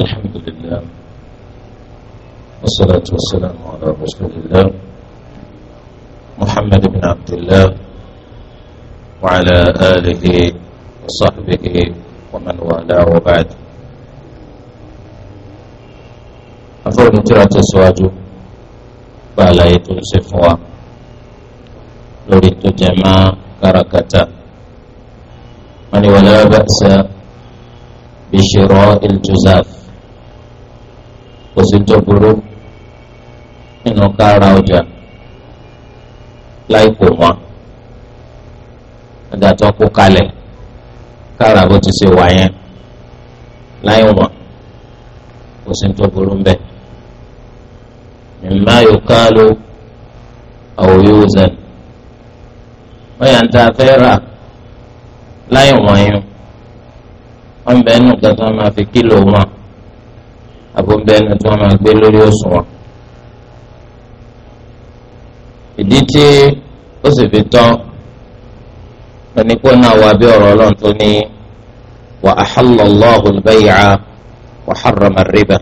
الحمد لله والصلاة والسلام على رسول الله محمد بن عبد الله وعلى آله وصحبه ومن والاه وبعد أفضل ترى الزواج بألا يتوسفوا لوريت جمع كركتا من ولا بأس بشراء الجزاف kò sí tó burú nínú ká ra ọjà láìpò wọn ọjà tó kó kalẹ̀ kára bó ti ṣe wà yẹn láì wọn kò tó burú ń bẹ mimma yukalu aw yuzan wọ́n yà ń ta fẹ́ rà láì wọ̀nyí wọ́n bẹ́ẹ̀ nù kẹ́kẹ́ máa fi kílò wọn àbọ̀nbẹ́nu tí wọ́n máa gbé lórí òṣùwọ̀n. ìdí tí ó sì fi tán onípò náà wà bí ọ̀rọ̀ ọlọ́run tó ní wa ahalla Allahu al-bay'a wa harrama ar-riba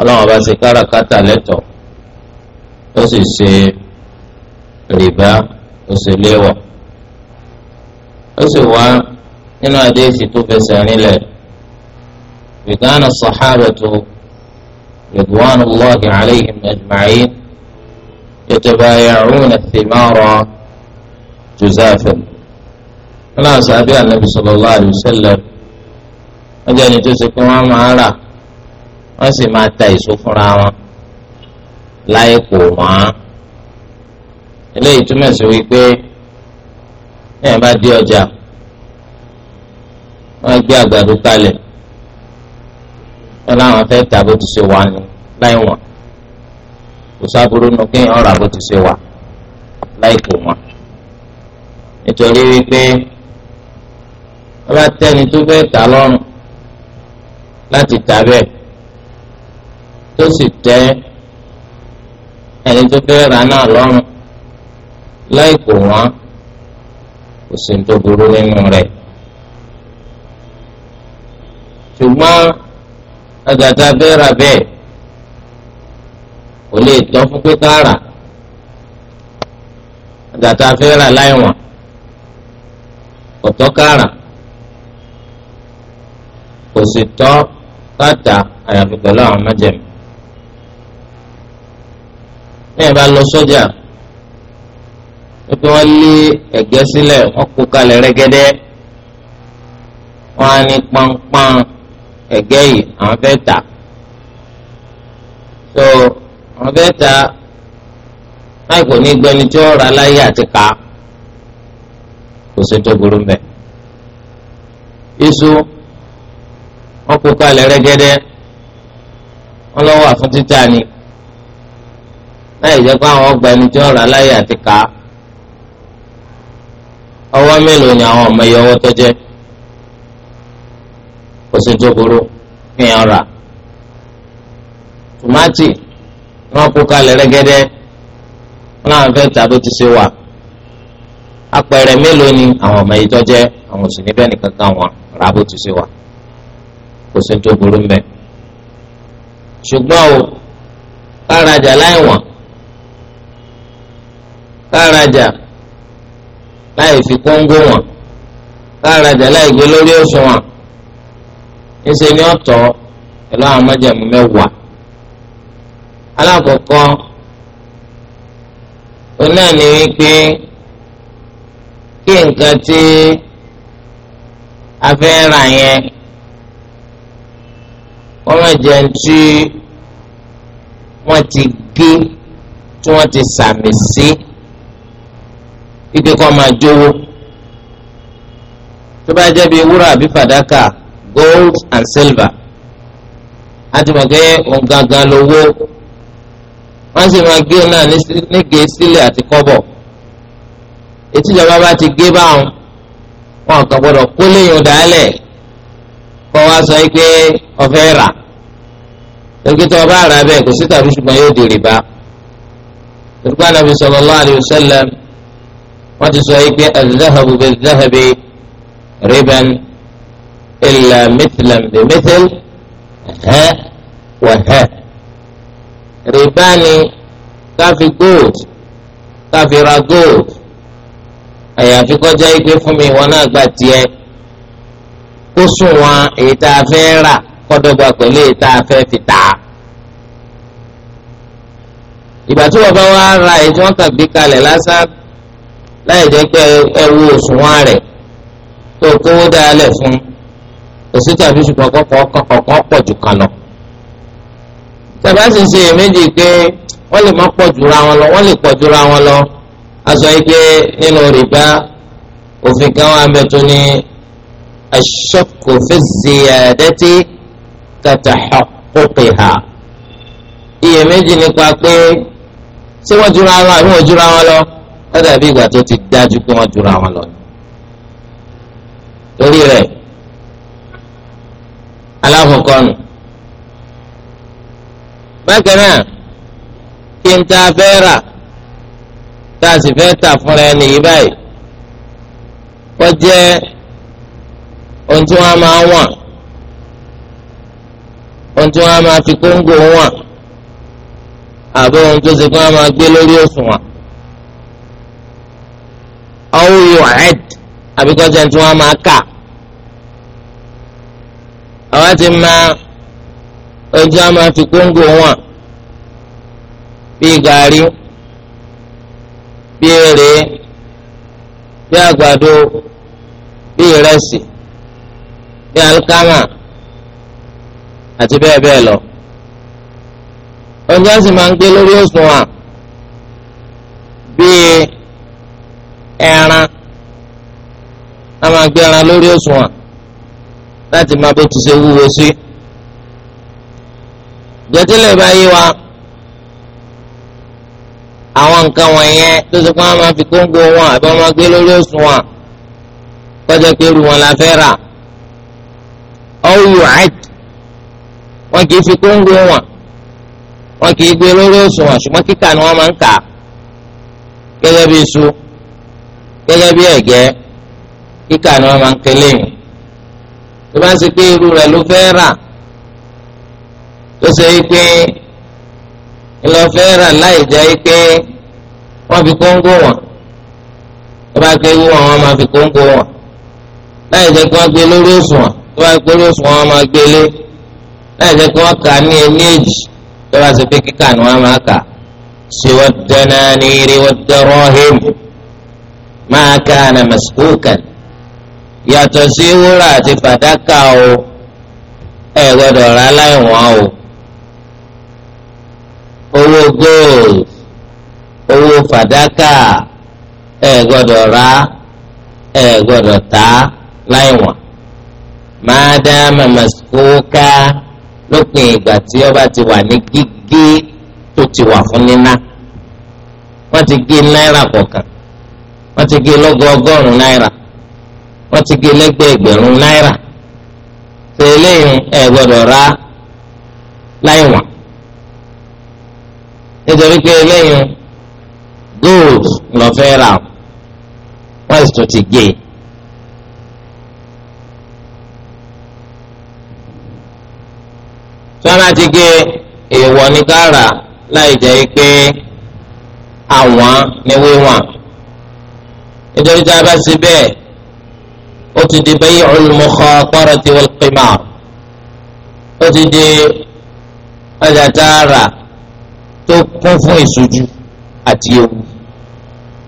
ọlọ́run bá ṣe káràkátà lẹ́tọ̀ ó sì ṣe rìbá ó sì léwọ̀ ó sì wá nínú àdéhìí tó fẹsẹ̀ nílẹ̀. وكان الصحابة رضوان الله عليهم أجمعين يتبايعون الثمار جزافا فلا صحابي النبي صلى الله عليه وسلم أجاني جزكم معنا أسي ما تايسو فراما لا يقوما eléyìí túmọ̀ sí wípé ẹ̀ bá dé ọjà wọ́n gbé wọn làwọn fẹẹ ta bó ti ṣe wà ní láì wọn kò sábúrú nu kí wọn rà bó ti ṣe wà láì kò wọn nítorí wípé wọn bá tẹni tó fẹẹ ta lọ́rùn láti ta bẹ́ẹ̀ tó sì tẹ ẹni tó fẹẹ rà náà lọ́rùn láì kò wọn kò sí ní tó burú nínú rẹ̀ ṣùgbọ́n àgàtà fẹ́ ra bẹ́ẹ̀ kò lè tán fún pé ká rà àgàtà fẹ́ ra láìwọ̀n kò tọ́ ká rà kò sì tọ́ ká tà àyàfi pẹ̀lú àwọn májẹ̀mú. ní ìbá lọ sọ́jà wípé wọ́n lé ẹ̀gẹ́ sílẹ̀ wọ́n kó kalẹ̀ rẹ́gẹ́dẹ́ wọ́n á ní pọ́npọ́n. ẹ̀gẹ́ yìí àwọn fẹ́ tà so àwọn fẹ́ tà láì kò ní gbẹni tí ó rà láyé àti ká kò sí tó mbẹ Isu wọn kó kalẹ̀ rẹ́gẹ́dẹ́ wọn lọ wà fún títà ni láì àti ká mélòó ni àwọn ọmọ oṣù tó burú kéèyàn rà tòmátì wọn kó kalẹ̀ rẹ́gẹ́dẹ́ wọn làwọn fẹ́ tà bó ti ṣe wà apẹ̀rẹ̀ mélòó ni àwọn ọmọ yìí tọ́jẹ́ àwọn oṣù níbẹ̀ nìkan kan wọn rà bó ti ṣe wà oṣù tó burú mbẹ ṣùgbọ́n o kárajà láìwọ̀n kárajà láì fi kóńgó wọn kárajà láì gbé lórí òṣùwọ̀n ńṣe ni ọ̀tọ̀ pẹ̀lú àwọn májẹ̀mú mẹ́wàá alákọ̀ọ́kọ́ onáà ní wípé kí nǹkan tí a fẹ́ rà yẹn wọ́n máa jẹ́ tí wọ́n ti gé tí wọ́n ti sàmì sí wípé kọ́ máa jówó tó bá jẹ́ bí wúrà àbí fàdákà gold and silver a ti mọ̀ pé òun gangan lówó wọ́n sì máa gé náà níge sílẹ̀ àti kọ́bọ̀ etí ìjọba bá ti gé báwọn wọn kàn gbọdọ̀ kó léyìn dálẹ̀ kọ́ wa sọ pé ọ̀fẹ́ rà dókítà ọba àrà bẹ́ẹ̀ kò sí tàbí ṣùgbọ́n yóò di rìbá dókítà nàbì sallallahu alaihi wasallam wọ́n ti sọ pé al-dhahabu bil-dhahabi riban. إلا مثلا بمثل ها وها رباني káfi gold káfi ra gold àyàfi kọjá igbe fún mi wọn náà gbà tiẹ̀ kó sùn wọn èyí tá a fẹ́ rà kọ́dọ̀gba pẹ̀lú èyí tá a fẹ́ fi tà á. ìgbà tí wọ́n bá wá ra èyí tí wọ́n kàn gbé kalẹ̀ lásán láì jẹ́ pé ẹ wo òṣùwọ̀n rẹ̀ tó kówó dáa lẹ̀ fún un òsì tàbí ṣùgbọ́n kọ́kọ́ ọ̀kan pọ̀ jù kan lọ. tẹ̀bá sì ń ṣe èméjì pé wọ́n lè má pọ̀ jura wọn lọ wọ́n lè pọ̀ jura wọn lọ aṣọ ike nínú rìbá òfin kan wà mẹ́tò ní aṣọ́kò fèsì ẹ̀ẹ́dẹ́tì kàtàkùkìhà iyèméjì nípa pé ṣé wọ́n jura wọn àbí wọ́n jura wọn lọ lọ́dà bí ìgbà tó ti dájú pé wọ́n jura wọn lọ. torí rẹ̀ alákọ̀ọ́kọ́ nù. bákan náà kí n ta fẹ́ rà tá a sì fẹ́ tà fúnra ẹni yìí báyìí kọ́ jẹ́ ohun tí wọ́n máa wọ̀n ohun tí wọ́n máa fi kóńgò wọ̀n àbí ohun tó ṣe kí wọ́n máa gbé lórí òṣùwọ̀n ọ̀hún yóò ẹ̀d àbíkọ́jà tí wọ́n máa kà láti máa ojú a máa fi kóńgò wọn bíi gàrí bíi èrè bíi àgbàdo bíi ìrẹsì bíi alikama àti bẹ́ẹ̀ bẹ́ẹ̀ lọ ojú a sì máa ń gbé lórí òṣùwọ̀n bíi ẹran a máa gbé ẹran lórí òṣùwọ̀n láti máa bó ti ṣe wúwo sí. jẹ́tílẹ̀ báyìí wa àwọn nǹkan wọ̀nyẹn tó ṣe pé wọ́n máa fi kóńgò wọn àbí wọ́n máa gbé lórí òṣùwọ̀n kọjá pé irú wọn la fẹ́ rà ọ̀hún àìt wọn kì í fi kóńgò wọn wọn kì í gbé lórí òṣùwọ̀n ṣùgbọ́n kíkà ni wọ́n máa ń kà gẹ́gẹ́ bí iṣu gẹ́gẹ́ bí ẹ̀gẹ́ kíkà ni wọ́n máa ń kẹlẹ́yìn tó bá ń ṣe pé irú rẹ̀ ló fẹ́ rà tó ṣe pé ńlọ fẹ́ rà láì jẹ́ pé wọ́n fi kóńgò wọn tó bá gbé wú wọn wọ́n máa fi kóńgò wọn láì jẹ́ pé wọ́n gbé lórí òṣùwọ̀n tó bá gbé lórí òṣùwọ̀n wọ́n máa gbé láì jẹ́ pé wọ́n kà á ní ẹni èjì tó bá ṣe pé kíkà ni wọ́n máa kà á. سوى الدنانير والدراهم ما كان مسكوكا yàtọ̀ sí wúrà àti fàdákà o ẹ gbọ́dọ̀ rà láìwọ̀n o owó gold owó fàdákà ẹ gbọ́dọ̀ rà ẹ gbọ́dọ̀ tà láìwọ̀n mádámà màsíkóká lópin ìgbà tí ọba ti wà ní gígé tó ti wà fún níná wọ́n ti gé náírà kọ̀ọ̀kan wọ́n ti gé lọ́gọ́ ọgọ́rùn-ún náírà wọ́n ti gé lẹ́gbẹ̀ẹ́ ẹgbẹ̀rún náírà ṣe eléyìí ẹ gbọ́dọ̀ ra láì wọ̀n nítorí pé eléyìí gold lọ́fẹ́ rà wọ́n sì tún ti gé e. sọ́nà ti gé e, èèwọ̀ ní káàrà láì jẹ́ pé àwọn ní wíwọ̀n nítorí tí a bá ṣe bẹ́ẹ̀ ó ti di bay'ul mukhatarati wal qimar ó ti di ọjà tààrà tó kún fún ìṣújú àti ewu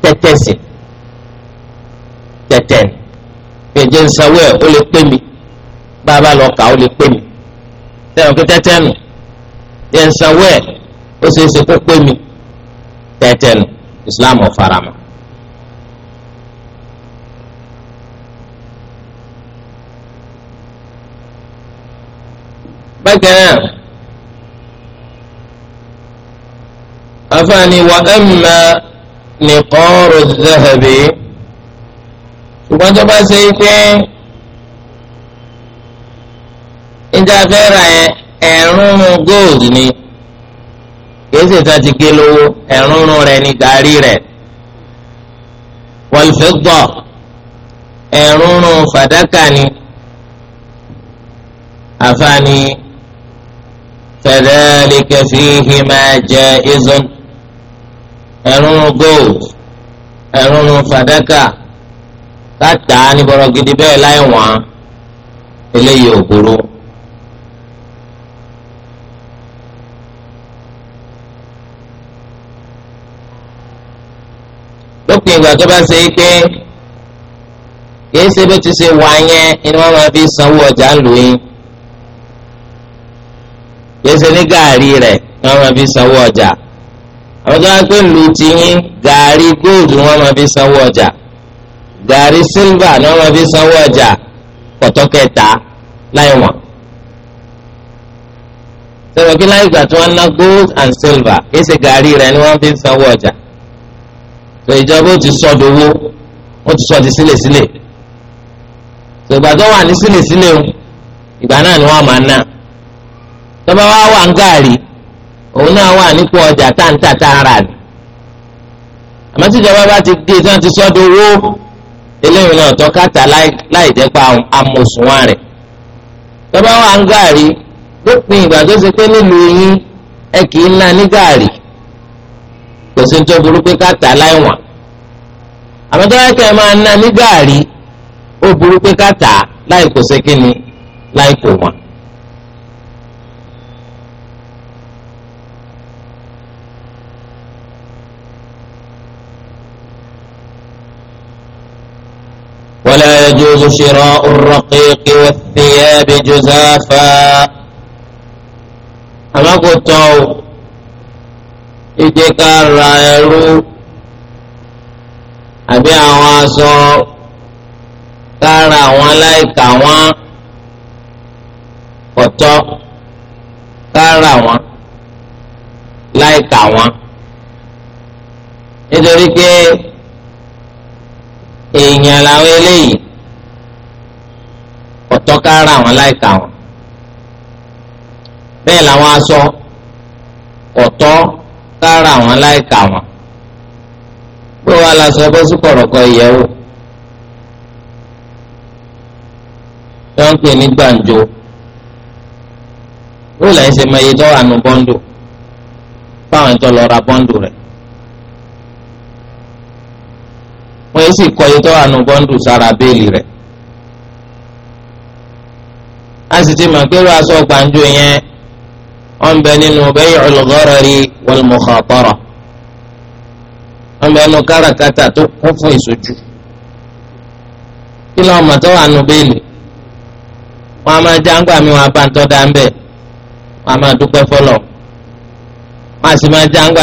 tẹ́tẹ́sì tẹ́tẹ́n gbèjè nsàwó ẹ̀ ó lè pè mí bàbá lọ kà ó lè pè mí tẹ́wọ̀n kí tẹ́tẹ́nù gbèjè nsàwó ẹ̀ ó ṣeé kó pè mí tẹ́tẹ́nù Islam ọ̀farama. bákan náà afaani wa amma niqaru zahabi ṣùgbọ́n tó bá ṣe pé níta fẹ́ ra ẹ̀rún gold ni kìí ṣe ta ti gé lówó ẹ̀rún rẹ̀ ni gàárì rẹ̀ wal fidda ẹ̀rún fàdákà ni afaani. فذلك فيهما جائز ẹrúnú gold ẹrúnú فدكا káta ní bọ̀rọ̀ gidi bẹ́ẹ̀ láì wọ́n eléyìí ò burú. lópin ìgbà tó bá ṣe é pé kìí ṣe bó ti ṣe wà yẹn ni wọ́n máa fi sanwó ọjà ń yẹn ṣe ní gàárì rẹ̀ ni wọ́n máa fi sanwó ọjà àwọn tó wá pé ìlú ti yín gàárì góòlù wọ́n máa fi sanwó ọjà gàárì sílvà ni wọ́n máa fi sanwó ọjà pọ̀tọ́kẹ́ta láì wọ̀n sọ̀rọ̀ kí láì gbà tí wọ́n ná gold and silver kì í ṣe gàárì rẹ̀ ni wọ́n fi ń sanwó ọjà tó ìjọba ó ti sọ dowó ó ti sọ di sílẹ̀sílẹ̀ tó ìgbà tó wà ní sílẹ̀sílẹ̀ o ìgbà náà ni wọ́n máa ná tọ́ba wa wà ń gàrí òun náà wà nípò ọjà táǹtà táǹrà ni àmọ́ tíjọba bá ti dé tí wọ́n ti sọ́dọ̀ owó eléyìí náà tọ́ káta láì jẹ́ pa amòsùnwá rẹ̀ tọ́ba wa ń gàrí lópin ìgbà tó ṣe pé nílùú yín ẹ kì í ná ní gàrí kò sí tó burú pé káta láì wọ̀n àmọ́ tọ́ba kẹ́ ẹ máa ná ní gàrí ó burú pé káta láì kò ṣe kí ni láì kò wọ̀n. يجوز شراء الرقيق والثياب جزافا àmọ́ kò tọ́ o ìdí ká ra ẹrú àbí àwọn aṣọ ká ra àwọn aláìka wọn kò tọ́ ká ra wọn láìka wọn nítorí pé èèyàn làwọn eléyìí tọ́ka ra wọn láìka wọn bẹ́ẹ̀ làwọn aṣọ kọ̀tọ́ ká ra wọn láìka wọn pé wàá la sọ bó sí kọ̀rọ̀kọ̀ ìyẹ̀wò tó ń pè ní gbàǹjo ó lẹ́yìn ṣe mọ iye tó wà nù bọ́ńdù fáwọn ìtọ́ lọ ra bọ́ńdù rẹ̀ wọ́n yóò sì kọ iye tó wà bọ́ńdù sára béèlì rẹ̀. a sì ti mọ̀ pé wàá sọ gbàǹjo yẹn wọ́n bẹ nínú bay'ul gharari wal mukhatara wọ́n bẹ nínú káràkátà tó kún fún ìṣojú kí ló mọ̀ mi a bá ń ń bẹ̀ a máa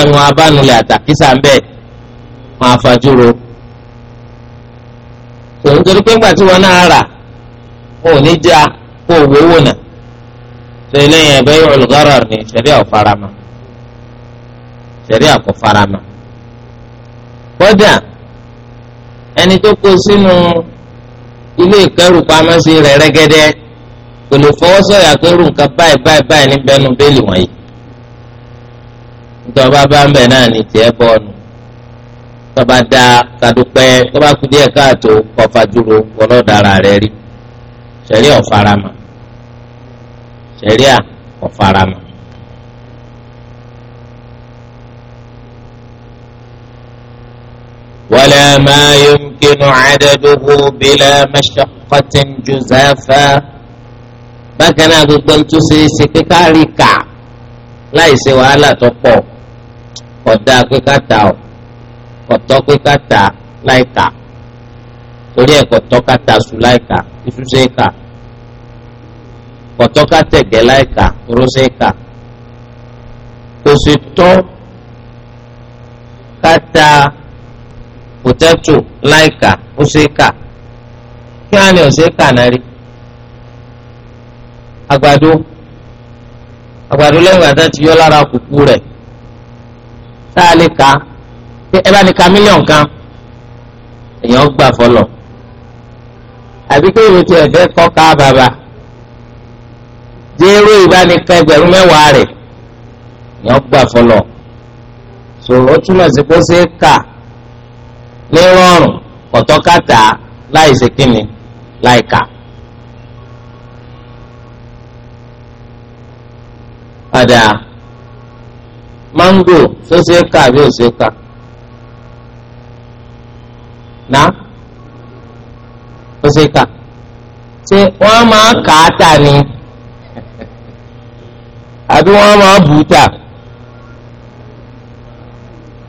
mi a bá àtàkísà ń bẹ̀ a tòun torí pé ńgbà tí kó owó wò nà ṣe eléyìí ẹ̀bẹ́ yóò lùgárà ní farama. kódà ẹni tó kó sínú ilé ìkẹ́rùpamọ́sí rẹ̀ rẹ́gẹ́dẹ́ kò lè fọwọ́ sọ̀yà pé irú nǹkan báyìí báyìí báyìí nu bẹ́ẹ̀lì wọ̀nyí. ìjọba ní tiẹ̀ bọ́ọ̀nù tọba ṣẹ̀ríà kò fara mọ́. ولا ما يمكن عدده بلا مشقة جزافا bákan náà gbogbo ń tún ṣe é ṣe pé ká rí kà láì ṣe wàhálà tó pọ̀ ọ̀dà pé ká ta ọ̀ ọ̀tọ́ pé ká ta láì kà torí ẹ̀kọ́ tọ́ ká ta sùn láì kà iṣu ṣe é kà kọtọ ká tẹgẹ láìka rọṣẹ ká kò sì tọ́ ká ta potato láìka rọṣẹ ká kí á ní ọṣẹ ká náà rí àgbàdo àgbàdo lẹ́yìn àti àti yọ lára kùkù rẹ̀ tá a lè ka ẹ bá ní ka mílíọ̀nù kan èèyàn gbà fọlọ̀ àbí kéwòn tí ẹ fẹ́ kọ́ ká bàbà. dèrò ìbánikan ẹgbẹ̀rún mẹ́wàá rẹ̀ ni wọ́n gbà fọlọ̀ so túmọ̀ sí kó ṣe é kà ní rọrùn láì ṣe kíni láì kà. padà máńgò tó ṣe é kà ṣe é kà ó ni. àbí wọ́n máa bù ú tà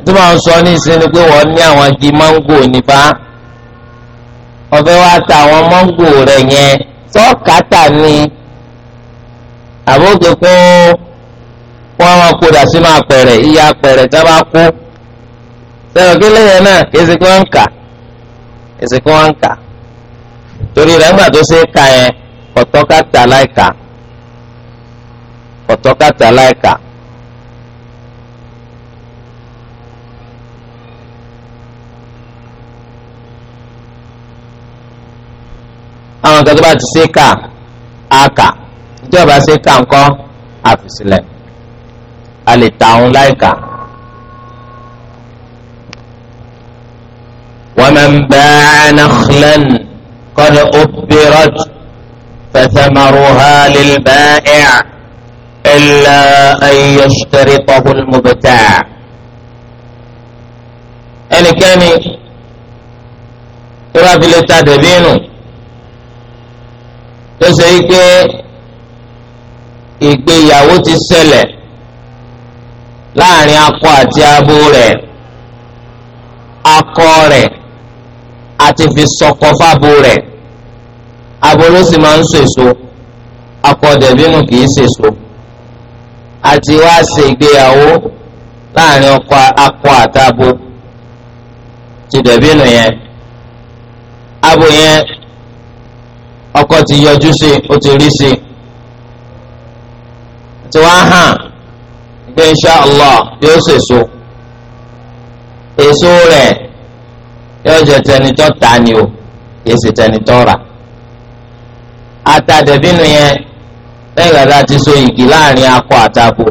tí wọ́n sọ ní ìsinmi pé wọ́n ní àwọn igi máńgò nípa ọ̀fẹ́ wa ta àwọn máńgò rẹ̀ yẹn tọ́kàtà ni àbókè kó wọ́n máa kó dà sínú apẹ̀rẹ̀ iye apẹ̀rẹ̀ tí wọ́n bá kó sẹ́wọ̀n kí náà èsì kí wọ́n kà èsì kí wọ́n kà torí rẹ̀ ńgbà tó ṣe é ka yẹn kọ̀tọ́kàtà láìka. Like kọ̀tọ́kàtà láìka. àwọn nǹkan tó bá ti ṣe kà á kà ìjọba ṣe kà ńkọ́ àfìsílẹ̀ a lè ta òun láìka. ومن باع نخلا قد أبرت فثمرها للبائع إلا أن يشترطه المبتاع ẹnikẹ́ni tó bá fi lè ta dẹ̀bínú tó ṣe é pé ìgbéyàwó ti ṣẹlẹ̀ láàrin akọ àti abo rẹ̀ akọ rẹ̀ àti fi sọkọ fábo rẹ̀ abo ló sì máa ń ṣèso akọ dẹ̀bínú kì í ṣèso. àti wá ṣe ìgbéyàwó láàrin ọkọ akọ àtabo ti dẹ̀bínú yẹn abo yẹn ọkọ ti yọjú sí o ti rí sí tí wọ́n hàn pé insha allah yóò ṣèso èso rẹ̀ yóò jẹ tẹnitọ́ ta ni o yóò ṣe tẹnitọ́ rà ata yẹn. lẹ́yìn gbàgbà ti so igi láàrin akọ àtàkù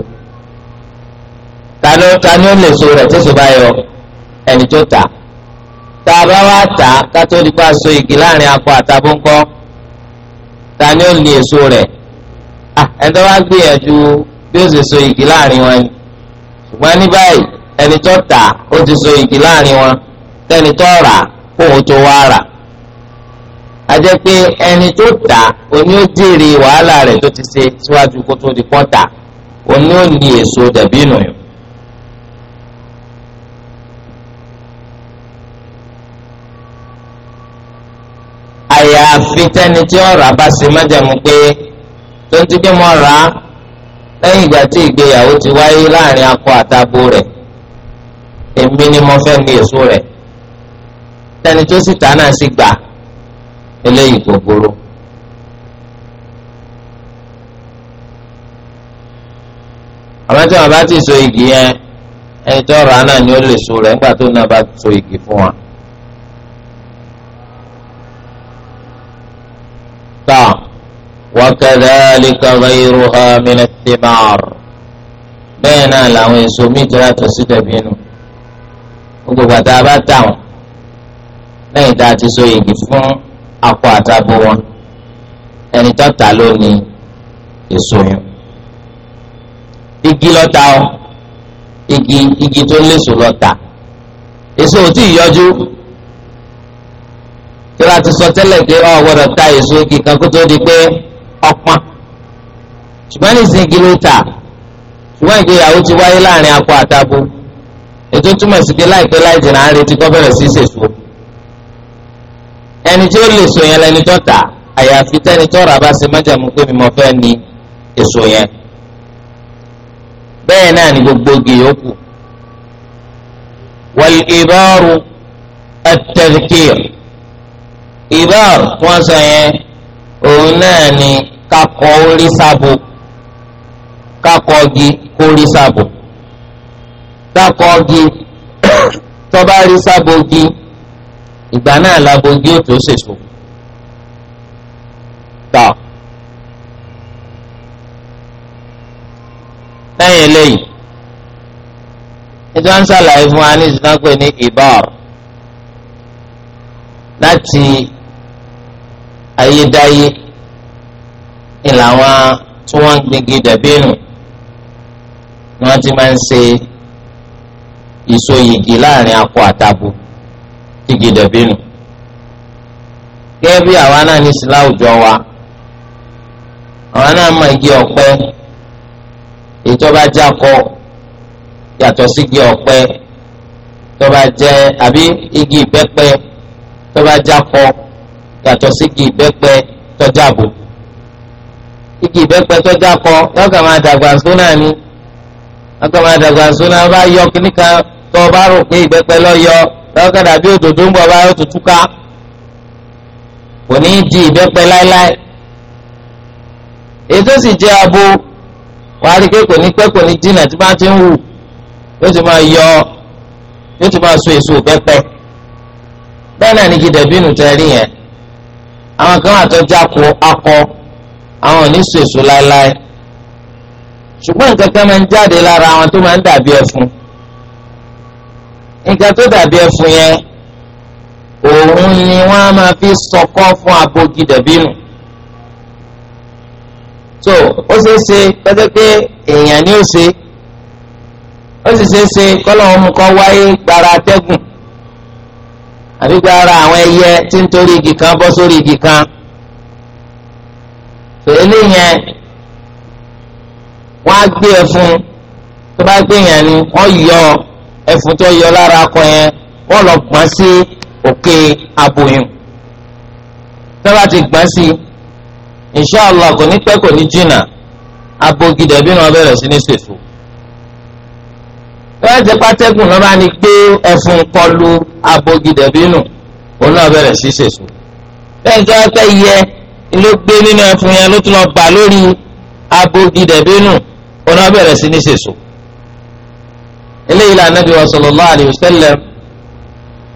tani tani ó lè so rẹ̀ tó so bá yọ ẹni tó tà tá a bá wá tà á kátó di pa so igi láàrin akọ àtàkù ńkọ́ tani ó lè so rẹ̀ à ẹni tó wá gbìyànjú bí ó sì so igi láàrin wọn ṣùgbọ́n ní báyìí ẹni tó tà ó ti so igi láàrin wọn tẹni tó rà kóhun tó wá rà. ajẹ́ pé ẹni tó tà ó jèrè wàhálà rẹ̀ tó ti ṣe síwájú kó tó di pọ́tà oní ó ní èso dàbí nù. àyàfi tẹ́ni tí ọ̀rọ̀ bá ṣe májàmú pé tó ń ti pé mo lẹ́yìn ìgbà tí ìgbéyàwó ti wáyé láàrin akọ atabo rẹ̀ èmi ni mo fẹ́ ní èso rẹ̀ tẹ́ni tó sì tà náà sì gbà eléyìí kò burú. àmọ́ tí wọ́n bá ti so igi yẹn ẹni tó rà á ni ó lè so rẹ̀ nígbà tó náà bá so igi fún wa. tán وكذلك غيرها من الثمار bẹ́ẹ̀ náà làwọn èso sí inú gbogbo lẹ́yìn tá igi fún akọ àtàbọ̀ wọn ẹni tó ta ló ní èso yẹn igi lọ́ta ọ igi igi tó léso lọ́ta èso ò tí ì yọjú kíra ti sọ tẹ́lẹ̀ pé ọ gbọ́dọ̀ ta èso igi kan kó tó di pé ọpọ́n ṣùgbọ́n nísìnyí igi ló ta ṣùgbọ́n ìgbéyàwó ti wáyé láàrin akọ àtàbọ̀ ètò túmọ̀ sí pé láìpẹ́ láì jìnnà á kọ́ bẹ̀rẹ̀ sí ṣèṣù ẹni tí ó lè so yẹn lẹni tó tà àyàfi tẹni tó rà bá ṣe májàmú pé mi mọ fẹ́ ni èso yẹn bẹ́ẹ̀ náà ni gbogbo igi yòókù wal ìbáàrù at-tadhkir ìbáàrù tí wọ́n yẹn òun náà ni kakọ orí sábò kakọ igi kórí sábò kakọ igi tọ́ba rí sábò igi ìgbà náà labogi ó tó ṣèṣò tọ lẹ́yìn eléyìí nítorí wọ́n ń ṣàlàyé fún wa ní ìsìnágbé ní ibar láti ayédáyé ni làwọn tí wọ́n ń gbingi dàbínù ni wọ́n ti máa ń ṣe ìsoyìgì láàrin akọ àtabo igi dẹ̀bínú gẹ́gẹ́ bí àwa náà ní sí láwùjọ wa àwa náà mọ igi ọ̀pẹ ìjọba jákọ yàtọ̀ sí igi ọ̀pẹ tọba jẹ àbí igi ìbẹ́pẹ tọba jákọ yàtọ̀ sí igi ìbẹ́pẹ tọjàbò igi ìbẹ́pẹ tọjàkọ yọkà máa dàgbà sónà ni yọkà máa dàgbà sónà bá yọ kíníkan tọba rò pé ìbẹ́pẹ lọ yọ lọ́kàn dàbí òdòdó ń bọ̀ báyìí ó tutù ká kò ní í di ìbẹ́pẹ láéláé èyí tó sì jẹ́ abo wàá rí i pé kò ní pẹ́ kò ní jìnnà tí bá ti ń wù yóò ti máa yọ yóò ti máa so èso pẹ́pẹ́ bẹ́ẹ̀ náà ní kí dẹ̀bínú tẹ́ rí yẹn àwọn kan àtọ́jú akọ akọ àwọn ò ní so èso láéláé ṣùgbọ́n nǹkan kan máa ń jáde lára àwọn tó máa ń dàbí ẹfun nǹkan tó dàbí ẹfun yẹn òun ni wọ́n á máa fi sọkọ́ fún abogi dàbínù so ó ṣeé ṣe pẹ́pẹ́ pé èèyàn ni ó ṣe ó sì ṣeé ṣe kọ́lọ́hún mu kọ́ wáyé gbara atẹ́gùn àbí gbara àwọn ẹyẹ tí ń torí igi kan bọ́ sórí igi kan fèrèlé yẹn wọ́n á gbé ẹfun tó bá gbé yẹn ni wọ́n yọ ọ ẹ̀fun tó yọ lára akọ yẹn wọ́n lọ gbọ́n sí òkè aboyún tọ́ba ti gbọ́n sí inṣàlá kò ní pẹ́ kò ní jìnnà abogidẹ bí wọn bẹ̀rẹ̀ sí ní sèso wọ́n ti pátẹ́kùn náà bá ní gbé ẹ̀fun kọlu abogidẹ bínú òun náà bẹ̀rẹ̀ sí sèso bẹ́ẹ̀ tó wọ́n yẹ ló gbé nínú ẹ̀fun yẹn ló tún lọ bà lórí abogidẹ bínú òun náà bẹ̀rẹ̀ sí ní sèso eléyìí la anabi wa sallallahu alayhi wa sallam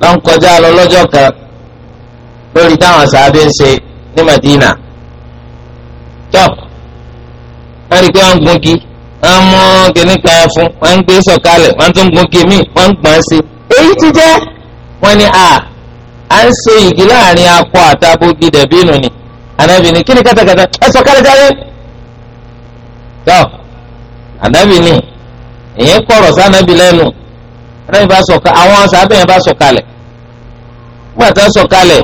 ló ń kọjá lọ lọ́jọ́ kan lórí táwọn sàábé ń ṣe ní Madina tó wọ́n rí i pé wọ́n ń gun kí wọ́n mú kíní kan fún wọ́n ń gbé sọ̀kalẹ̀ wọ́n tún gun kí míì wọ́n ń gbọ́n sí èyí ti jẹ́ wọ́n ní a à ń ṣe ìdí láàrin akọ àtàbó gidẹ bínú ni anabi ni kíni kátàkátà ẹ sọ̀kalẹ̀ jáde tó anabi ni èyí kọ̀rọ̀ sànàbí lẹ́nu ẹni bá sọ̀ka àwọn sàbẹ̀ yẹn bá sọ̀kalẹ̀ wọ́n àti sọ̀kalẹ̀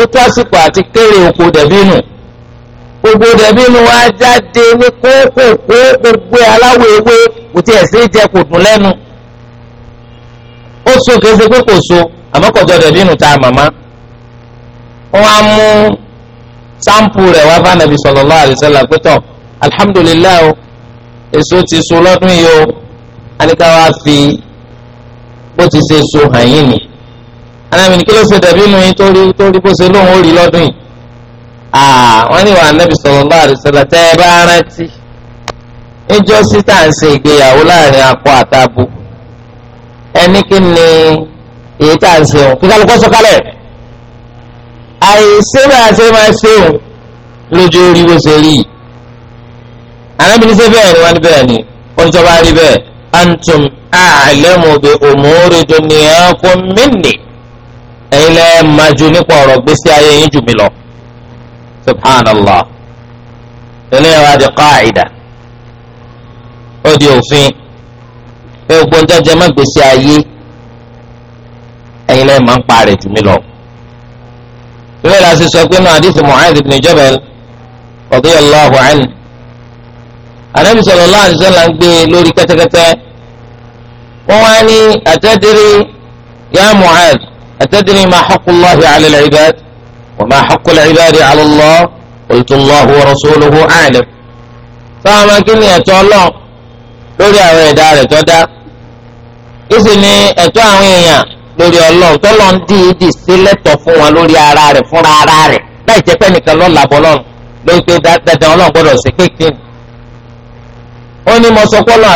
ó tó àsìkò àti kéré oko dẹ̀bí nù gbogbo dẹ̀bí nù wá jáde ní kókòkó gbogbo aláwọ̀ ewé kò tí ẹ̀ sí jẹ kò dùn lẹ́nu ó so kése pé kò so àmọ́ kọjọ dẹ̀bí nù ta màmá wọ́n á mú sáǹpù rẹ̀ wá fún anabi sallallahu alaihi wasallam pé tọ́ alhamdulilayi o èso ti so lọ́dún yìí o anika wa fi bó ti ṣe so hàn yín ni anamí ni kí ló ṣe dàbí nu yín torí torí bó ṣe lóun ó rí lọ́dún yìí aa wọ́n ní wà nẹ́bí sallallahu alaihi wasallam tẹ́ ẹ bá rántí níjọ́ sísá ń ṣe ìgbéyàwó láàrin akọ àtabo ẹni kí ni èyí tá à ń ṣe òun kí kálukọ́ sọ́kálẹ̀ àìsí bá a ṣe máa ṣe òun lójú orí bó ṣe rí yìí anábìrin ṣe bẹ́ẹ̀ ni wọ́n ní bẹ́ẹ̀ ni wọ́n tó bá rí bẹ́ẹ̀ antum a'lamu bi umuri dunyakum minni ẹ̀yin lẹ́ máa ju nípa ọ̀rọ̀ gbèsè ayé yín jù mí lọ subhanallah eléyìí wá di qa'ida ó di òfin pé gbogbo ń tọ́jú má gbèsè ayé ẹ̀yin lẹ́yìn máa parẹ́ jù mí lọ. ìwé ìlàsí sọ pé náà hadith Mu'adh ibn Jabal radiyallahu anhu anabi sallallahu alaihi wasallam ń gbé lórí kẹ́tẹ́kẹ́tẹ́ wọn wá ní atadri ya Mu'adh atadri ma haqqullahi 'ala al-'ibad wa ma haqqu al-'ibadi 'ala Allah qultu Allahu wa rasuluhu a'lam sáwọn máa kí ni ẹ̀tọ́ Ọlọ́run lórí àwọn ẹ̀dá rẹ̀ tó dá ìsì ni ẹ̀tọ́ àwọn èèyàn lórí Ọlọ́run tọ́lọ́ ń dì í dì fún wọn lórí ara rẹ̀ fúnra ara rẹ̀ láì jẹ́ pé nìkan lọ́ọ́ làbọ̀ lọ́run lórí pé dandan Ọlọ́run gbọ́dọ̀ sí kékeré Onye ní mo sọ pọ́lọ́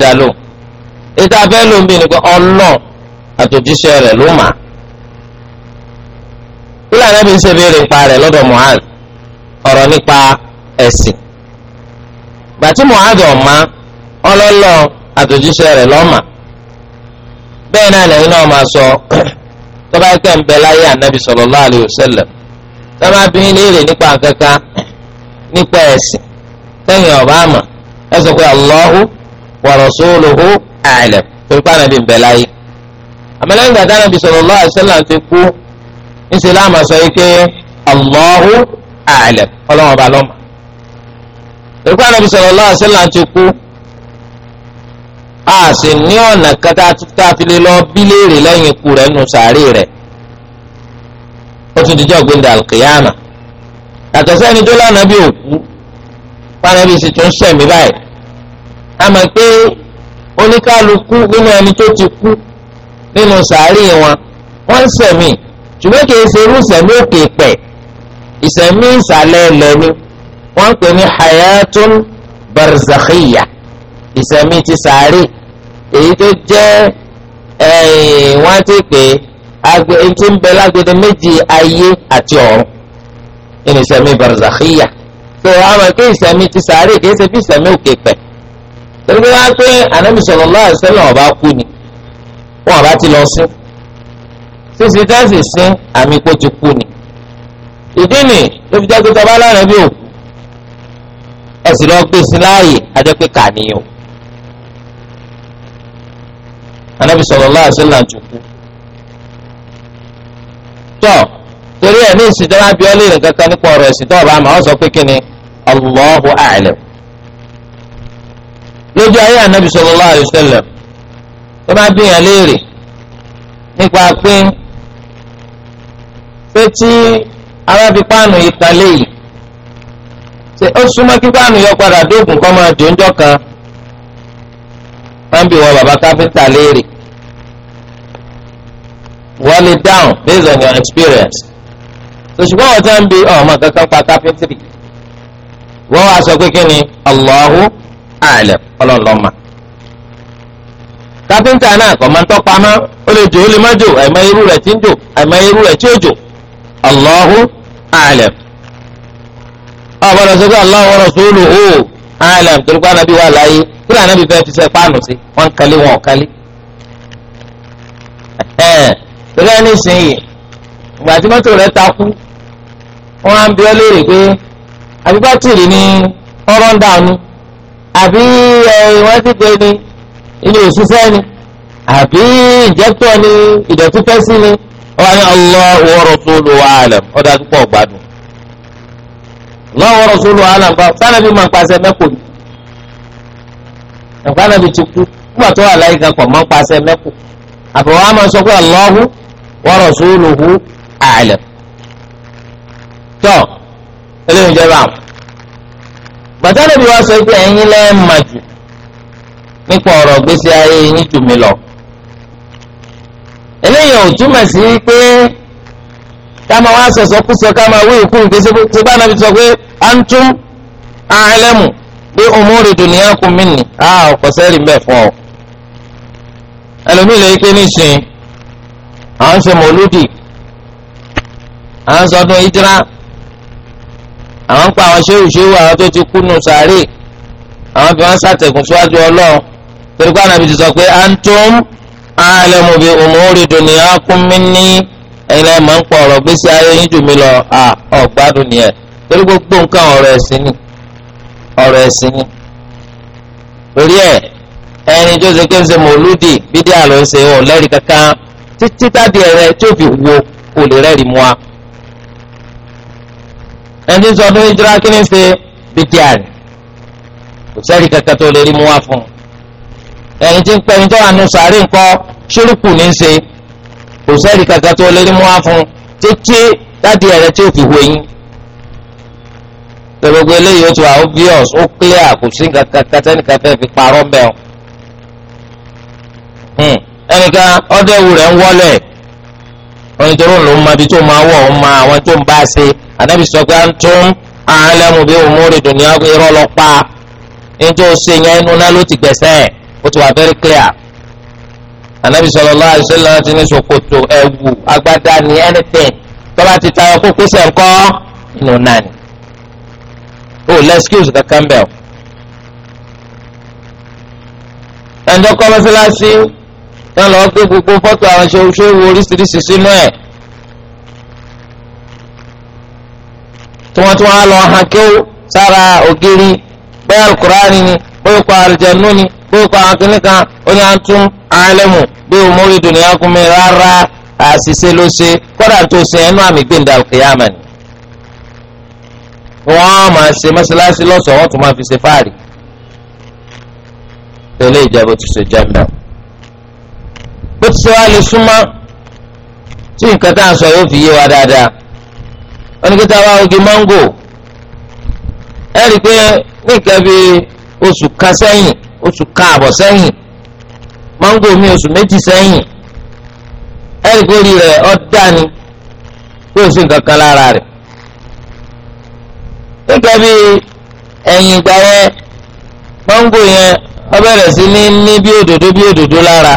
dá lò ètò ló ń bí ni pé ọlọ́ àtòjíṣẹ́ rẹ̀ ló mà ṣe béèrè nípa rẹ̀ lọ́dọ̀ Mu'adh ọ̀rọ̀ nípa ẹ̀sìn gbàtí Mu'adh ọ̀ma ọlọ́lọ́ àtòjíṣẹ́ rẹ̀ lọ́mà bẹ́ẹ̀ náà lẹ́yìn náà máa sọ tọ́ba ẹ̀kẹ́ ń bẹ láyé nípa ẹ̀sìn lẹ́yìn obama àmọ̀ ẹ sọ pé Allahu wa rasuluhu a'lam torí pé ànábì ń láyé àmọ́ lẹ́yìn ìgbà tánábì sallallahu alaihi wasallam kú ńṣe láàmà sọ yìí a sì ní ọ̀nà kẹta tá a fi lè lọ bí léèrè lẹ́yìn ikú rẹ̀ nù sàárè yàtọ̀ sẹ́ni tó lánàá bí òkú pàrọ̀ bí sì tún sẹ̀mí báyìí a mọ̀ pé oníkálukú nínú ẹni tó ti kú nínú sàárì wọn wọ́n ń sẹ̀mí ṣùgbọ́n kì í ṣe irú sẹ̀mí òkè pẹ̀ ìsẹ̀mí ìsàlẹ̀ lẹ́ni wọ́n ń pè ní hayatun barzakhiya ìsẹ̀mí ti sàárì èyí tó jẹ́ ẹ̀yìn wọ́n ti pè é tí ń bẹ lágbede méjì ayé àti ọ̀run nínú ìsẹ̀mí barzakhiya tó a máa pé ìsẹ̀mí ti sàárè kì í ṣe bí ìsẹ̀mí òkè pẹ̀ torí pé wọ́n á pé anabi sallallahu alaihi wasallam ọba kú ni wọn ọba ti lọ sí sísè tẹ́sí sí àmì kó ti kú ni ìdí ni ló fi jẹ́ pé tọ́ba lọ gbé sí láàyè ajẹ́ pé kà níyàn anabi sallallahu alaihi wasallam tọ́ torí ẹ̀ ní ìsìn tó bá bí ọlẹ́rìn kankan nípa ọ̀rọ̀ ẹ̀sìn tó ọba àmà ọ̀ sọ pé kí ni Allahu a'lam. lójú ayé ànábì sallallahu alaihi wasallam tó bá bí yàn léèrè nípa pé pé tí arábìpáànù yìí kan léyìí ṣe ó súnmọ́ kí yọ padà dóògùn kọ́ máa jòǹjọ́ kan wọ́n bí wọn bàbá káfíńtà léèrè wọ́n lè dáhùn based on your experience òṣùgbọ́n wọn tán bí ọmọ kankan pa káfíńtìrì wọ́n wá sọ pé kí ni Allahu a'lam ọlọ́lọ́mà káfíńtà náà kọ̀ máa ń tọ́pa mọ́ ó lè jò ó lè má jò àìmọ̀ irú rẹ̀ tí ń jò àìmọ̀ irú rẹ̀ tí ó jò Allahu a'lam ọ̀bọ̀dọ̀ sọ pé Allahu wa rasuluhu a'lam torí pé anabi wà láyé kí lànà bí fẹ́ẹ́ fi sẹ́ páànù sí wọ́n ń wọn ò kalé. ẹ̀ẹ́n ìgbà tí mọ́tò rẹ̀ takú wọn á ń bi ọ léèrè pé àbí ni ọ̀rọ̀ ń dànù àbí ìwọ́n ti pé ni ilé òṣìṣẹ́ ni àbí ìjẹ́pọ̀ ni ìdọ̀tí fẹ́ sí ni wọn ni Allahu wa rasuluhu alam ọ̀dà púpọ̀ gbádùn Allahu máa ń pàṣẹ mẹ́kò ni ti kú tó wà láyé máa ń pàṣẹ mẹ́kò àbẹ̀wò sọ tọ́ eléyìí jẹ́ báwọn bàtà sọ pé ẹ̀yin lẹ́ mà jù nípa ọ̀rọ̀ gbèsè ayé yín jù mí lọ. eléyìí ò túmọ̀ sí pé ká máa wá sọ̀sọ̀ kú sọ ká máa wí ìkú ìgbésí tó bá nàbí sọ pé antum a'lamu bi umuri á àwọn ń pa àwọn ṣéwù ṣéwù àwọn tó ti kú nù sàárè àwọn bí wọ́n ṣàtẹ̀kùn síwájú ọlọ́run torí pé ànábì ti sọ pé antum a'lamu bi umuri dunyakum minni ẹ̀yin lẹ́yìn máa ń pọ̀ ọ̀rọ̀ gbèsè ayé yín jù mí lọ ọ̀gbádùn nìyẹn torí gbogbo nǹkan ọ̀rọ̀ ẹ̀sìn ni ọ̀rọ̀ ẹ̀sìn ni torí ẹ̀ ẹni tó ṣe kéńṣe mòlúdì bídíà ló ń ṣe ọ̀ lẹ́rìí kankan títí tádìí ẹ̀rẹ́ tó fi wo olè rẹ́rìí mu wa ẹni sọ ọdún ìjírá kí ni ṣe bídíà rẹ̀ kò sẹ́rí kankan tó lè rí mu wá fún un ẹni tí ń pẹ́ ẹni tó wà nù sàárè ńkọ́ ṣírùkù ní ṣe kò sẹ́rí kankan tó lè rí mu wá fún un títí dáàdi ẹ̀rẹ́ tí ò fi hu eyín gbogbo eléyìí ó ti wà obvious ó clear kò sí kankan kátẹ́nìkan fẹ́ fi parọ́ mbẹ́ o hmm. ẹnìkan ọdẹ ewu rẹ̀ ń wọlé onítorí òun ló ń mọ ibi tó máa wọ̀ ọ́n máa àwọn tó ń bá a ṣe anabi sọ pé antum a'lamu bi umuri dunya irọ́ lọ pa nítorí o ṣe yẹn inú náà ló ti gbẹ̀sẹ̀ ó ti wà very clear anabi sallallahu alaihi wasallam ti ní ṣòkòtò ẹ̀wù agbádá ni anything tọ́ba ti tayọ kókó sẹ́ńkọ́ inú náà ni o lè excuse kankan bẹ́ẹ̀ o. ẹnjọ́ kọ́ mọ́sálásí náà lọ́ọ́ gbé gbogbo fọ́tò àwọn ṣòwò oríṣiríṣi sínú ẹ̀ tí wọ́n tún wá lọ hàn kéwò sára ògiri bóyá alukurani ni bóyá kọ alìjẹnu ni bóyá kọ àwọn kìnnì kan ó ní à ń tún alẹ́mù bóyá òmòrì dùnìyà kún mi rárá àṣìṣe ló ṣe kọ́dà tó ṣe ẹnu àmì gbẹ̀ǹdà òkèèyàmà ni. wọ́n máa ṣe mọ́ṣáláṣí lọ́sọ̀ọ́ wọ́n tún máa fi ṣe fáàrí. tẹ́lẹ̀ ìjẹ́bù ti ṣe jẹ́mbẹ́. bó ti ṣe wá lè súnmọ́ tí nǹkan tá à sọ yóò fi yé wa dáadáa. oníkẹ́tà wa ogi mango ẹ rí i pé ka nǹkan osu oṣù kan sẹ́yìn mango mi oṣù méjì sẹ́yìn ẹ rí i pé orí rẹ̀ ọ́ dání kí o sì lára rẹ̀ gẹ́gẹ́ bí ẹ̀yìn ìgbà yẹn pọ́ńgò yẹn ó sí ní ní bí òdòdó bí òdòdó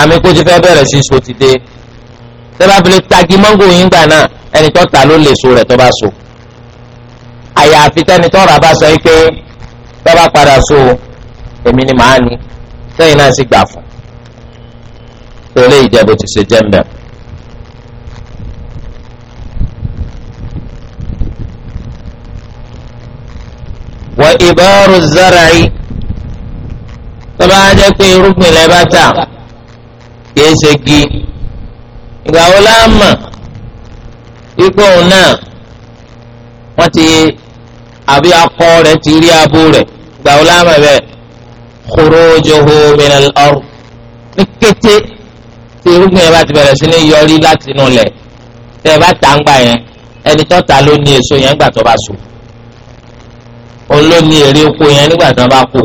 àmì kó ti fẹ́ bẹ̀rẹ̀ sí so ti dé tẹ́lá fi lè tagi mọ́ngò yín gbà náà ẹni tó ta ló lè so rẹ̀ tó bá so àyàfi tẹ́ni tó rà bá sọ yìí pé tó bá padà so èmi ni màá ni sẹ́yìn náà sì gbà fún tó lè ti ṣe jẹ́ mbẹ́. wọ ìbáru zara yìí tó bá jẹ́ pé irúgbìn lẹ́ kìí ṣe gi ìgbà wo la mọ̀ wípé òun náà wọ́n ti àbí akọ rẹ̀ ti rí abo rẹ̀ ìgbà wo la mọ̀ bẹ́ẹ̀ khurujuhu minal ard ní kété tí irúgbìn yẹn bá ti bẹ̀rẹ̀ sí ní yọrí láti inú lẹ̀ tẹ́ ẹ bá tà ń gbà yẹn ẹni tó ta ló ní èso yẹn nígbà tó bá so òun ló ní èrè oko yẹn nígbà tó bá kù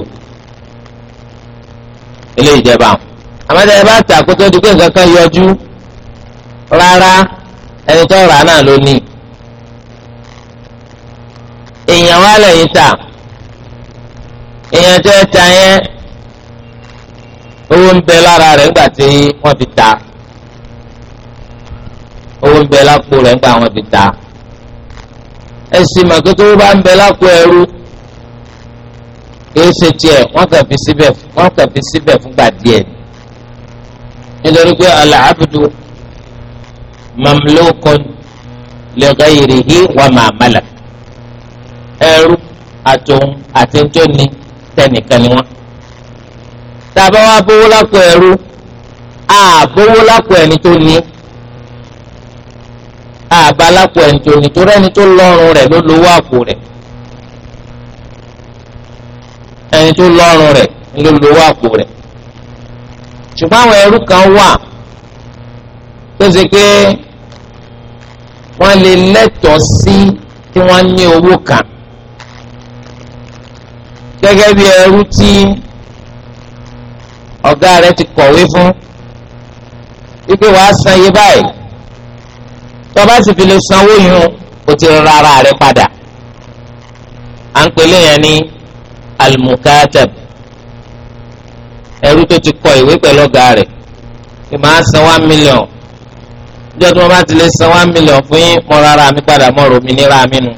ilé ìjẹba àwọn àmọ́tẹ́ ẹ bá tà kótó di pé nǹkan kan yọjú rárá ẹni tó rà náà ló ní. èèyàn wá lẹ́yìn tà èèyàn tó ẹ ta yẹn owó ń bẹ lára rẹ̀ nígbà tí wọ́n fi ta owó ń bẹ lápò rẹ̀ nígbà wọ́n fi ta ẹsìn màkótó bá ń bẹ lápò ẹrú kì í ṣe tiẹ̀ wọ́n kàn fi síbẹ̀ fún díẹ̀ ni nítorí pé al-abdu mamlukun li ghayrihi wa ma malak ẹrú àtòun àti ntòní tẹnìkan ni wọn. tàbá wa bówó lápò ẹrú àbówó lápò ẹni tó ní àbá lápò ẹni tó ní torí ẹni tó lọ́rùn rẹ̀ ló lówó àpò rẹ̀ ẹni tó lọ́rùn rẹ̀ ló lówó àpò rẹ̀ ṣùgbọ́n àwọn ẹrú kan wà tó ṣe pé wọ́n lè lẹ́tọ̀ọ́ sí tí wọ́n ní owó kan gẹ́gẹ́ bí ẹrú tí ọ̀gá rẹ̀ ti kọ̀wé fún wípé wàá san iye báyìí tó bá sì fi lè sanwó yun o ti rárá rẹ̀ padà à ń pè léyìn ní almukatab ẹrú tó ti kọ ìwé pẹ̀lú ọ̀gá rẹ̀ kí máa san one million níjọ́ tí wọ́n bá ti lè san one million fún yín mọ́ rárá mi padà mọ́ rò mí nírà mí nu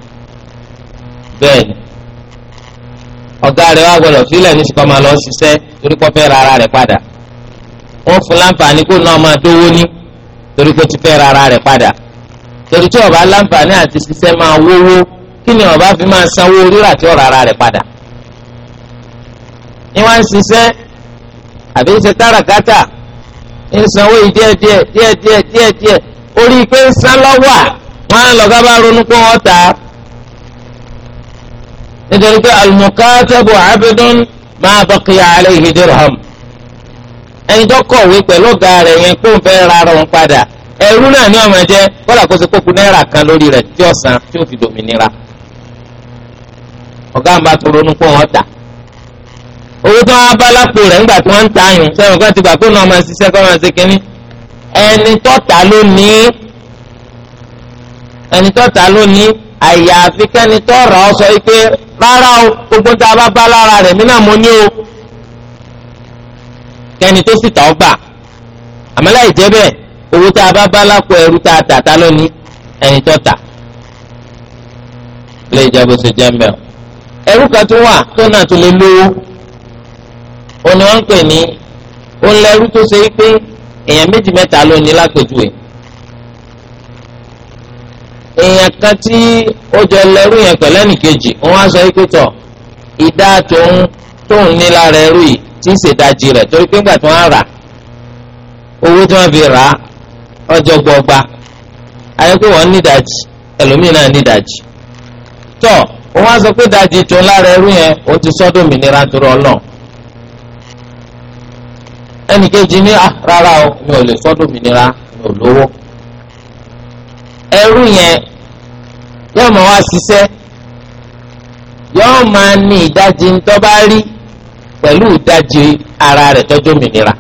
bẹ́ẹ̀ ni ọ̀gá rẹ̀ wá gbọ́dọ̀ fílẹ̀ ní sùpàmà lọ ṣiṣẹ́ torí kó fẹ́ rárá rẹ̀ padà wọ́n fún láǹfààní kó náà máa dówó ní torí kó ti fẹ́ rárá rẹ̀ padà torí tí ọba láǹfààní àti ṣiṣẹ́ máa wówó kí ni ọba fi máa sanwó rírà tí ọ̀rọ̀ rẹ̀ padà. ní ń ṣiṣẹ́ àbí ń ṣe káràkátà ń sanwó yìí díẹ̀ díẹ̀ díẹ̀ díẹ̀ díẹ̀ díẹ̀ orí pé ń san lọ́wọ́ à wọ́n á lọ́gá bá ronú pé wọ́n tà á. nítorí pé al-mukatabu abdun ma baqiya alayhi dirham ẹni tó kọ̀wé pẹ̀lú ọ̀gá rẹ̀ yẹn kó ń fẹ́ ra ara wọn padà ẹrú náà ní ọmọ ẹjẹ kọ́lá kó ṣe kókó náírà kan lórí rẹ̀ tí ọ̀sán tí ó fi dòmìnira ọ̀gá àmàtúrò nípò wọn tà owó tí wọ́n bá lápò nígbà tí ń ta ti gbà pé náà máa ṣiṣẹ́ kọ́ máa ṣe kínní ẹni tọ́ta ló ní ẹni tọ́ta ló ní àyàfi kẹ́ni tó rà sọ pé rárá o gbogbo a bá bá lára mí náà mo ní o kẹ́ni tó sì tà gbà owó ó ní wọ́n ń pè ní ó ń lẹ́rú tó ṣe pé èèyàn méjì mẹ́ta ló ní lápèjúwe èèyàn kan tí ó jọ lẹ́rú yẹn pẹ̀lẹ́ nìkejì wọ́n á sọ pé tọ̀ ìdá tóun tóun ní lára ẹrú yìí tí ń ṣèdajì rẹ̀ torí pé ńgbà tí wọ́n á rà owó tí wọ́n fi rà á gbọgba ayé pé wọ́n ní ìdajì ẹlòmíín náà ní ìdajì tọ̀ wọ́n á sọ pé ìdajì tóun lára ẹrú yẹn ó ti sọ́dọ̀ òmìnira torí ọlọ́run ẹnì kejì ní à ah, rárá o mi ò lè sọ́dọ̀ mi nira mi ò lówó. ẹrú yẹn yóò máa wá ṣiṣẹ́ yóò máa ní ìdajì tó bá rí pẹ̀lú ìdajì ara rẹ̀ tọ́jú mi nira.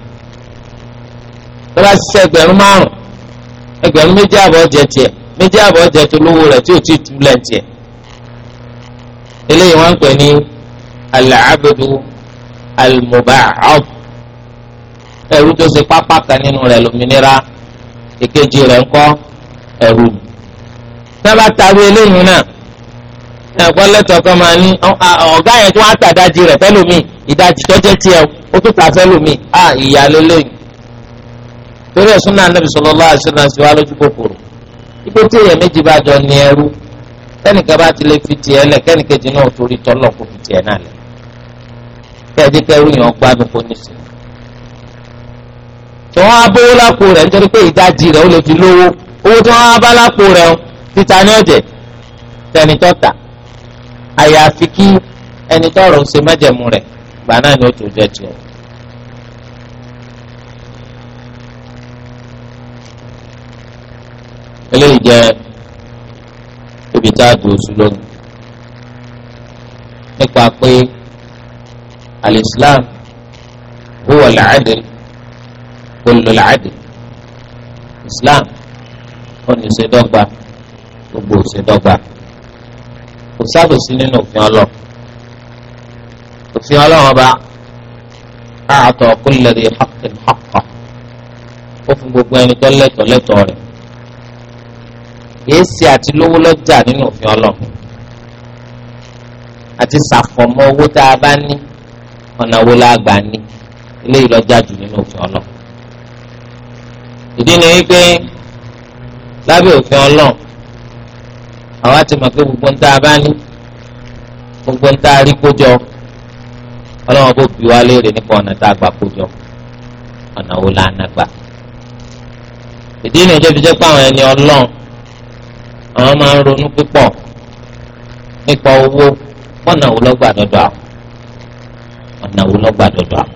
tó bá ṣiṣẹ́ ẹgbẹ̀rún márùn-ún ẹgbẹ̀rún méjì àbọ̀ jẹ tiẹ̀ méjì àbọ̀ jẹ tó lówó rẹ̀ tí ò tí ì tú tiẹ̀. eléyìí wọ́n ń pè ní al-abdu al ẹrú tó ṣe pápá kan nínú rẹ̀ lómìnira èkejì rẹ̀ ńkọ́ ẹrú Na sábà tàbí eléyìí náà ẹ̀kọ́ lẹ́tọ̀ọ́ kan máa ní ọ̀gá yẹn tó wá tàdájì rẹ̀ fẹ́lómi ìdajì tó tiẹ̀ ó tún ta fẹ́lómi à ìyàlẹ́ lẹ́yìn. torí ẹ̀sùn náà nàbì sallallahu alaihi wasallam sí wa lójú kòkòrò ipò tí èèyàn méjì bá jọ ní ẹrú kẹ́nìkan bá ti lè fi tiẹ̀ lẹ̀ kẹ́nìkejì náà torí tọ́lọ̀ kò fi tiẹ̀ tí wọ́n á bówó lápò rẹ̀ nítorí pé ìdajì rẹ̀ ó lè fi lówó owó tí wọ́n á bá lápò rẹ̀ ó títa ní ọ̀jẹ̀ tẹni tọ́ta àyàfi kí ẹni tọrọ ń ṣe májẹ̀mú rẹ̀ gbà náà ni ó tó jẹ́ tiẹ̀. eléyìí jẹ́ ibi tá a dùn oṣù lónìí nípa pé al-Islam huwa al kullu al-'adl islam òní ìṣèdọ́gba gbogbo ìṣèdọ́gba kò sábòsí nínú òfin ọlọ́ òfin ọlọ́wọ́n bá a'ta kulli dhi haqqin haqqah ó fún gbogbo ẹni tó lẹ́tọ̀ọ́ lẹ́tọ̀ọ́ rẹ̀ èsì àti lówó lọ́jà nínú òfin ọlọ́ àti ṣàfọ̀mọ́ owó tá a bá ní ọ̀nà owó lágbàá ní eléyìí lọ́jà jù nínú òfin ọlọ́ ìdí ni wípé lábẹ́ òfin ọlọ́run àwa ti mọ̀ pé gbogbo ń tá a bá ní gbogbo ń tá a rí kójọ ọlọ́run kò bí wa léèrè nípa ọ̀nà tá a gbà kójọ ọ̀nà wo la ná gbà. ìdí ni ìjọba jẹ́ pé àwọn ẹni ọlọ́run àwọn máa ń ronú púpọ̀ nípa owó ọ̀nà wo lọ́gbà dọ́dọ̀ àwọn ọ̀nà wo lọ́gbà dọ́dọ̀ àwọn.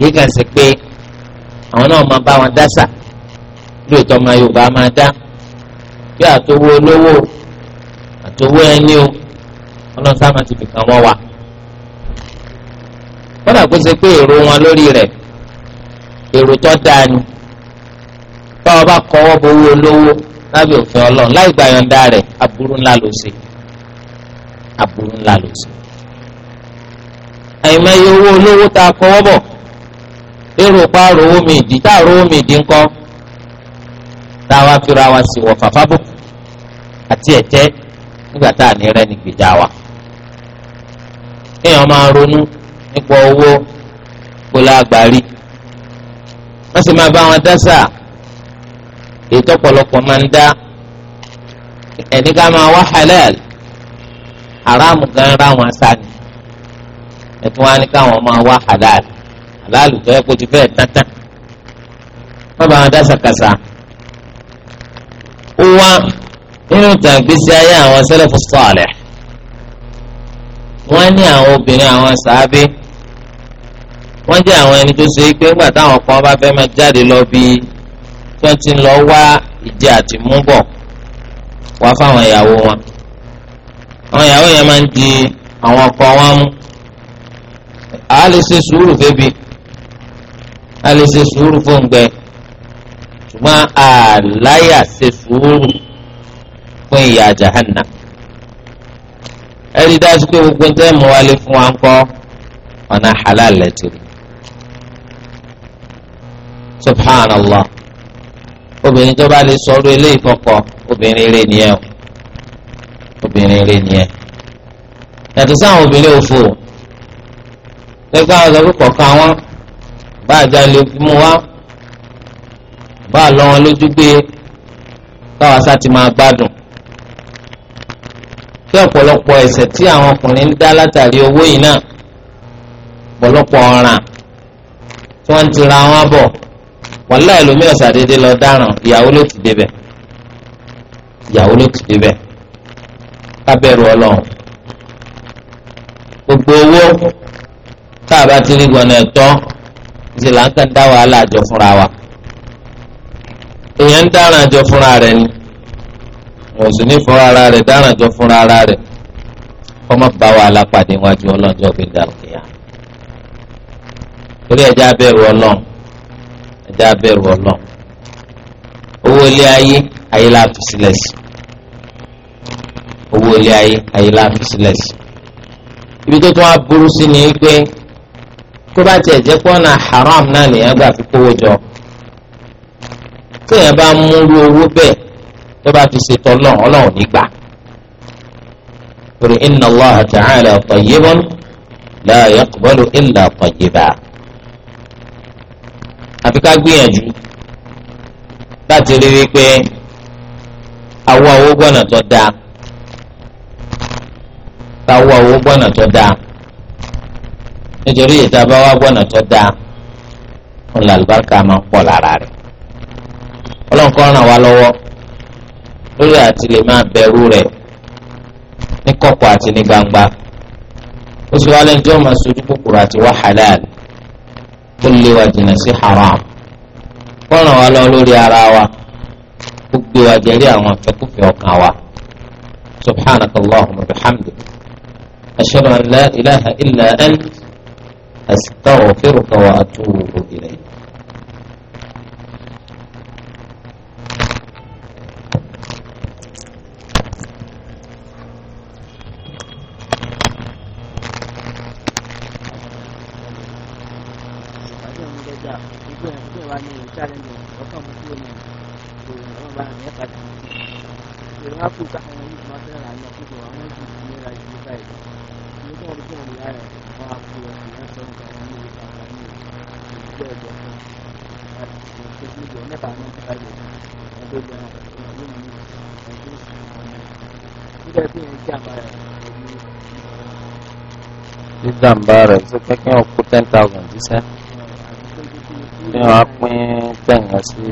yíkà sí pé àwọn náà máa bá wọn dásà bí ètò ọmọ Yorùbá máa dá bí àtòwó olówó àtòwó ẹni o ọlọ́run sáà máa ti fìkan wọn wà kódà kó ṣe pé èrò wọn lórí rẹ̀ èrò tó dáa ni báwọn bá kọ́wọ́ bowó olówó lábẹ́ òfin ọlọ́run láì gba yọ̀ǹda rẹ̀ aburú ńlá ló ṣe aburú ńlá ló ṣe àyìnbáyé owó olówó tá a kọ́wọ́ bọ̀ èrò pa rówó mi ìdí tá rówó mi ìdí ńkọ́ tá a wá fira wa sí wọ fàfà bò àti ẹ̀tẹ́ nígbà tá a ní rẹ ní gbèjà wa kéèyàn máa ronú nípa owó gbólá agbárí wọ́n sì máa bá wọn dásà èyí tọ́pọ̀lọpọ̀ máa ń dá ẹni ká máa wá halal aráàmù gan ra wọn sani ẹtún wá ní káwọn máa wá halal àláàlù tó yẹ kó ti fẹ́ẹ̀ tátá wọ́n bá wọn dá sàkàsà ó wá nínú ìtàn ìgbésí ayé àwọn sẹ́lẹ̀fù sọ̀ọ̀lẹ̀ wọ́n ní àwọn obìnrin àwọn sàábé wọ́n jẹ́ àwọn ẹni tó ṣe pé ńgbà táwọn kan bá fẹ́ máa jáde lọ bí tí wọ́n ti ń lọ wá ìjẹ àti mú bọ̀ wá fáwọn ìyàwó wọn àwọn ìyàwó yẹn máa ń di àwọn ọkọ wọn mú àá lè ṣe sùúrù fẹ́bi a lè ṣe sùúrù fún gbẹ ṣùgbọ́n àláyà ṣe sùúrù fún ìyà jahanna ẹ̀rí dájú pé gbogbo ń tẹ́ mọ́ wálé fún wa ń kọ́ ọ̀nà halal lẹ́tìrì subhanallah obìnrin tó bá lè sọ̀rọ̀ eléyìí fọ́kọ obìnrin rẹ̀ nìyẹn o obìnrin rẹ̀ nìyẹn yàtọ̀ sáwọn obìnrin òfò lẹ́gbẹ́ àwọn ọ̀dọ́ kọ̀ọ̀kan wọn bá àjálù mú wa bá àlọ́ wọn lójú gbé káwa sá ti máa gbádùn kí ọ̀pọ̀lọpọ̀ ẹ̀ṣẹ̀ tí àwọn ọkùnrin ń dá látàrí owó yìí náà ọ̀pọ̀lọpọ̀ ọ̀ràn tí wọ́n ti ra wọn bọ̀ wàhálà ẹlòmíì ọ̀sà déédéé lọ dáràn ìyàwó ló ti débẹ̀ ìyàwó ló ti débẹ̀ kábẹ́rù ọlọ́run gbogbo owó tá a bá ti rí gbọ̀nà ẹ̀tọ́ ṣe là ń kàn dá wàhálà àjọ fúnra wa èèyàn ń dáràn àjọ fúnra rẹ̀ ni wọn ò sì ní fún ara rẹ̀ dáràn àjọ fúnra ara rẹ̀ kọ́mọ́ bá wàhálà pàdé wájú ọlọ́jọ́ bí dàrúkìyà torí ẹja bẹ̀rù ọlọ́run ẹja bẹ̀rù ọlọ́run owó ilé ayé ayé la fi sílẹ̀ sí owó ilé ayé ayé la fi sílẹ̀ sí ibi tó tún á sí ni pé. tó bá tiẹ̀ jẹ́ haram náà nìyẹn gbà fi kówó jọ téèyàn bá múlú owó bẹ́ẹ̀ tó bá fi ṣètò ọlọ́run ọlọ́run nígbà torí inna Allaha ta'ala tayyibun la yaqbalu illa tayyiba àfi ká gbìyànjú láti rí wípé àwa owó gbọ́nà tó dáa ká owó gbọ́nà tó dáa. nítorí ètò àbáwá gbọ́nà tó dáa fún làlùbáríkà máa ń pọ̀ lára rẹ̀ ọlọ́nkọ́ ràn wá lọ́wọ́ lórí àti lè máa bẹ̀rù rẹ̀ ní kọ̀kọ̀ àti ní gbangba ó sì wá lẹ́nu tí wọ́n máa sojú kòkòrò àti wá halal tó lè jìnnà sí haram kó ràn wá lọ́wọ́ lórí ara wa kó gbé wa jẹ́rí àwọn afẹ́kùfẹ́ ọkàn wa subhanaka allahumma bihamdik ashhadu an la ilaha illa ant astaghfiruka wa atubu ilayk. Thank you. mẹ́ta ní ìdájọ́ ẹgbẹ́ ìgbà ìlú mi ẹgbẹ́ ìgbà tí yẹn jẹ́ àmà rẹ̀ dídàmbà rẹ̀ tó kẹ́kẹ́ ọ̀kú ten thousand jíṣẹ́ ní wọ́n á pín tẹ̀yìn sí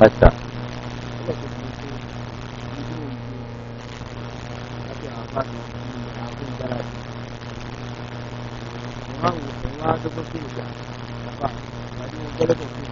mẹ́ta. Thank you.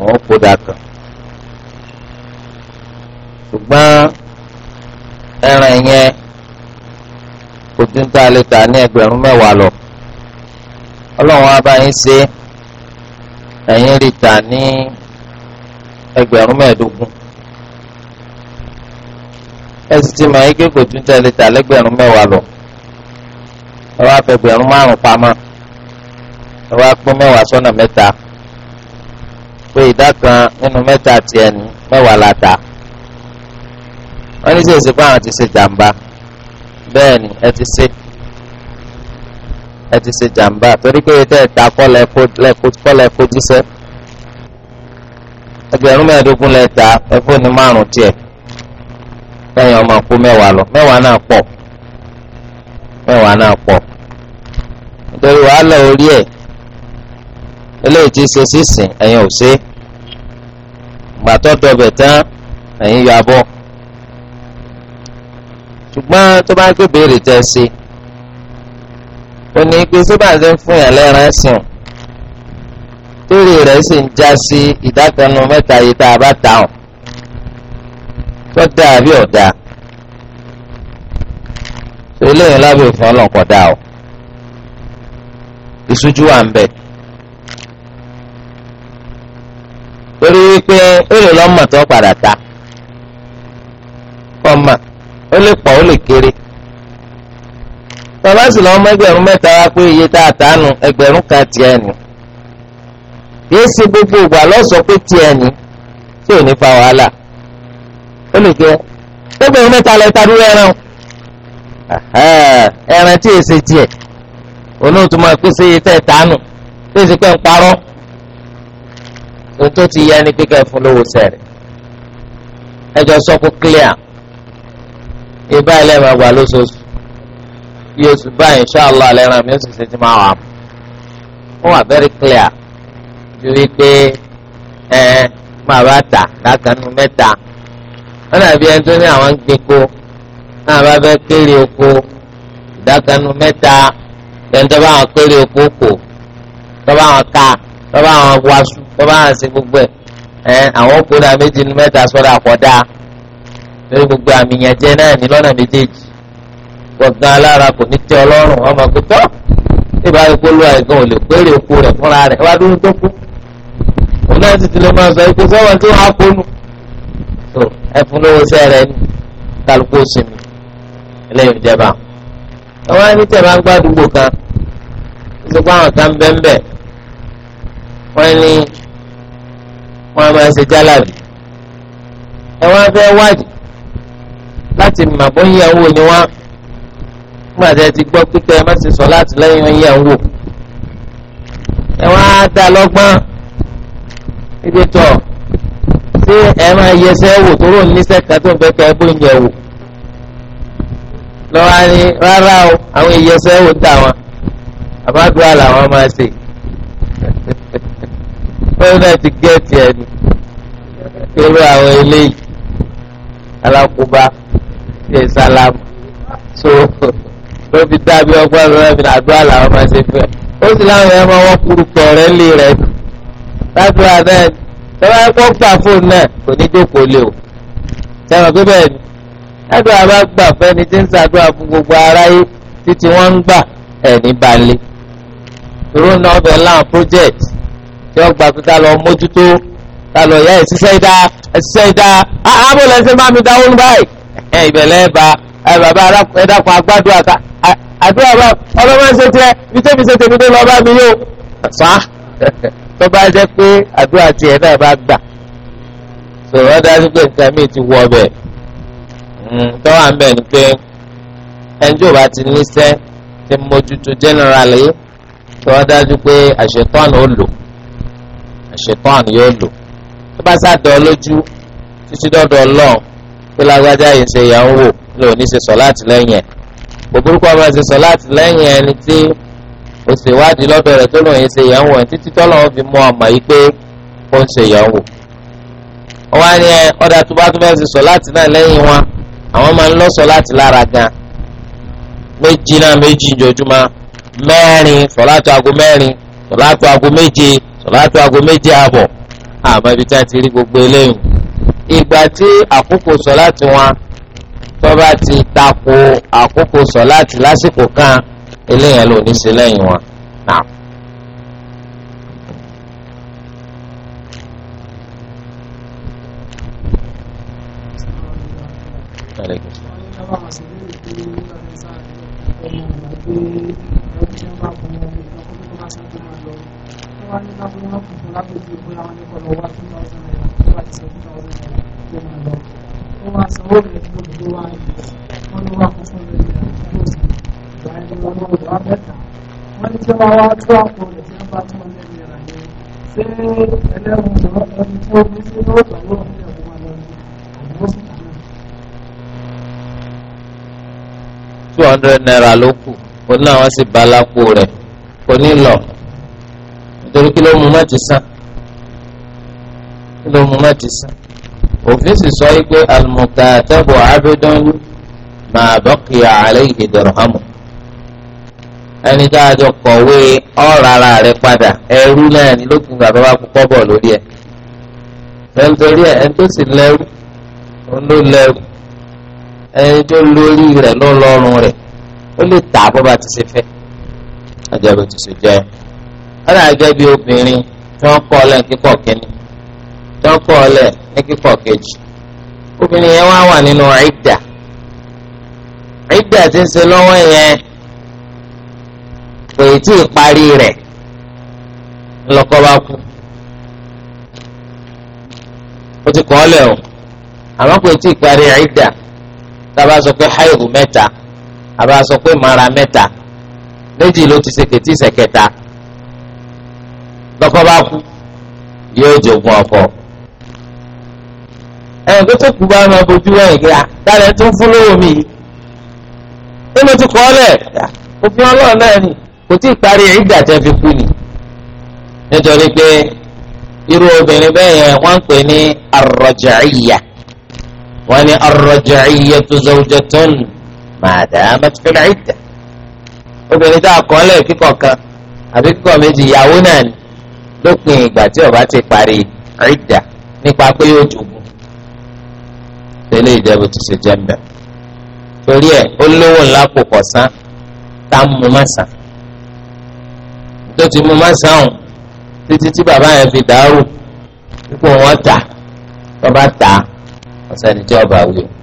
àwọn kó dà ṣùgbọ́n ẹran yẹn kò tún tá ní ẹgbẹ̀rún mẹ́wàá lọ ọlọ́run abáyín ṣe ẹ̀yìn lè tà ní ẹgbẹ̀rún mẹ́ẹ̀ẹ́dógún ẹ sì ti mọ̀ ike kò tún a lè lọ ẹ wá márùn-ún pamọ́ ẹ wá pín mẹ́wàá pé ìdá kan nínú mẹ́ta tiẹ̀ ní mẹ́wàá láta wọ́n ní esi pé àwọn ti ṣe jàǹbá bẹ́ẹ̀ ni ẹ ti ṣe ẹ ti ṣe jàǹbá torí pé tẹ́ ẹ ta kọ́ lẹ kó jíṣẹ́ ẹgbẹ̀rún mẹ́ẹ̀ẹ́dógún lẹ ta ẹ fóònù márùn tiẹ̀ lẹ́yìn ọmọ kú mẹ́wàá lọ mẹ́wàá náà pọ̀ mẹ́wàá náà pọ̀ eléyìí ti ṣe sísìn ẹ̀yin ò ṣe gbàtọ́ dọbẹ̀ tán ẹ̀yin yọ abọ́ ṣùgbọ́n tó bá ń pè béèrè tẹ́ ẹ ṣe ó ní pé ṣé bàtà ń fún yàn lẹ́ran sùn torí rẹ̀ sì ń já sí ìdákanu mẹ́ta yìí tá a bá ta ọ̀ tó dáa bí ọ̀dà eléyìí lábẹ́ òfin ọlọ́nkọ̀dá ọ̀ ìṣújú wà ń bẹ̀ẹ́. wípé ó lè lọ́ mọ̀ tó padà ta ọmọ ó lè pọ̀ ó lè kéré tọ́lá sì lọ́ mọ ẹgbẹ̀rún mẹ́ta wá pé iye tá a tà nù ẹgbẹ̀rún kan tiẹ̀ nù yéé ṣe gbogbo ìgbà lọ́sọ̀ pé tiẹ̀ nì tí ò ní fa wàhálà ó lè jẹ́ ẹgbẹ̀rún mẹ́ta lọ ta dúró ẹran ẹran tí èsè tiẹ̀ òun náà tún máa pèsè iye tẹ̀ tà nù tí èsè pẹ́ ń parọ́ ohun tó ti yẹ ni pé kẹ́ fún lówó sẹ́rẹ̀ ẹjọ́ sọ kó clear ibà ilẹ̀ máa gbà lóṣooṣù bí oṣù báyìí inṣàlá lẹ́ran mi ó sì ṣe ti máa wà mú wà very clear ju wípé ẹ máa bá tà lákàánú mẹ́ta wọn àbí ẹni tó ní àwọn ń gbin ko náà bá fẹ́ kéré oko ìdákanu mẹ́ta ẹni tó bá wọn kéré oko kò tó bá wọn ká tó bá wọn waṣu tó bá hàn sí gbogbo ẹ̀ ẹ̀ àwọn kó dà méjì nu mẹ́ta sọ́dọ̀ àkọ́dá lórí gbogbo àmì yẹn jẹ́ náà ní lọ́nà méjèèjì gbọ̀ngàn alára kò ní tẹ́ ọlọ́run ọmọ kò tọ́ ìbá rẹ̀ polówó àìkan ò lè péré oko rẹ̀ fúnra rẹ̀ wá dúró tó kú òun náà sì ti lè máa sọ ipò sọ́wọ́n tí wọ́n á kónú tó ẹ fún lówó sẹ́rẹ̀ ní kálukú sinmi eléyìí ìjẹba àwọn ẹni tẹ̀ máa ń gbádùúgbò kan ìsopọ̀ àwọn kan bẹ́ẹ̀ bẹ́ẹ̀ wọ́n ní wọn máa ń ṣe jálàbí ẹ wá fẹ́ wádìí láti mọ̀ bó ń yẹ̀wò ni wọ́n gbàdé ti gbọ́ pípẹ́ ẹ má ṣe sọ láti lẹ́yìn ń yẹ̀wò ẹ wá dá lọ́gbọ́n ibi tọ̀ ṣé ẹ máa yẹsẹ́ wò tó rò níṣẹ́ kan tó ń fẹ́ kẹ́ bó ń yẹ̀wò lọ́wọ́ á ní rárá o àwọn ìyẹsẹ́ wò dá wọn àbádùá làwọn máa ṣe wọ́n náà ti gẹ́ẹ̀tì ẹ̀ ní irú àwọn eléyìí alákòóbá ṣe sálámù so ló fi dábí ọgbọ́n rẹ̀ fi àdúrà làwọn máa ṣe fẹ́ ó sì láwọn ẹ̀ máa wọ́n kúrú kọ̀ rẹ̀ lé rẹ̀ ní ládùúrà náà tọ́wọ́ ẹ̀kọ́ gbà fóònù náà kò ní jókòó lé o sẹ́wọ̀n pé bẹ́ẹ̀ ni ládùúrà bá gbà fẹ́ni tí ń ṣàdúrà fún gbogbo aráyé títí wọ́n ń gbà ẹ̀ ní balẹ̀ irú náà ọbẹ̀ láwọn project yọ gba pé ká lọ mójútó ká lọ yá ẹsísẹ́ ìdá ẹsísẹ́ ìdá àbò ah, ah, lẹ́sẹ̀ máa mi dáwọ́ báyìí ẹ ìbẹ̀lẹ̀ ẹ̀bà bàbá ẹ̀dàkùn agbádùn àká àdúrà bá ọlọ́ máa ń ṣe tiẹ̀ bí tẹ́bi tèmi dé lọ bá mi yóò sá tó bá jẹ́ pé àdúrà tiẹ̀ náà bá gbà sọ̀rọ̀ dájú pé nǹkan mi ti wọ ọbẹ̀ tọ́wọ́ à ń bẹ̀ hmm, ni pé ẹnjọ́ bá ti níṣẹ́ ti mójútó generally tọ́wọ́ dájú pé àṣetọ́nù ó lò ṣetán yóò lò tó bá sàdọ̀ lójú títí dọ́dọ̀ ọlọ́run pé lágbájá yìí ṣe ìyàwó wò ló ní ṣe sọ láti lẹ́yìn ẹ̀ kò burúkú ọmọ ẹ̀ ṣe sọ láti lẹ́yìn ẹni tí o ṣe ìwádìí lọ́dọ̀ rẹ̀ tó lòun yìí ṣe ìyàwó ẹ̀ títí tọ́lọ́run fi mú ọmọ yìí pé ó ń ṣe ìyàwó. wọ́n á ní ẹ ọ̀dà tó bá tó bẹ́ẹ̀ ṣe sọ láti náà lẹ́yìn wọn àwọn máa ń lọ sọ láti lára gan méjì náà méjì ìjọjúmọ́ mẹ́rin sọ láti aago mẹ́rin sọ láti aago méje sọláàtù aago méje ààbọ̀ àmọ́ ibi tí a ti rí gbogbo eléyìí ìgbà tí àkókò sọláàtù wọn tó bá ti tako àkókò sọláàtù lásìkò kan eléyìí ló ní sí lẹ́yìn wọn Thank you wá ní ká fún wọn fún lápẹjù bóyá wọn ní kọlọ wá two thousand naira tó wà ti sọ two thousand naira tó máa lọ ó wá sanwó rẹ̀ tó tó wá wọn ló wá fún fún rẹ̀ tó sì gbà ẹni wọn ló wà mẹ́ta wọn ní tí wọn wá tó àpò rẹ̀ tí wọn bá tó wọn lẹ́yìn rà ní ṣé ó ní sí sì bá rẹ̀ kò nítorí kí ló mú má ti san kí ló mú má ti san òfin sì sọ yìí pé al-mukatabu abidun ma baqiya alayhi dirhamu ẹni tá a jọ kọ̀wé ọ̀rọ̀ ara rẹ̀ padà ẹrú náà ni lókun bàbá wa kú kọ́bọ̀ lórí ẹ̀ lẹ́ntorí ẹ̀ ẹni tó sì lẹ́rú òun ló lẹ́rú ẹni tó lórí rẹ̀ ló lọ́rùn rẹ̀ ó lè tà bó ba ti ṣe fẹ́ ajá ti ṣe jẹ́ ọ̀dà gẹ́gẹ́ bí obìnrin tí wọ́n kọ́ ọlẹ́ kíkọ́ kínní tí wọ́n kọ́ ọlẹ́ kíkọ́ kejì obìnrin yẹn wá wà nínú ìdà ìdà ti ń ṣe lọ́wọ́ yẹn kò tí ì parí rẹ̀ o àmọ́ kò tí ì parí sọ pé mara mẹ́ta méjì ló ti lọ́kọ bá kú yóò jogún ọkọ. ẹ̀yìn tó tó kú bá máa bójú wẹ̀yìn gíga dáadáa tó ń fún lówó mi yìí. ó ló ti kọ́ ọ́ lẹ̀ òfin ọlọ́run náà ni kò tí ì parí ìgbà tẹ́ fi kú ni. nítorí pé irú obìnrin bẹ́ẹ̀ yẹn wọ́n ń pè ní arraja'iyya wọ́n ní arraja'iyyatu zawjatun ma damat fil 'idda. obìnrin tá a kọ́ lẹ̀ kíkọ̀ kan àbí kíkọ̀ méjì ìyàwó náà ni lópin ìgbà tí ọba ti parí ìdá nípa pé yóò jogun tẹ́lẹ̀ ìjẹbù ti ṣe jẹ mbẹ torí ẹ ó lówó ńlá kò kọ sán tá ń mu má sàn tó ti mu má sàn ọ̀hún títí tí bàbá yẹn fi dàrú ipò wọn tà bàbá tà ọ̀sẹ̀ níjẹ́ ọba wí o.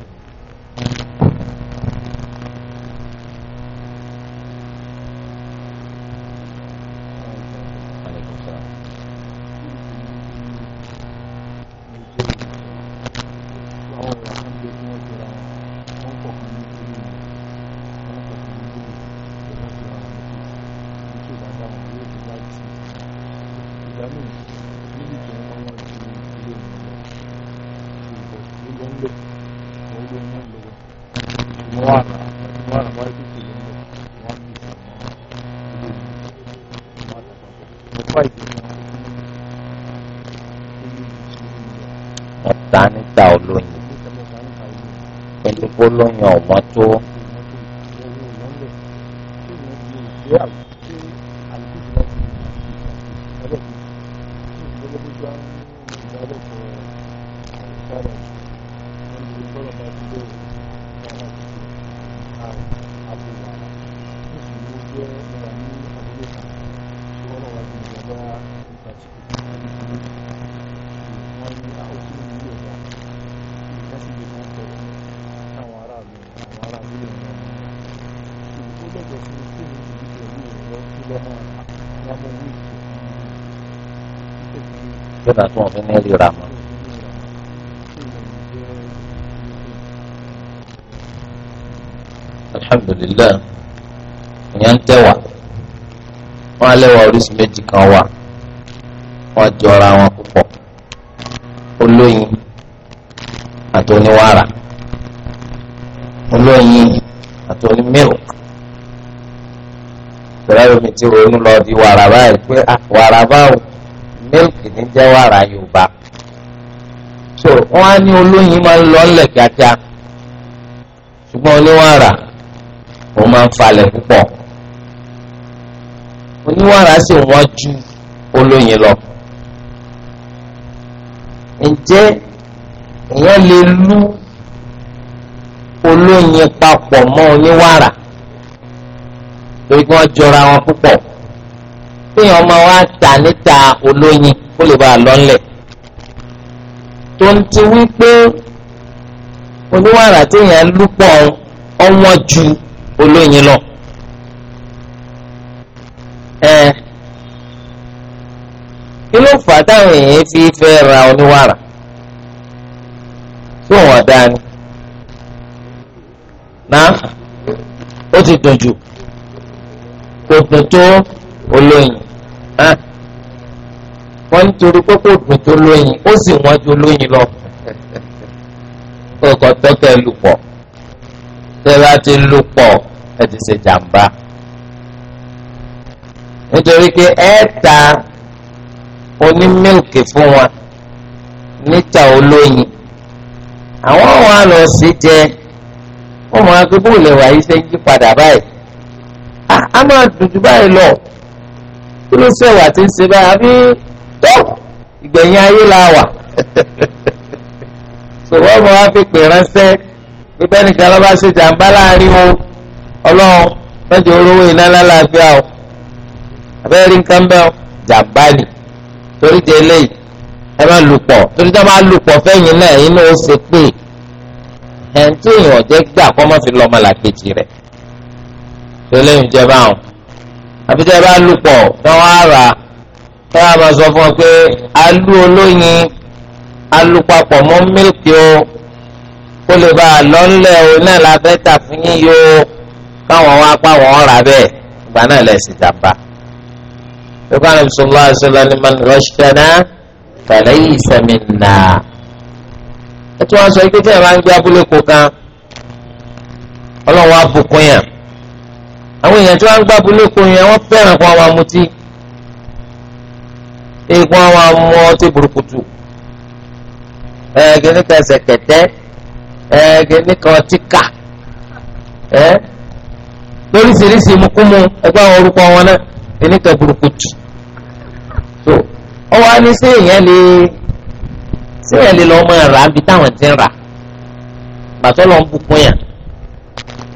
gbólóyìn ọ̀mọ́ tó àwọn ará nílé wọn ibi tó lẹ́gbẹ̀ẹ́ sí sí ní ìdíje ìlú ìrọ̀ sí lọ́mọ lọ́mọ owó ìṣèlú lọ́nà tí wọ́n fi ní ríra mọ́. alhamdulillah ìyẹn ń tẹ̀wà wọ́n á lẹ́wà oríṣi méjì kan wà wọ́n olóyin àtòrí milk tẹ̀lé mi ti ronú lọ di wàrà báyìí pé ah, wàrà báwo milk ní jẹ́ wàrà Yorùbá so wọ́n á ní olóyin máa ń lọ ńlẹ̀ kíákíá ṣùgbọ́n oníwàrà ó máa ń falẹ̀ púpọ̀ oníwàrà sì wọ́n ju olóyin lọ ǹjẹ́ èèyàn lè lú ló papọ̀ mọ́ oníwàrà torí kí wọ́n jọra wọn púpọ̀ kéèyàn máa wá tà níta olóyin kó lè bá a lọ́nlẹ̀ tó ń ti wí pé oníwàrà téèyàn lúpọ̀ ọwọ́n ju olóyin lọ. ẹ kí ló fà á táwọn èèyàn fi fẹ́ ra oníwàrà tó wọ́n dání. na ó ti dùn jù kò dùn tó olóyin wọ́n ń torí pé kò dùn tó olóyin ó sì wọ́n ju olóyin lọ kókò tọ́kẹ́ lù pọ̀ ti lù ẹ ti ṣe jàǹbá nítorí pé ẹ ta onímílìkì fún wa níta olóyin àwọn àwọn àlọ́ sí jẹ́ wọ́n mọ̀ pé bó lè wà yìí ṣe ń yí padà báyìí a máa dùdú báyìí lọ kí ló ṣèwà tí ń ṣe báyìí àbí tó ìgbẹ̀yìn ayé la wà sọ̀rọ̀ ọmọ wa fi pè ránṣẹ́ pé bẹ́ẹ̀ nìkan lọ́ba ṣe jàǹbá láàrin o ọlọ́run lọ́jọ́ olówó iná lálàáfíà o abẹ́rẹ́ nǹkan bẹ́ẹ̀ jàǹbá ni torí jẹ́ eléyìí ẹ má lù pọ̀ torí tá a bá lù pọ̀ fẹ́yìn náà inú ó ṣe pé ẹn tí èèyàn jẹ́ gbà kọ́ mọ́ fi lọ́mọ làkejì rẹ̀ tẹ́lẹ̀ ń jẹ báwọn àbíjẹ́ bá lù pọ̀ tán wá rà tán wá máa sọ fún ọ pé alú olóyin alùpapọ̀ mọ́ mílìkì o kó lè bá a lọ́nlẹ̀ o náà la fẹ́ tà fún yín yó káwọn wá pa wọn rà bẹ́ẹ̀ ìgbà náà lẹ̀sìn jàmbá. Bí wọ́n á lè sọ lọ́wọ́ àṣọ lọ́ni mọ́ni rọ́ṣẹ́ tí wọ́n sọ pé tí ẹ̀ máa ń gbé abúlé kó kan ọlọ́run á bùkún yàn àwọn èèyàn tí wọ́n ń gbé abúlé kó yàn wọ́n fẹ́ràn kó àwọn amutí eégún àwọn amú ọtí burúkutu ẹ̀ẹ́dẹ̀ níka ẹsẹ̀ kẹ̀tẹ́ ẹ̀ẹ́dẹ̀ níka ọtí ká ẹ̀ẹ́ lóríṣiríṣi mukumu ẹgbẹ́ àwọn orúkọ wọn náà ẹ̀ẹ́dẹ̀ níka burúkutu tó ọwọ́ á ní sí èèyàn lè síyẹn lè lọ́ọ́ máa rà níbi táwọn ti ń rà bàtọ́ lọ́n bùkún yàn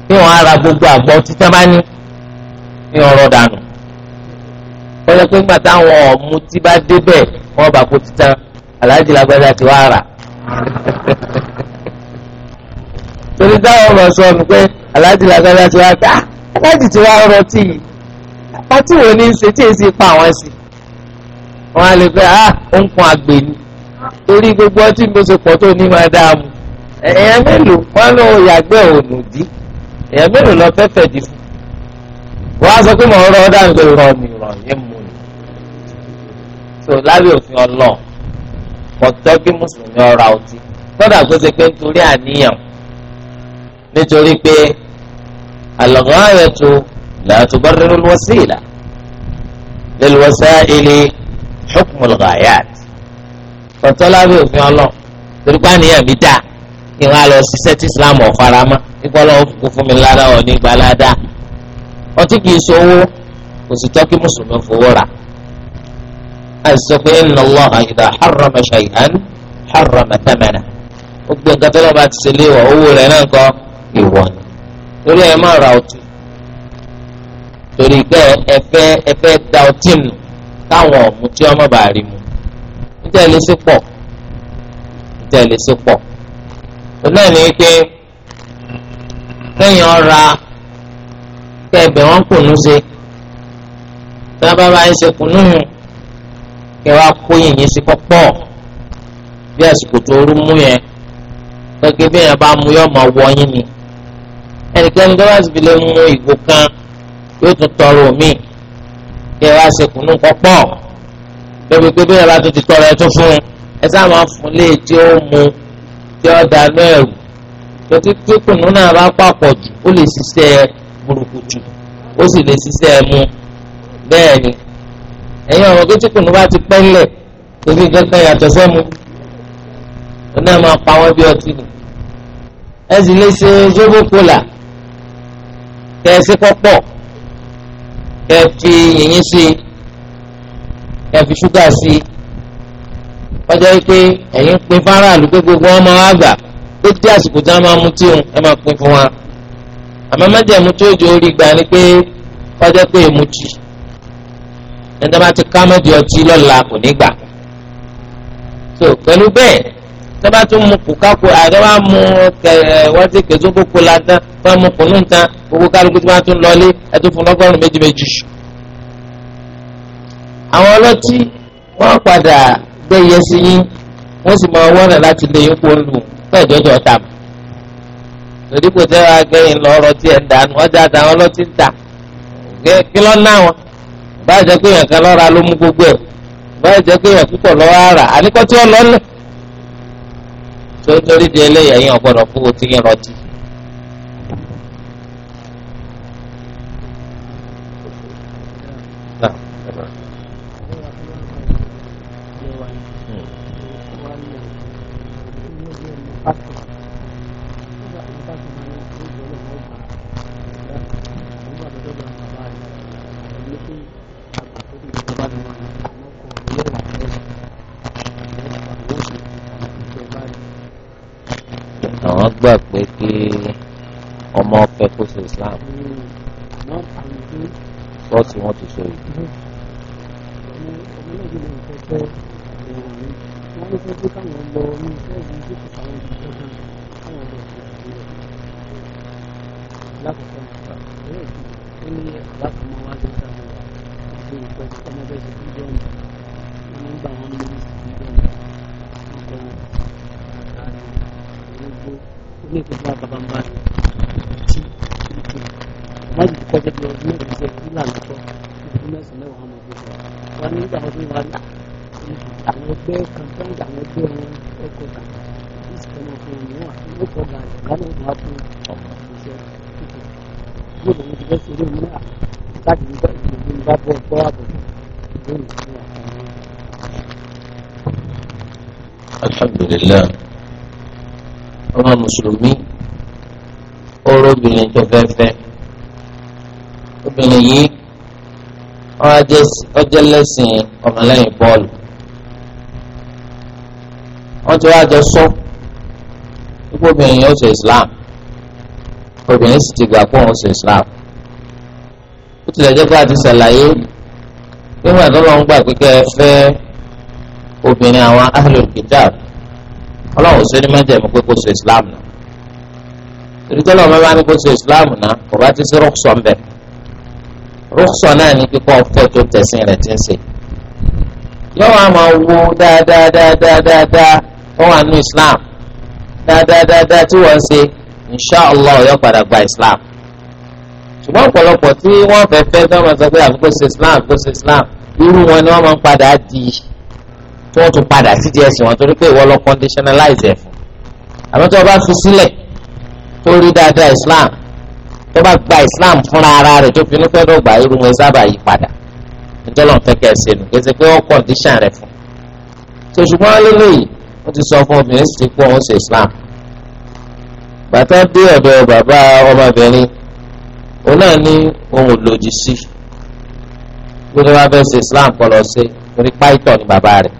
kí wọ́n ara gbogbo àgbọ̀ títí bá ní ní ọ̀rọ̀ dànù kọ́lẹ́ pé ńgbà táwọn ọ̀mú tí bá débẹ̀ wọ́n bá kó títà aláàjì lágbádá ti wá rà torí táwọn ọmọ sọ mi pé aláàjì lágbádá ti wá ká aláàjì ah, ti wá rọ tí yìí pátí wo ni ń ṣe tí èsì pa àwọn sí wọn á lè fẹ́ ah ó ń kun àgbè ni torí gbogbo ọtí bó ṣe pọ̀ tó ní máa dáa mu èèyàn mélòó wọn lọ yàgbẹ́ ònùdí èèyàn mélòó lọ fẹ́fẹ́ dì fún wọn á sọ pé mọ̀ ń rọ ọ́ dáhùn pé rọ mi rọ yẹn mu ni so lábẹ́ òfin ọlọ́ọ̀ kò tọ́ mùsùlùmí ọ̀ra ọtí kódà kó ṣe pé nítorí àníyàn nítorí pé àlọ́gán ayẹ̀tò làtò bá rẹ̀ lọ́wọ́ sí ìlà lẹ́lọ́wọ́sá ilé ṣùkùmọ̀lọ́gà yáàdì kọ̀tọ́ lábẹ́ òfin ọlọ́ torí pé àníyàn mi dà kí wọ́n á lọ ṣiṣẹ́ tí Islam ọ̀faramá nípa ọlọ́wọ́ kúkú fún mi ládàá ọ̀ ní gbalada ọtí kìí sowó kò tọ́ kí mùsùlùmí fowó rà àìsàn pé inna Allaha idha harrama shay'an harrama thamana gbogbo nǹkan tó lọ́ba ti ṣe léwọ̀ owó rẹ̀ náà kọ́ ìwọ̀ ni torí ẹ máa ra ọtí torí pé ẹ fẹ́ ẹ fẹ́ da ọtí nù káwọn ọ̀mùtí ọmọ bàá rí mu tẹ̀lé sí pọ̀ tẹ̀lé sí pọ̀ náà ni pé kẹ́yìn ọ̀ra kẹ́ẹ̀bẹ̀ wọ́n kùnú ṣe tí wọ́n bá bá ń ṣe kùnú kẹwàá kó yìnyín sí pọ́pọ́ bí àsìkò tó rú mú yẹn gbẹgbẹ bí yẹn bá mú yọ ọmọ wọnyí ni ẹnikẹ́ni tó bá sì fi lè mú ìgò kan yóò tún tọrọ omi kẹwàá ṣe kùnú pọ́pọ́ lóbi pé bí ìyàbá tó ti tọrọ ẹ tó fún un ẹ sáà máa fún lé e tí ó mu tí ó dànù ẹrù tòtí tí kùnú náà bá pàpọ̀ jù ó lè ṣiṣẹ́ burúkú jù ó sì lè ṣiṣẹ́ mu bẹ́ẹ̀ ni ẹ̀yin ọ̀rọ̀ pé tí bá ti pẹ́ tóbi kankan yàtọ̀ sẹ́mu ó náà máa pa wọ́n bí ọtí ni ẹ sì lè ṣe zobo kola kẹ́ ẹ sí pọ́pọ́ kẹ́ ẹ fi yìnyín sí i ẹ fi ṣúgà sí i ọjọ́ pé ẹ̀yin pin fáráàlú pé gbogbo wọn máa gbà ó ti àsìkò tí wọn máa mu tí òun ẹ máa pin fún wa àmọ́ mẹ́jẹ̀mú tí ó jẹ́ orí gbà ni pé ọjọ́ pé èmùtì ẹ̀ńtẹ́ bá ti ká mẹ́jọ ọtí lọ́la kò ní gbà so pẹ̀lú bẹ́ẹ̀ tẹ́ bá tún mu kùkákù àti wọ́n á mu wọ́n ti kẹ̀sọ́ kókó la tán wọ́n á mu kùnú tán gbogbo kálukú tí wọ́n á tún lọlé ẹ̀ tún fún lọ́gọ́rùn-ún méjì méjì àwọn ọlọ́tí wọ́n padà iye sí yín wọ́n sì máa wọ́nà láti lè yín pọ̀ lù bẹ́ẹ̀ jọjọ tà mọ́. kò wá lọ ọ̀rọ̀ tí ẹ̀ ń dànù ọjà ọlọ́tí ń tà kí lọ́ ná wọn jẹ́ pé èèyàn kan ara àníkọ́ tí ó lọ́lẹ̀. tó torí di àwọn gbà pé kí ọmọ ọpẹ kó ṣe islam ṣọ́ọ̀ṣì wọn ti sọ yìí. láti zai tafi a gaban ba ci ke amma da kwa daga wajen ne da zai kula da kwa kuma su na wahala da kwa wani da hajji ba da àwọn ẹgbẹ́ àwọn ẹgbẹ́ kan ìsìnkú náà fún wọn níwọ̀n àti ọkọ̀ ga ìgbàlẹ̀ ìgbà fún ọkọ̀ ìṣẹ́ tuntun yóò lòun ti fẹ́ ṣe eré ìmúlẹ̀ àti ìgbàgbọ́ ìgbà bọ́ ọgbọ́ ọmọ mùsùlùmí oró obìnrin tó fẹ́ fẹ́ obìnrin yìí ọjọ́ lẹ́sìn ọmọlẹ́yìn bọ́ọ̀lù wọ́n ti wá jọ sọ gbogbo obìnrin yóò ṣe Islam obìnrin sì ti gbà pé òun ṣe Islam ó tilẹ̀ jẹ́ pé a ti ṣàlàyé nígbà tó lọ́n gbà pé kẹ́ ẹ fẹ́ obìnrin àwọn ahlul kitab ọlọ́run sọ ní májẹ̀mú pé kó so islam náà torí tọ́lọ́ ọmọ bá kó so islam na, kò bá ti sí rúkṣọ ńbẹ rúkṣọ náà ní kíkọ́ ọ̀fẹ́ tó tẹ̀sìn rẹ̀ ti ń ṣe yọ̀wọ́ a máa wo dáadáa dáadáa dáadáa wọ́n wà nínú islam dáadáa dáadáa tí wọ́n ń ṣe inshàlá ọ̀yọ́ padà gba islam ṣùgbọ́n ọ̀pọ̀lọpọ̀ tí wọ́n fẹ́ fẹ́ tí wọ́n máa sọ pé àfikún ṣe islam kó ṣe islam irú wọn ni wọ́n máa ń padà di tí wọ́n tún padà sí díẹ̀ sí wọn torí pé ìwọ lọ conditionalize ẹ̀ fún àmọ́ tí wọ́n bá fi sílẹ̀ tó rí dáadáa Islam tó bá gba Islam fúnra ara rẹ̀ tó fi ní fẹ́ dọ̀gba irú wọn sábà yí padà ìjọlọ́n fẹ́ kẹ́ ẹ ṣe nù kése pé wọ́n condition rẹ̀ fún tó ṣùgbọ́n lélẹ́yìí wọ́n ti sọ fún obìnrin sì pé òun ṣe Islam bàtà dé ọ̀dọ̀ bàbá ọmọbìnrin òun náà ní ohun lòdì sí gbogbo wa fẹ́ ṣe Islam kọ́ lọ sí orí páìtọ́ ní bàbá rẹ̀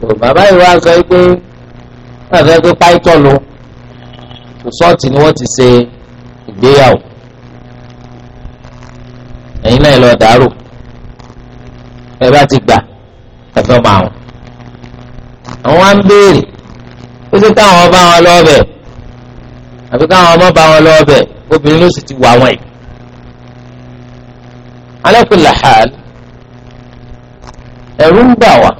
tó bàbá yìí wá sọ pé náà fẹ́ pé páìtọ́ lo tó sọ́ọ̀tì ni wọ́n ti ṣe ìgbéyàwó ẹ̀yin náà lọ dàrú ẹ bá ti gbà ẹ fẹ́ máa wọn. àwọn á ń béèrè ó sì káwọn ọba wọn lọ bẹ̀ káwọn ọmọ bá wọn lọ obìnrin ló sì ti wà wọn yìí. alẹ́ kò làhálì ẹ̀rù ń bà wá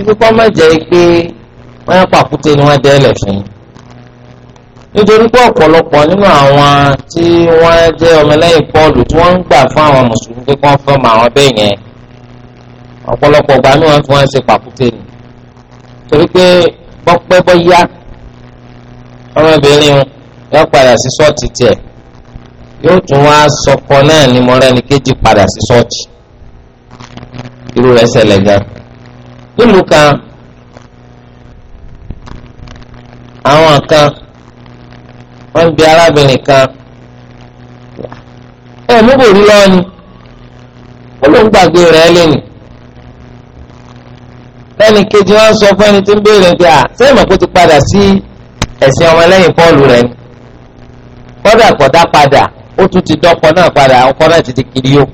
ibi kọ́ má jẹ́ pé wọ́n yá pàkúté ni wọ́n dẹ́lẹ̀ fún yín nítorí pé ọ̀pọ̀lọpọ̀ nínú àwọn tí wọ́n jẹ́ ọmọlẹ́yìn pọ́ọ̀lù tí wọ́n ń gbà fún àwọn mùsùlùmí pé kí wọ́n fẹ́ mọ àwọn bẹ́ẹ̀ yẹn ọ̀pọ̀lọpọ̀ ọ̀gbà ni wọ́n fi wọ́n ṣe pàkúté ni torí pé bọ́pẹ́ bọ́yá ọmọbìnrin yóò padà sí ṣọ́ọ̀tì tiẹ̀ yóò tún wá sọkọ náà ni mọ́rẹ́ni kejì padà sí ṣọ́ọ̀tì irú rẹ̀ ṣẹlẹ̀ gan-an. nílùú kan àwọn kan wọ́n bi arábìnrin kan ẹ mú bòrí lọ́wọ́ ni ó ló ń gbàgbé rẹ̀ lẹ́nu lẹ́nu kejì sọ fún ẹni tí ń béèrè pé à sẹ́yìn mọ̀ kó ti padà sí ẹ̀sìn ọmọlẹ́yìn Pọ́ọ̀lù rẹ̀ ni kọ́dà kọ́dà padà ó tún ti dọ́kọ náà padà ọkọ náà ti di kiri yóò.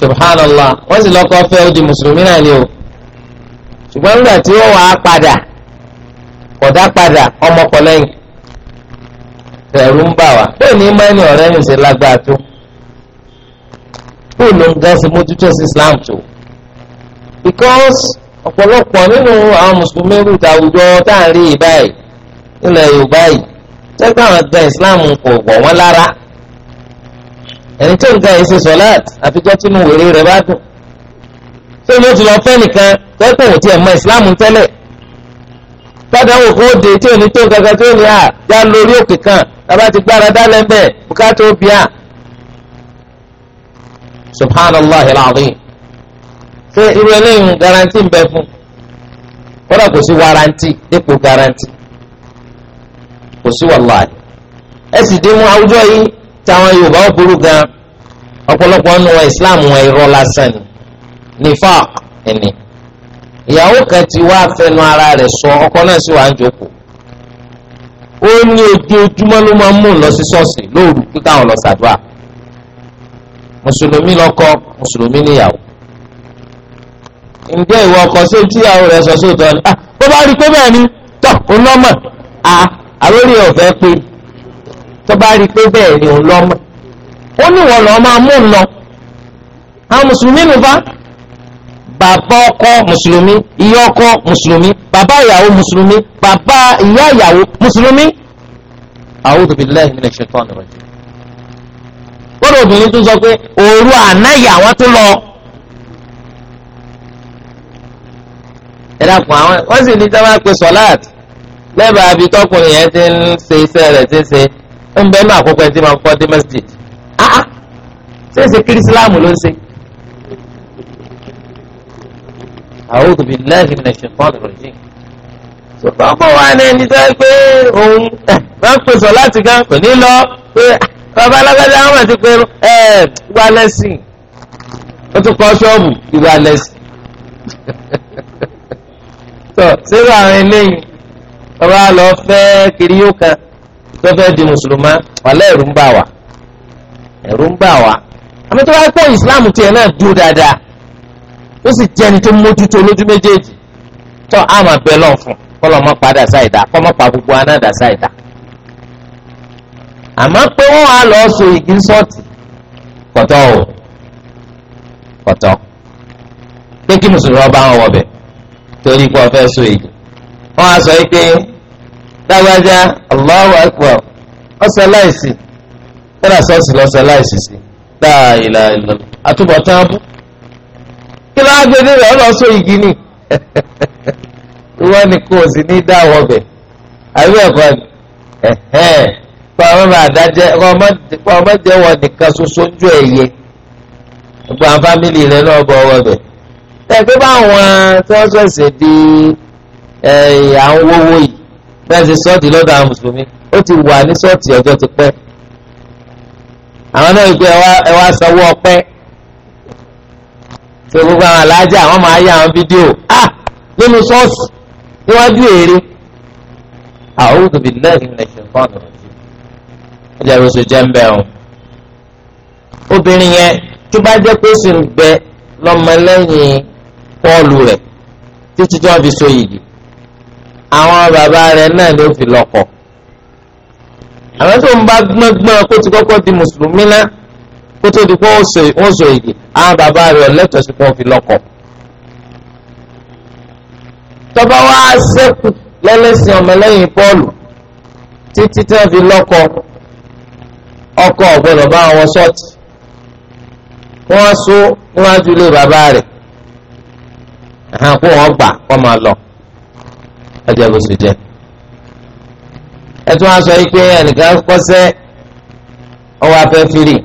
subhanallah wọ́n sì lọ́kọ́ fẹ́ ó di mùsùlùmí náà ni o ṣùgbọ́n nígbà tí ó wàá padà kọ̀dá padà ọmọkọ lẹ́yìn ń bà wá ni ọ̀rẹ́ mi ṣe lágbára tó kó ló ń ga sí mójútó tó because ọ̀pọ̀lọpọ̀ nínú àwọn mùsùlùmí tá à ń rí yìí ẹni tó nǹkan yìí ṣe sọláàtì àfikọ́ tínú wèrè rẹ̀ bá dùn tó ló ti lọ fẹ́ nìkan tẹ́kùn òtí ẹ̀ mọ ìsìláàmù tẹ́lẹ̀ tọ́jà wò kó de tí ò ní tó nǹkan kan tí ó ní à já lórí òkè kan tàbá ti gbára dálẹ́ ń bẹ̀ bùkátà ó bíà subhanallah alazim ṣé irú eléyìí garanti ń bẹ fún kódà kò sí waranti dípò garanti kò sí wàláì ẹ sì dín mú àwùjọ yìí táwọn yorùbá ó burú gan ọ̀pọ̀lọpọ̀ nínú wọn islam wọn irọ́ lásán ni nifaq ẹni ìyàwó kan ti wá fẹnu ara rẹ̀ sọ ọkọ náà sì wà ń jókòó ó ní ojoojúmọ́ ló máa ń mú un lọ sí ṣọ́ọ̀ṣì lóru pé káwọn lọ ṣàdúrà mùsùlùmí lọ́kọ mùsùlùmí níyàwó ǹjẹ́ ìwọ ọkọ ṣé tíyàwó rẹ̀ sọ sóòtọ́ ni ah, bó bá rí pé bẹ́ẹ̀ ni tọ́ òun lọ́mọ̀ ah, àlórí ọ̀fẹ́ pé tó bá rí i pé bẹ́ẹ̀ ni òun lọ́mọ ó ní ìwọ lọ́ọ́ máa mú un lọ àwọn mùsùlùmí nù bá bàbá ọkọ mùsùlùmí ìyá ọkọ mùsùlùmí bàbá ìyàwó mùsùlùmí bàbá ìyá ìyàwó mùsùlùmí. a'udhu billahi minash shaitani rajim. ó lè obìnrin tó sọ pé òru àná ìyàwó tó lọ. ẹ dàpọ̀ àwọn wọ́n sì ní táwọn á pe sọ́láàt lẹ́bàá abitọ́kùnrin yẹn ti ń ṣe iṣẹ́ rẹ̀ ti ń ṣe ó ń bẹ́ẹ̀ náà àkókò ẹni tí máa ń fọ́ dé masjid áá ah, ah. ṣé èsè kírísíláàmù ló ń ṣe. a'udhu billahi minash shaitanir rajim. ṣùgbọ́n kó wà ní ẹni tó ń pé òun eh, bá ń pèsè láti gan kò ní lọ pé ah, bàbá alágbádá àwọn àti pé ẹ eh, ìwà lẹ́sìn ó tún kọ́ ṣọ́ọ̀bù ìwà lẹ́sìn. tó ṣé wàá rìn bàbá lọ fẹ́ kiri yóò kan. tó fẹ́ di mùsùlùmá wàlẹ́ ẹ̀rù ń bà wá ẹ̀rù ń bà wá àmì tó wá pẹ́ ìsìláàmù tiẹ̀ náà dúró dáadáa ó sì jẹni tó mójútó lójú méjèèjì tó àmà fún kọ́lọ́ lọ so igi sọ́ọ̀tì pọ̀tọ́ o pọ̀tọ́ pé kí ọba wọn wọ̀ bẹ̀ torí so igi wọ́n á sọ yìí lágbájá uh, Allahu akbar ọ̀sẹ̀ láìsí sọ́ọ̀sì lọ́sẹ̀ sí dáa ìlà àtúbọ̀tán abú kí ló á gbé dé ọlọ́sọ igi ni ìwọ ni kò sí ní dáwọ́ bẹ̀ àbí ẹ̀kọ́ ni kọ́ ọmọ àdájẹ́ ọmọ nìkan ṣoṣo ń ẹ̀yẹ fámìlì náà pé báwọn tí di fẹ́ẹ́ ṣe sọ́ọ̀tì lọ́dọ̀ àwọn mùsùlùmí ó ti wà ní sọ́ọ̀tì ọjọ́ ti pẹ́ àwọn náà wípé ẹ wá sanwó ọpẹ́ ṣe gbogbo àwọn alájà àwọn máa yá àwọn fídíò à nínú sọ́ọ̀sì níwájú èrè a'udhu billahi minash shaitanir rajim ó jẹ́ bó ṣe jẹ́ ń bẹ̀ ọ́n. obìnrin yẹn tó bá jẹ́ pé ó sì ń bẹ lọ́mọlẹ́yìn pọ́ọ̀lù rẹ̀ títí tí wọ́n fi so yìí àwọn bàbá rẹ̀ náà ló fi lọ́kọ àwọn tó ń bá gbọ́ngbọ́n kó ti kọ́kọ́ di mùsùlùmí ná kó tó di kó wọ́n sọ èdè àwọn bàbá rẹ̀ lẹ́tọ̀ọ́ sí kó fi lọ́kọ. tọ́ba wa sẹ́kù lẹ́lẹ́sìn ọmọlẹ́yìn pọ́ọ̀lù títí tẹ́ fi lọ́kọ ọkọ ọ̀gbọ́dọ̀ bá wọn ṣọ́ọ̀tì wọ́n sún níwájú ilé bàbá rẹ̀ àhànkú wọn gbà kọ́ máa lọ ọjà bó ṣe jẹ ẹtún wá sọ yìí pé ẹnìkan kọsẹ̀ ọwọ́ afẹ firi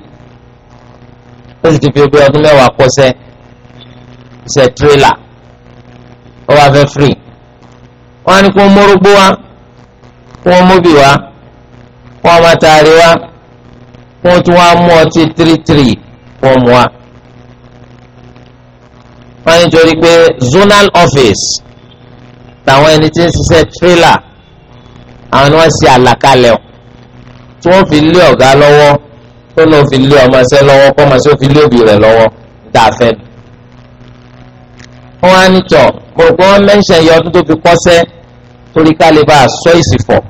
ó sì ti fi ojú ọdún mẹ́wàá kọsẹ̀ ṣe tirẹla ọwọ́ afẹ firi wọn á ní kó mórógbó wa kó wọn móbì wa kó wọn máa taari wa kó wọn tún wá mú ọtí tírítírì kó wọn mú wa wọn á ní torí pé zonal office tàwọn ẹni tí ń ṣiṣẹ́ tírélà àwọn ni wọ́n ṣe àlàkalẹ̀ tí wọ́n fi lé ọ̀gá lọ́wọ́ tó lọ́ọ́ fi lé ọmọọṣẹ́ lọ́wọ́ kọ́mọṣẹ́ fi lé òbí rẹ̀ lọ́wọ́ dá a fẹ́. wọ́n á ní tọ̀ mo rò pé wọ́n mẹ́ńṣẹ̀ yọ ọdún tó fi kọ́ṣẹ́ torí ká lè bá a sọ ìsìfọ̀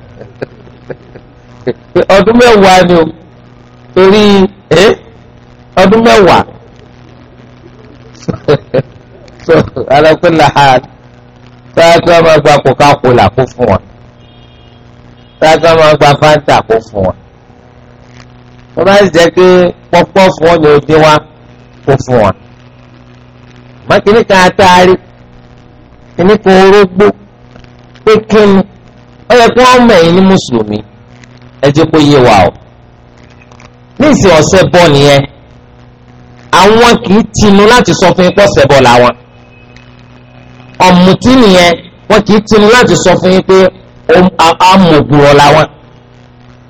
ọdún mẹ́wàá ni o torí ọdún mẹ́wàá táyà tí wọ́n máa gba Coca-Cola kó fún wọn táyà tí wọ́n máa gba Fanta kó fún wọn wọ́n máa ń jẹ́ pé pọ́pọ́ fún wọn ní ojú wa kó fún wọn mákìní kan àtàrí kíní kan orógbó pé kíni ó yẹ kí wọ́n mọ̀ ẹ̀yin ní mùsùlùmí ẹ jẹ́ kó yé wa o ní ìsìn ọ̀sẹ̀ bọ́ nìyẹn àwọn kì í tinú láti sọ fún yín pọ̀ sẹ́bọ̀ làwọn ọ̀mùtí nìyẹn wọn kì í tinu láti sọ fún yín pé amògùrọ̀ làwọn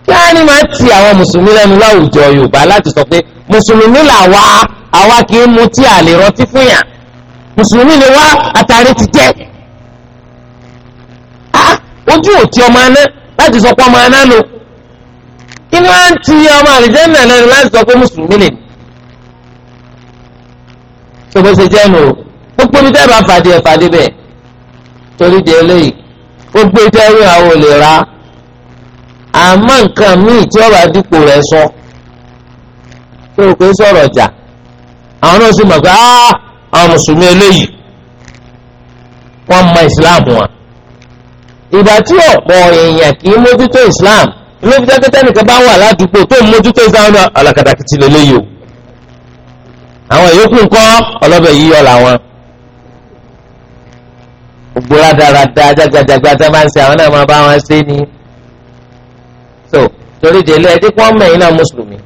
kí á ní máa ti àwọn mùsùlùmí lẹ́nu láwùjọ yorùbá láti sọ pé mùsùlùmí làwa àwa kì í mutí àlè rántí fún yàn mùsùlùmí ni wá àtàrí ti jẹ́ ojú òtí ọmọ aná láti sọ pé ọmọ aná lò kí ni wọ́n á ti ọmọ àlìjẹ́nà lẹ́nu láti sọ pé mùsùlùmí lè ní. ṣé bó ṣe jẹ́ nù gbogbo ibi tẹ́ bá pàdé ẹ̀ pàdé bẹ́ẹ̀ torí di eléyìí gbogbo ibi tẹ́ rí àwọn olè ra àmọ́ nǹkan míì tí ọba dípò rẹ̀ sọ tó o pé sọ̀rọ̀ jà àwọn náà sì mọ̀ pé àwọn mùsùlùmí eléyìí wọ́n mọ ìsìláàmù wọn ìgbà tí ọ̀pọ̀ èèyàn kì í mójútó islam ilé fi tẹ́tẹ́tẹ́ nìkan bá wà ládùúgbò tó ń mójútó islam náà ọ̀làkàtàkìtì lélẹ́yìí o àwọn ìyókù ńkọ́ ọlọ́bẹ̀ yíyọ làwọn gbogbo rádaràda jágbajàgba tá a máa ń ṣe àwọn náà máa bá wọn ṣe ni so torí délé ẹ dípò ọmọ ẹ̀yin náà mùsùlùmí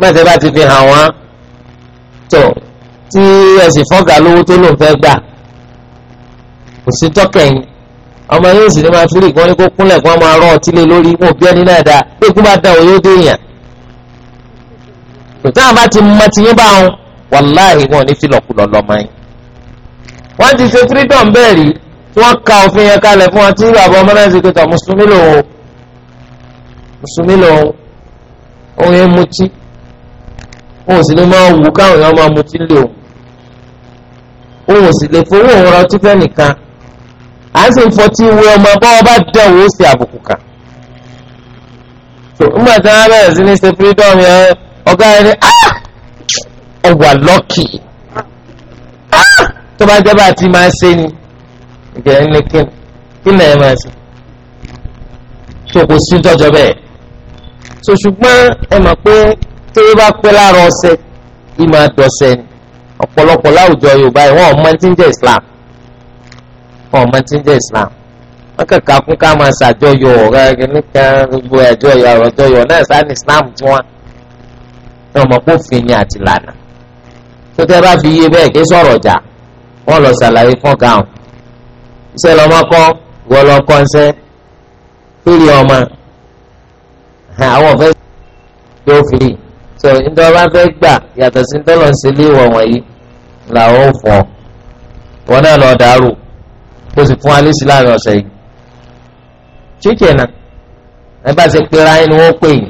mẹ́tẹ́ bá ti fi hàn wọ́n tó tí ẹ̀sìn fọ́gà lówó tó lòun fẹ́ gbà kò sí tọ́kẹ̀yìn ọmọ yóò sì ní máa fi rí ìgbọ́n ní kó kúnlẹ̀ kó máa rán ọtí lé lórí wọn ò bí ẹni náà dáa pé kó máa dàn òyò déèyàn tòtí àwọn bá ti mọ tiyín bá wọn wàláhì wọn ò ní fi lọ́kùlọ́ lọ́mọ yín wọ́n ti ṣe freedom bẹ́ẹ̀ rí wọ́n ka òfin yẹn kalẹ̀ fún wọn tí bàbá ọmọ náà ṣe pé tọ̀ mùsùlùmí lòun mùsùlùmí lòun òun yẹn mutí òun sì lè máa wù káwọn èèyàn máa mutí lé òun òun sì lè fowó òun ra ọtí nìkan à ń sì ń fọtí wo ọmọ bọ́wọ́ bá dẹ̀ wò ó sì àbùkù kà nígbà tí wọ́n bẹ̀rẹ̀ sí ní ṣe freedom yẹn ọ̀gá yẹn ni ọ̀wà ah! lọ́kì tó bá jẹ́ bá ti máa ṣe ni ìgbẹ́ ní kí kí nà ẹ máa ṣe so kò sí tọ́jọ́ bẹ́ẹ̀ so ṣùgbọ́n ẹ mọ̀ pé tó bá pẹ́ lára ọ̀sẹ̀ yìí máa dọ̀sẹ̀ ni ọ̀pọ̀lọpọ̀ láwùjọ Yorùbá yìí wọ́n ọmọ tí ń jẹ́ Islam wọ́n ọmọ tí ń jẹ́ Islam wọ́n kàkà kún ká máa ṣàjọyọ̀ ọ̀rẹ́ nìkan gbogbo ẹ̀jọyọ̀ àròjọyọ̀ náà sáà ní Islam tí wọ́n ní ọmọ pófin ni àtìlànà tó tẹ́ bá fi yé bẹ́ẹ̀ kí sọ̀rọ̀ jà wọ́n lọ ṣàlàyé fún ọ̀gá àwọn iṣẹ́ lọ́mọ kọ́ wọ́n lọ kọ́ ń sẹ́ fírí ọmọ àwọn ọ̀fẹ́ yóò fírí so nítorí wọn fẹ́ gbà yàtọ̀ sí ntọ́lọ̀ ń sílé ìwọ̀ wọ̀nyí làwọn ò fọ́ wọn náà lọ dàrú kó sì fún alẹ́sì láàrin ọ̀sẹ̀ yìí chicken na ẹ bá ti pera yín ni wọ́n pè yín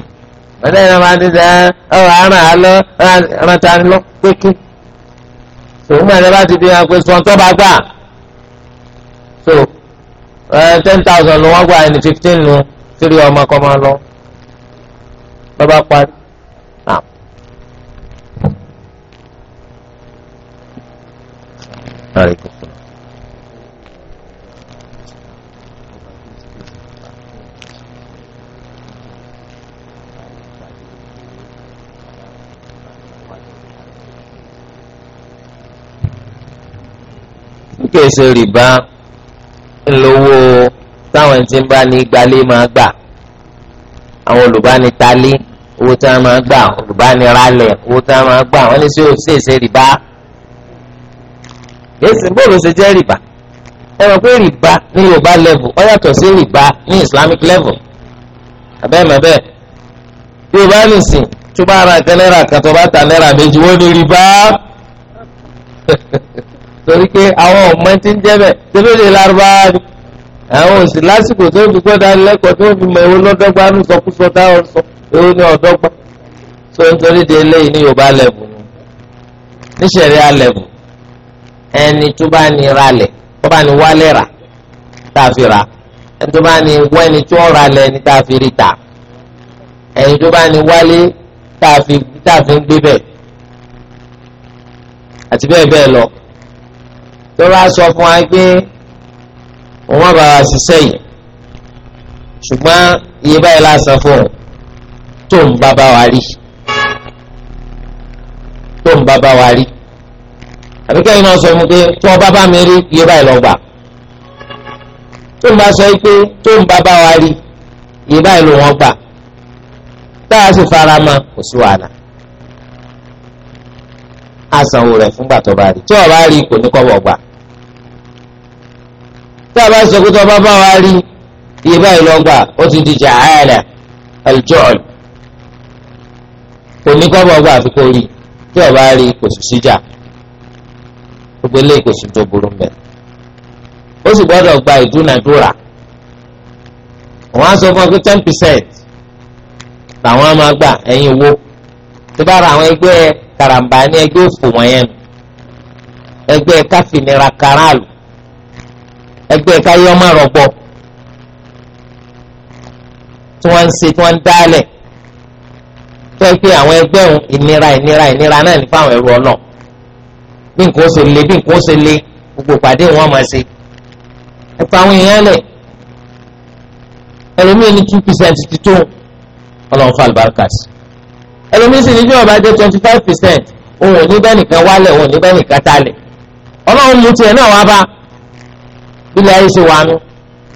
ọ̀dọ́ yìí náà máa ń dídá ọ̀rọ̀ àrùn àlọ́ ọ̀rọ̀ àrùn tani lọ pékin òun náà ní bá ti fi hàn pé sọ̀n tó bá gbà so ten thousand ló wọ́n gbà ẹni fifteen nu tírí ọmọ kan máa lọ bàbá parí. Alaikum salam. nkè ṣe rìbá ńlówó táwọn tí ń bá ní gbalé máa gbà àwọn olùbánitalé owó tí wọn máa gbà olùbániralẹ̀ owó tí wọn máa gbà wọn ní sí òsè ṣe rìbá yéésì bóòlù ṣe jẹ́ rìbá ẹ mọ̀ pé rìbá ní Yorùbá level ó yàtọ̀ sí rìbá ní Islamic level abẹ́ẹ̀mọ̀ bẹ́ẹ̀ Yorùbá nìsín tó bá ra ìtẹ́ náírà kan tó bá ta náírà méjì wọ́n ní rìbá. torí pé àwọn ọmọ ti ń jẹ́bẹ̀ tẹ́lẹ̀ lárúbáwá ni àwọn òsì lásìkò tó fi gbọ́dọ̀ lẹ́kọ̀ọ́ tó fi mọ ewu lọ́dọ́gba ní sọkúsọ táwọn sọ ewu ní ọ̀dọ́gba tó ń torí de eléyìí ní yorùbá lẹ́bù ní sẹ̀rí alẹ́bù ẹni tó bá ní ralẹ̀ tó bá ní wálẹ̀ rà tá a fi rà ẹni tó bá ní wẹ́ni tó ń ralẹ̀ ni tá a fi rí ta ẹni tó bá ní wálé tá a fi gbé bẹ́ẹ̀ àti bẹ́ẹ̀ bẹ́ẹ̀ lọ tó bá sọ fún wa pé òun bá wa ṣiṣẹ́ yìí ṣùgbọ́n iye báyìí lásán fún òun tó ń bá bá wa rí tó ń bá bá wa rí àbí kẹ́yìn náà sọ fún pé tó ọba bá mi rí iye báyìí lọ́gbà tó ń bá sọ pé tó ń bá bá wa rí iye báyìí ló wọ́n gbà tá a sì fara mọ́ kò sí wàhálà àsanwó rẹ̀ fúngbà tó bá rí tí ọba rí kò ní kọ́ wọ̀ gbà tí a bá sọ pé tí ọba bá wa rí iye báyìí lọ́gbà ó ti di jàhálà aljọ́ọ̀lù oníkọ́bọ̀ ọgbà àfi kò rí tí ọba rí kò sì síjà gbogbo eléyìí kò sì tó burú mbẹ ó sì gbọ́dọ̀ gba ìdúnadúrà wọ́n á sọ fún ọ pé ten percent làwọn á máa gbà ẹ̀yin wo tó bá ra àwọn ẹgbẹ́ karambani ẹgbẹ́ òfò wọ̀nyẹn ẹgbẹ́ káfíńnira karaàlù ẹgbẹ́ káyọ́ ọmọ àrọ̀gbọ tí wọ́n ń ṣe tí wọ́n ń dálẹ̀ tó pé àwọn ẹgbẹ́ òun ìnira ìnira ìnira náà ní fáwọn ẹrú ọlọ́ bí nǹkan ó ṣe le bí nǹkan ó ṣe le gbogbo pàdé wọn máa ṣe ẹ àwọn èèyàn lẹ̀ ẹlòmíì ní two percent ti tó ọlọ́run fa àlùbáríkà ẹlòmíì sì ní bí ọba jẹ́ twenty five percent òun ò ní bẹ́ẹ̀ nìkan wálẹ̀ òun ò ní bẹ́ẹ̀ nìkan tálẹ̀ ọlọ́run mú tiẹ̀ náà wá bá ilé ayé ṣe wà nù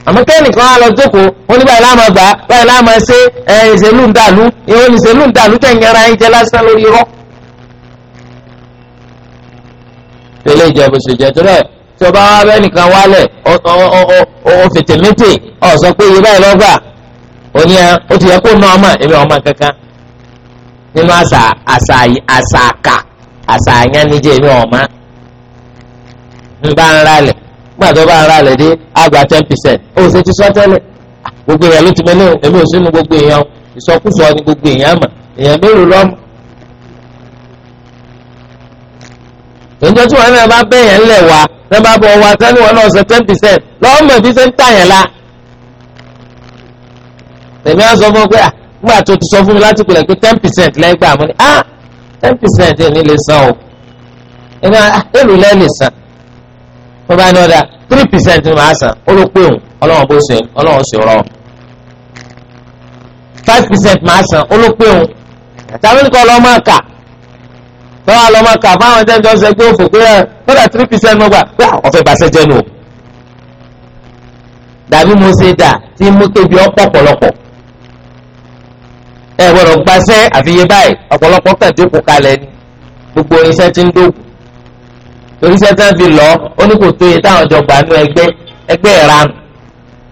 àmọ́ kẹ́nìkan á lọ jókòó wọn ní báyìí láàmà gbà báyìí láàmà ṣe ìṣèlú ń dàlú ìṣèlú ń dàlú tẹ̀ ń yẹra lásán lórí irọ́. tẹ́lẹ̀ ìjẹ́bù ṣèjẹ́ tí ọba wa bẹ́ẹ̀ nìkan wálẹ̀ ọ ọ sọ pé iye báyìí lọ́gbà ó ní ó ti yẹ kó ná ọmọ ẹ̀mí ọmọ kankan nínú àṣà àṣà àṣà àkà àṣà gbàdọ̀ bá ara rẹ̀ dé àgbà ten percent ó ṣe ti sọ tẹ́lẹ̀ gbogbo èèyàn ló ti mẹ́lẹ̀ èmi ò sínú gbogbo èèyàn ìsọkúsọ ni gbogbo èèyàn mà èèyàn mélòó lọ́mọ. ìjọ tí wọn náà bá bẹ̀yẹn ńlẹ̀ wá náà bá bọ̀ wá sẹ́ni wọn náà sọ ten percent lọ́mọ bí ṣe ń tà yẹn la. èmi á sọ fún ọ pé nígbà tó ti sọ fún mi láti pèlè pé ten percent lẹ́gbàá mo ní ah ten percent ẹ̀ ní lè san o ẹ̀ ní ẹ̀ wọ́n bá ní ọ̀dà three percent ni màá san ó ló pé òun ọlọ́wọ́n bó ṣe ọlọ́wọ́n ṣe rọ five percent màá san ó ló pé òun àtàwọn oníkọ́ ọlọ́wọ́ máa kà lọ́wọ́ àlọ́ máa kà fáwọn ẹ̀jẹ̀ jọ ṣe pé òfò pé ẹ̀ kódà three percent mo gbà wá ọ̀fẹ́ bàṣẹ jẹ́ nù. dàbí mo ṣe dà tí mo tóbi ọ̀pọ̀ ọ̀pọ̀lọpọ̀ ẹ gbọ́dọ̀ gbaṣẹ́ àfiyè báyìí ọ̀pọ̀lọpọ̀ kàn dínkù kalẹ̀ ni gbogbo irinṣẹ́ ti ń dógùn torí sẹ́tàn fi lọ ó ní kò tó yẹ táwọn jọ gbà nú ẹgbẹ́ ẹgbẹ́ ìranù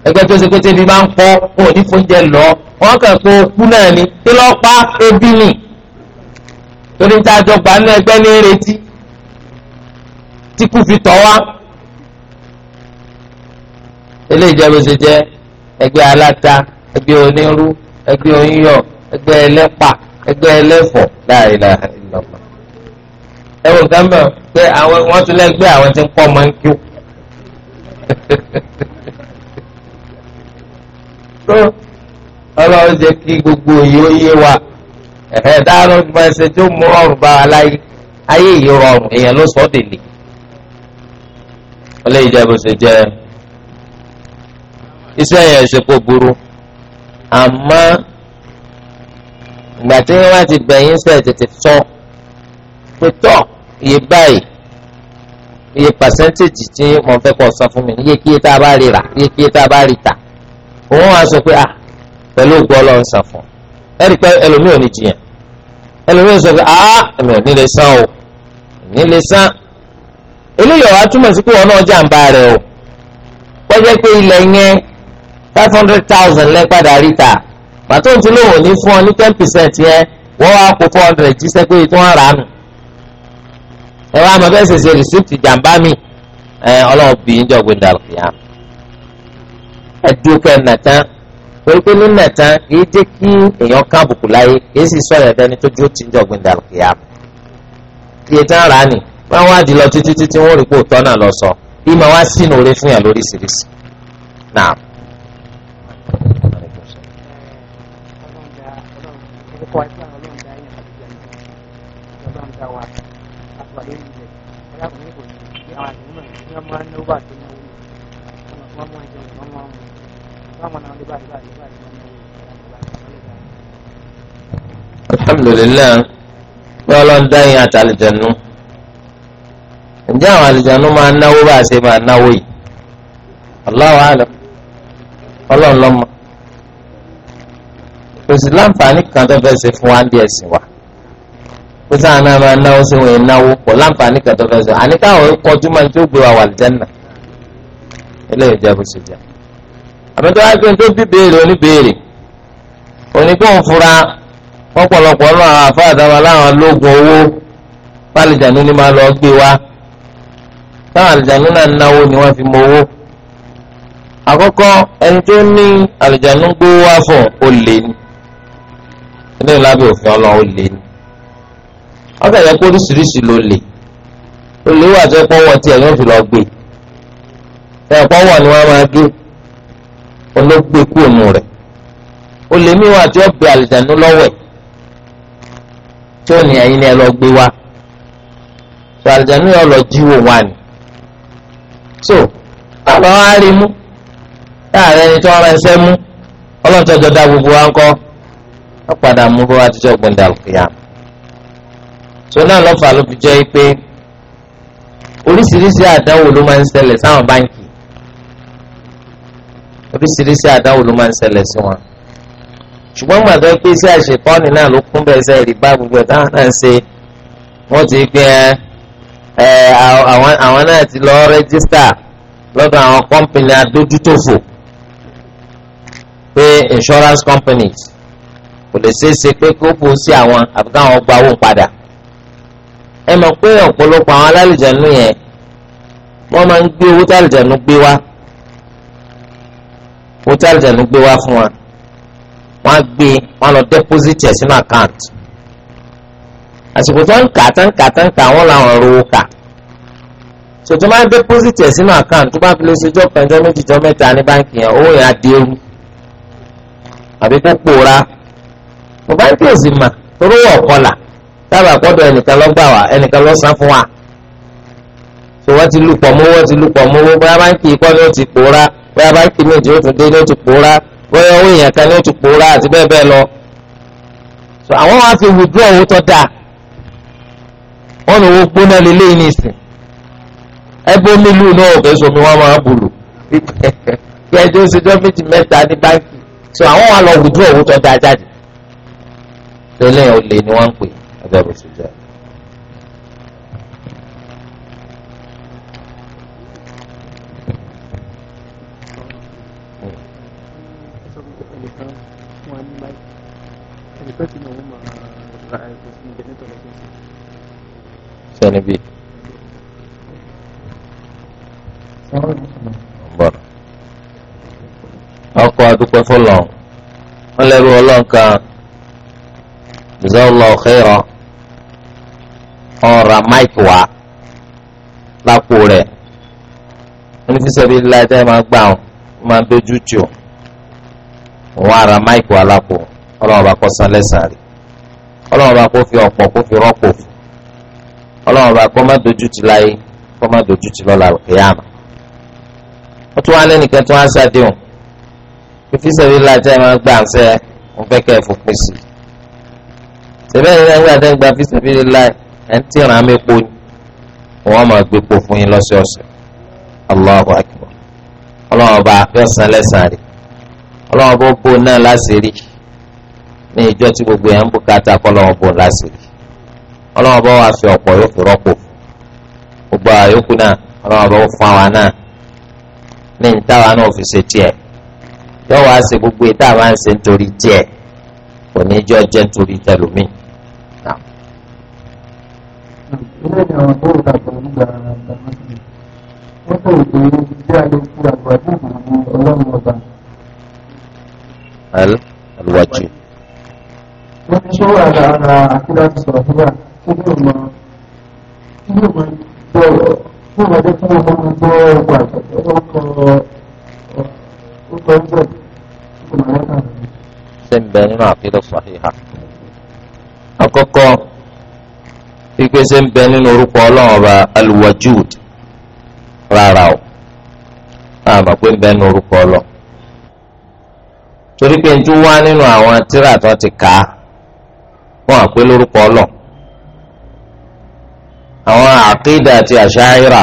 ẹgbẹ́ tó ṣe pété bí bá ń pọ́ wọn ò ní fóúnjẹ lọ wọn kàn kó kú náà ni kí lọ́ pa ebi nì torí tá a jọ gbà nú ẹgbẹ́ ní retí tí kú fi tọ̀ wá eléyìí jẹ́ bó ṣe jẹ́ ẹgbẹ́ aláta ẹgbẹ́ onírú ẹgbẹ́ oníyọ̀ ẹgbẹ́ ẹlẹ́pà ẹgbẹ́ ẹlẹ́fọ̀ láàrin ẹwọ gánmà pé àwọn wọn tún lẹgbẹ àwọn tí ń pọ máa ń kí ó. ọlọ́run jẹ́ gbogbo òye ó yé wa ẹ̀hẹ́ dáhùn ọdún máa ṣe tó mú ọrùn bá wa láyé ayé yìí rọrùn èèyàn ló sọ ọ́ délé. ọlọ́run jẹ́ bó ṣe jẹ́ iṣẹ́ yẹn ṣe kó burú àmọ́ ìgbà tí wọ́n ti bẹ̀yìn iye báyìí iye pàṣẹ́ntéèjì tí mo fẹ́ kọ́ san fún mi iye kíye tá a bá rí rà iye kíye tá a bá rí tà òun wá sọ pé à pẹ̀lú ògbọ́ lọ́n san fún ẹ rí i pé ẹlòmíì ò ní jiyàn ẹlòmíì ò sọ pé à èmi ò ní lè san o ní lè san eléyìí ọ̀wá sí pé wọn náà jàǹbá rẹ̀ o pẹ́jẹ́ pé ilẹ̀ yẹn five hundred thousand lẹ́gbàdá rí tà pàtó ń tún lóun ò ní fún ọ ní ten percent yẹn wọ́n wá kó four hundred jíṣẹ́ pé tí wọ́n rà á nù ẹ wá máa bẹ́ẹ̀ ṣe ṣe rìsíptì jàǹbá mi ẹ ọlọ́run bì jọ gbẹdà kìá ẹ nàtán torí pé ní nàtán kìí jẹ́ kí èèyàn ká àbùkù láyé kìí sì sọ̀rọ̀ ẹ̀dẹ́ni tó dúró tí ń jọ gbẹdà kìá kìí tán rà ní wọ́n wá di lọ títí títí wọ́n rí pé òótọ́ náà lọ sọ wá sínú wọn máa ń náwó àti náwó wọn máa ń jẹun wọn máa ń mú wọn máa ń náwó báyìí báyìí báyìí wọn náwó alhamdulilayi wọn lọ ń dá yín àtàlìjẹnu ǹjẹ́ àwọn àlìjẹnu máa náwó bá a ṣe máa náwó yìí Allahu alam ọlọ́run kò sí láǹfààní kan tó fẹ́ ṣe fún wa ń di ẹ̀sìn wa kó ana náà máa náwó sí wọn ìnáwó kò láǹfààní kẹtọ fẹẹ sọ àní káwọn kọjú máa ń tó gbé wa wà lìjánà eléyìí jẹ bó ṣe jẹ àbẹ̀tọ́ wá tó bí béèrè oníbèèrè onígbò ń fura pọ̀pọ̀lọpọ̀ náà àfa àtàwọn aláwọn lóògùn owó pálíjànú ni máa lọ gbé wa táwọn àlìjànú náà náwó ni wọ́n fi mọ owó àkọ́kọ́ ẹni tó ní àlìjànú gbówó wá fún olè ni eléyìí lábẹ́ òfin ọlọ́run olè ni ọkàn yẹ kó oríṣiríṣi ló lè olè wà tó pọ́wọ́ tiẹ̀ yóò fi lọ gbé ẹ̀ pọ́wọ́ ni wọ́n máa gé olóògbé kú ònú rẹ̀ olè mi wà tí ó bẹ àlìjánu lọ́wẹ̀ tí ó ní ẹ̀yin ni ẹ lọ gbé wa tó àlìjánu yọ lọ jíwò wà ní. so àlọ́ á rí mú láàrin ẹni tó ọ̀rọ̀ ẹsẹ̀ mú ọlọ́tọ̀jọ́ dá gbogbo wa ń kọ́ ọ mú bó wa ti jọ gbọ̀ndà kìyàmù. So náà lọ́fà ló fi jẹ́ pé oríṣiríṣi àdánwò ló máa ń ṣẹlẹ̀ sáwọn báńkì oríṣiríṣi àdánwò ló máa ń ṣẹlẹ̀ sí wọn ṣùgbọ́n gbàgbọ́ pé iṣẹ́ àṣekọ́ni náà ló kún bẹ́ẹ̀ sẹ́ẹ̀rì bá gbogbo ẹ̀ táwọn náà ń ṣe wọ́n ti gbé ẹ àwọn náà ti lọ rẹ́jísítà lọ́dọ̀ àwọn kọ́mpìnì adójútòfò pé insurance companies kò lè ṣeé ṣe pé kó bó sí àwọn àbíká àwọn gba owó padà ẹ mọ̀ pé ọ̀pọ̀lọpọ̀ àwọn alálìjánu yẹn wọ́n máa ń gbé owó tálìjánu gbé wá owó tálìjánu gbé wá fún wa wọ́n á gbé wọ́n á lọ dẹ́pọ́sìtì ẹ̀ sínú àkáǹtì àsìkò tó ń kà tó ń kà tó ń kà wọ́n làwọn rówó kà tòtò máa ń dẹ́pọ́sìtì ẹ̀ sínú àkáǹtì tó bá fi lè ṣèjọ́ pẹ̀jọ́ méjìjọ́ mẹ́ta ní báńkì yẹn owó yẹn á di eru àbí kó pòórá kò bá ń tí dábàá pọ́dọ̀ ẹnìkan lọ gbà wá ẹnìkan lọ san fún wa tí wọ́n ti lùpọ̀ mówó ti lùpọ̀ mówó bóyá báńkì kọ́ ni o ti pòórá bóyá báńkì míì tí ó tún dé ni ó ti pòórá bóyá owó èèyàn kan ni ó ti pòórá àti bẹ́ẹ̀ bẹ́ẹ̀ lọ. so àwọn wá fi withdraw owó tó dáa wọ́n lówó gbóná lélẹ́yìn nìsín ẹgbẹ́ omi lù náà ò fẹ́ sọmi wọn máa bùlù kí ẹjọ́ ṣèjọ́ méjì mẹ́ta ní báńkì so àwọn wá lọ withdraw owó tó ada bersejarah. Saya Nabi Aku adu kuasa Allah Malayu Allah ka Jazallahu khairah ọ̀rọ̀ máìkì wá lápò rẹ̀ ní sísẹ́bí láìpẹ́ máa gbà wọn máa dojú tì ó òun ara máìkì wá lápò ọlọ́run bá kọ́ san lẹ́sàn-án bá kó fi ọ̀pọ̀ kó fi rọ́pò fún ọlọ́run bá kó má dojú tì láyé má dojú tì tún wá tún wá sàdéhùn máa gbà fòpin sí ẹ̀ ń máa gbé fún yín bó bó náà láṣìírí ní ìjọ tí gbogbo yẹn ń bùkátà kọ́ ọlọ́run bó láṣìírí ọlọ́run bá wàá fi ọ̀pọ̀ yóò fi rọ́pò gbogbo àyókù náà ọlọ́run bá fún àwa náà ní ìtawà náà fi ṣe yọ gbogbo ń ṣe nítorí ilé ni àwọn tó rà pẹ̀lú ìgbà ara ìgbà méjì wọ́n tó ìpè bí a lè fi àgbàdo ìgbòho ọlọ́run ọba. al alwaju. wọ́n ti ṣọ́wọ́ àgbà ara àkílá ti sọ̀rọ̀ fúnra kí ni ìmọ̀ kí ni ìmọ̀ gbọ́ kí ìmọ̀ jẹ́ kí wọ́n máa gbọ́ ọgbà ọkọ̀ ọkọ̀ ọgbà sẹ́ńbẹ̀ nínú àkílá sọ̀híhà. àkọ́kọ́. ìpèsè ń bẹ nínú orúkọ ọlọ́run ọba alwajud rárá o àmọ́ pé ń bẹ nínú orúkọ ọlọ́ torí pé njó wá nínú àwọn tíra tó ti kà á àpé lórúkọ ọlọ́ àwọn àkídà àti àṣàyíra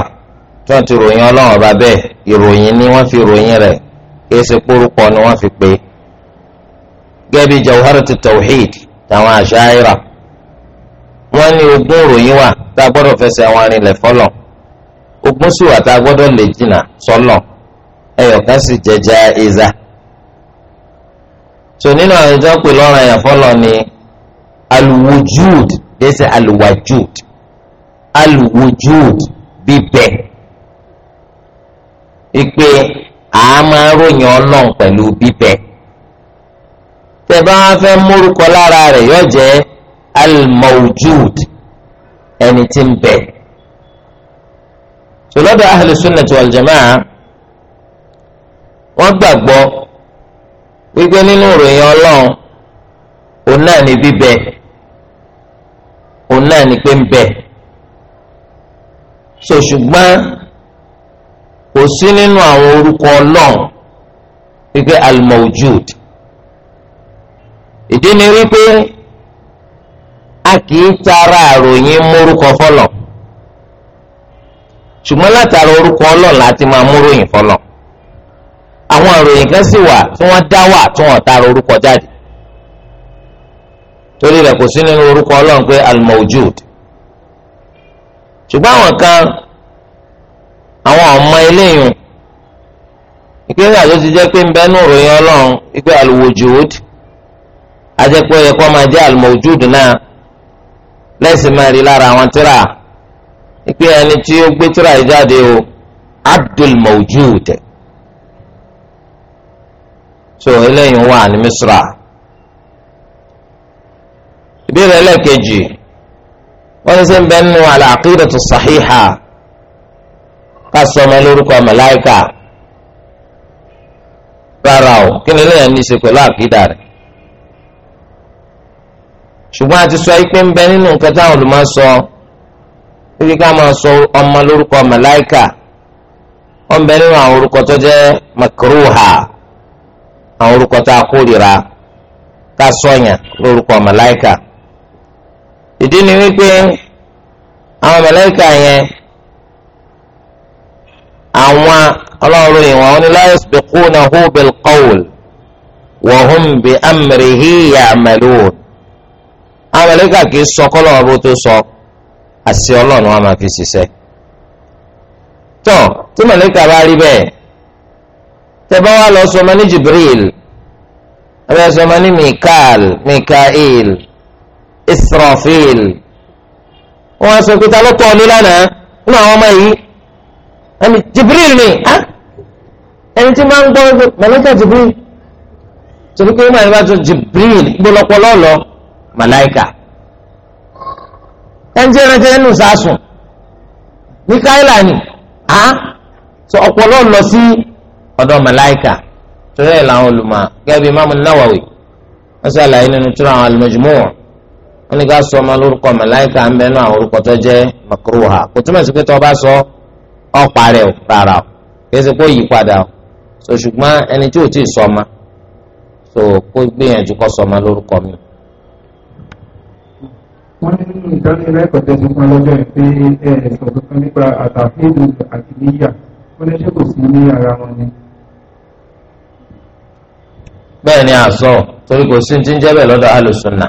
tó ti ròyìn ọlọ́run ọba bẹ́ẹ̀ ìròyìn ni wọ́n fi ròyìn rẹ̀ kí pórúkọ ni wọ́n fi pè é gẹ́gẹ́ bí ti tawhid táwọn wọ́n ní ogún ìròyìn wà tá a gbọ́dọ̀ fẹsẹ̀ àwọn arìnlẹ̀ fọlọ̀ ogún sì wà tá a gbọ́dọ̀ lè jìnnà sọlọ̀ ẹyọ̀kan sì jẹjẹ ìza. tò nínú àwọn ìjọ pé lọ́rọ̀ ẹ̀yàn fọlọ̀ ni aluwujud dẹ́sẹ̀ aluwajud aluwujud bíbẹ̀ ìpè àmọ́ ròyìn ọlọ́run pẹ̀lú bíbẹ̀ tẹ̀ wọn fẹ́ mórúkọ lára rẹ̀ yọ jẹ́ al-mawjud ẹni tí ń bẹ tòlọ́dọ̀ ahlu sunnati wal jamaa wọ́n gbàgbọ́ wípé nínú ìròyìn ọlọ́run òun náà ní bíbẹ òun náà ní pé ń bẹ so ṣùgbọ́n kò sí nínú àwọn orúkọ ọlọ́run wípé al-mawjud ìdí ni wípé. kì í tara àròyìn mórúkọ fọlọ ṣùgbọ́n látara orúkọ ọlọ́run láti máa móròyìn fọlọ àwọn àròyìn kan sì wà tí wọ́n dá wà tí wọ́n tara orúkọ jáde torí rẹ̀ kò sí nínú orúkọ ọlọ́run pé almojud ṣùgbọ́n àwọn kan àwọn ọmọ eléyìn ìpínlẹ̀ àti ti jẹ́ pé ń ọlọ́run máa jẹ́ almojud náà lẹ́sìn máa rí lára àwọn tíra pé ẹni tí ó gbé tíra yìí jáde o abdul mawjud so eléyìí wà ní misra ìbéèrè ẹlẹ́ẹ̀kejì wọ́n ti sẹ́ ń bẹ́ nínú al-aqidatu sahiha ká sọ ọmọ lórúkọ màláíkà rárá o kí ni lẹ́yìn ní ṣe pẹ̀lú àkídà rẹ̀ ṣùgbọ́n a ti sọ yìí pé ń bẹ nínú nǹkan táwọn olùmọ̀ sọ ibi ká máa sọ ọmọ lórúkọ màláìkà ó ń bẹ nínú àwọn orúkọ tó jẹ́ makruha àwọn orúkọ tá a kórìíra ká sọyàn lórúkọ màláìkà ìdí ni wípé àwọn màláìkà yẹn àwọn ọlọ́run yìí wọn ni la yasbiqunahu bil qawl wa hum bi amrihi ya'malun àwọn mọ̀lẹ́kà kì í sọ kọ́lọ́ wọn bó tó sọ àṣẹ ọlọ́run wọn máa fi ṣiṣẹ́ tọ́ tí mọ̀lẹ́kà bá rí bẹ́ẹ̀ tẹ́ bá wà lọ sọmọ ní Jibril abẹ́ sọmọ ní Mikael Mikael Israfil wọn sọ pé ta ló kọ́ ọ ní lánàá nínú àwọn ọmọ yìí ẹni Jibril ni ẹni tí máa ń gbọ́ mọ̀lẹ́kà Jibril torí pé wọn máa ń bá tó Jibril gbọ́lọ́pọ̀ lọ́lọ́ọ́. malaika ẹnjẹ ẹrẹjẹ nínú sàásùn mikaela ni a sọ ọpọlọ lọ sí ọdọ malaika torí ẹ làwọn olùmọ̀ gẹbi mamu nawawi wọn ṣàlàyé nínú tura àwọn al wọn ní ká sọ ọmọ lórúkọ màláìkà ń bẹ àwọn orúkọ tó sọ ọ o rárá o kì í so ṣùgbọ́n ẹni tí ò tí so kó gbìyànjú sọ ọmọ lórúkọ mi. wọ́n ní ìdánilẹ́kọ̀ọ́ tẹ̀sí fún ọlọ́jọ́ ìpé ẹ̀ẹ́sọ̀ tuntun nípa àtàkùnlù àti níyà wọ́n ní ṣé kò sí ní ara wọn ni. bẹ́ẹ̀ ni àṣọ torí kò sí ti ń jẹ́ bẹ́ẹ̀ lọ́dọ̀ alùsùnà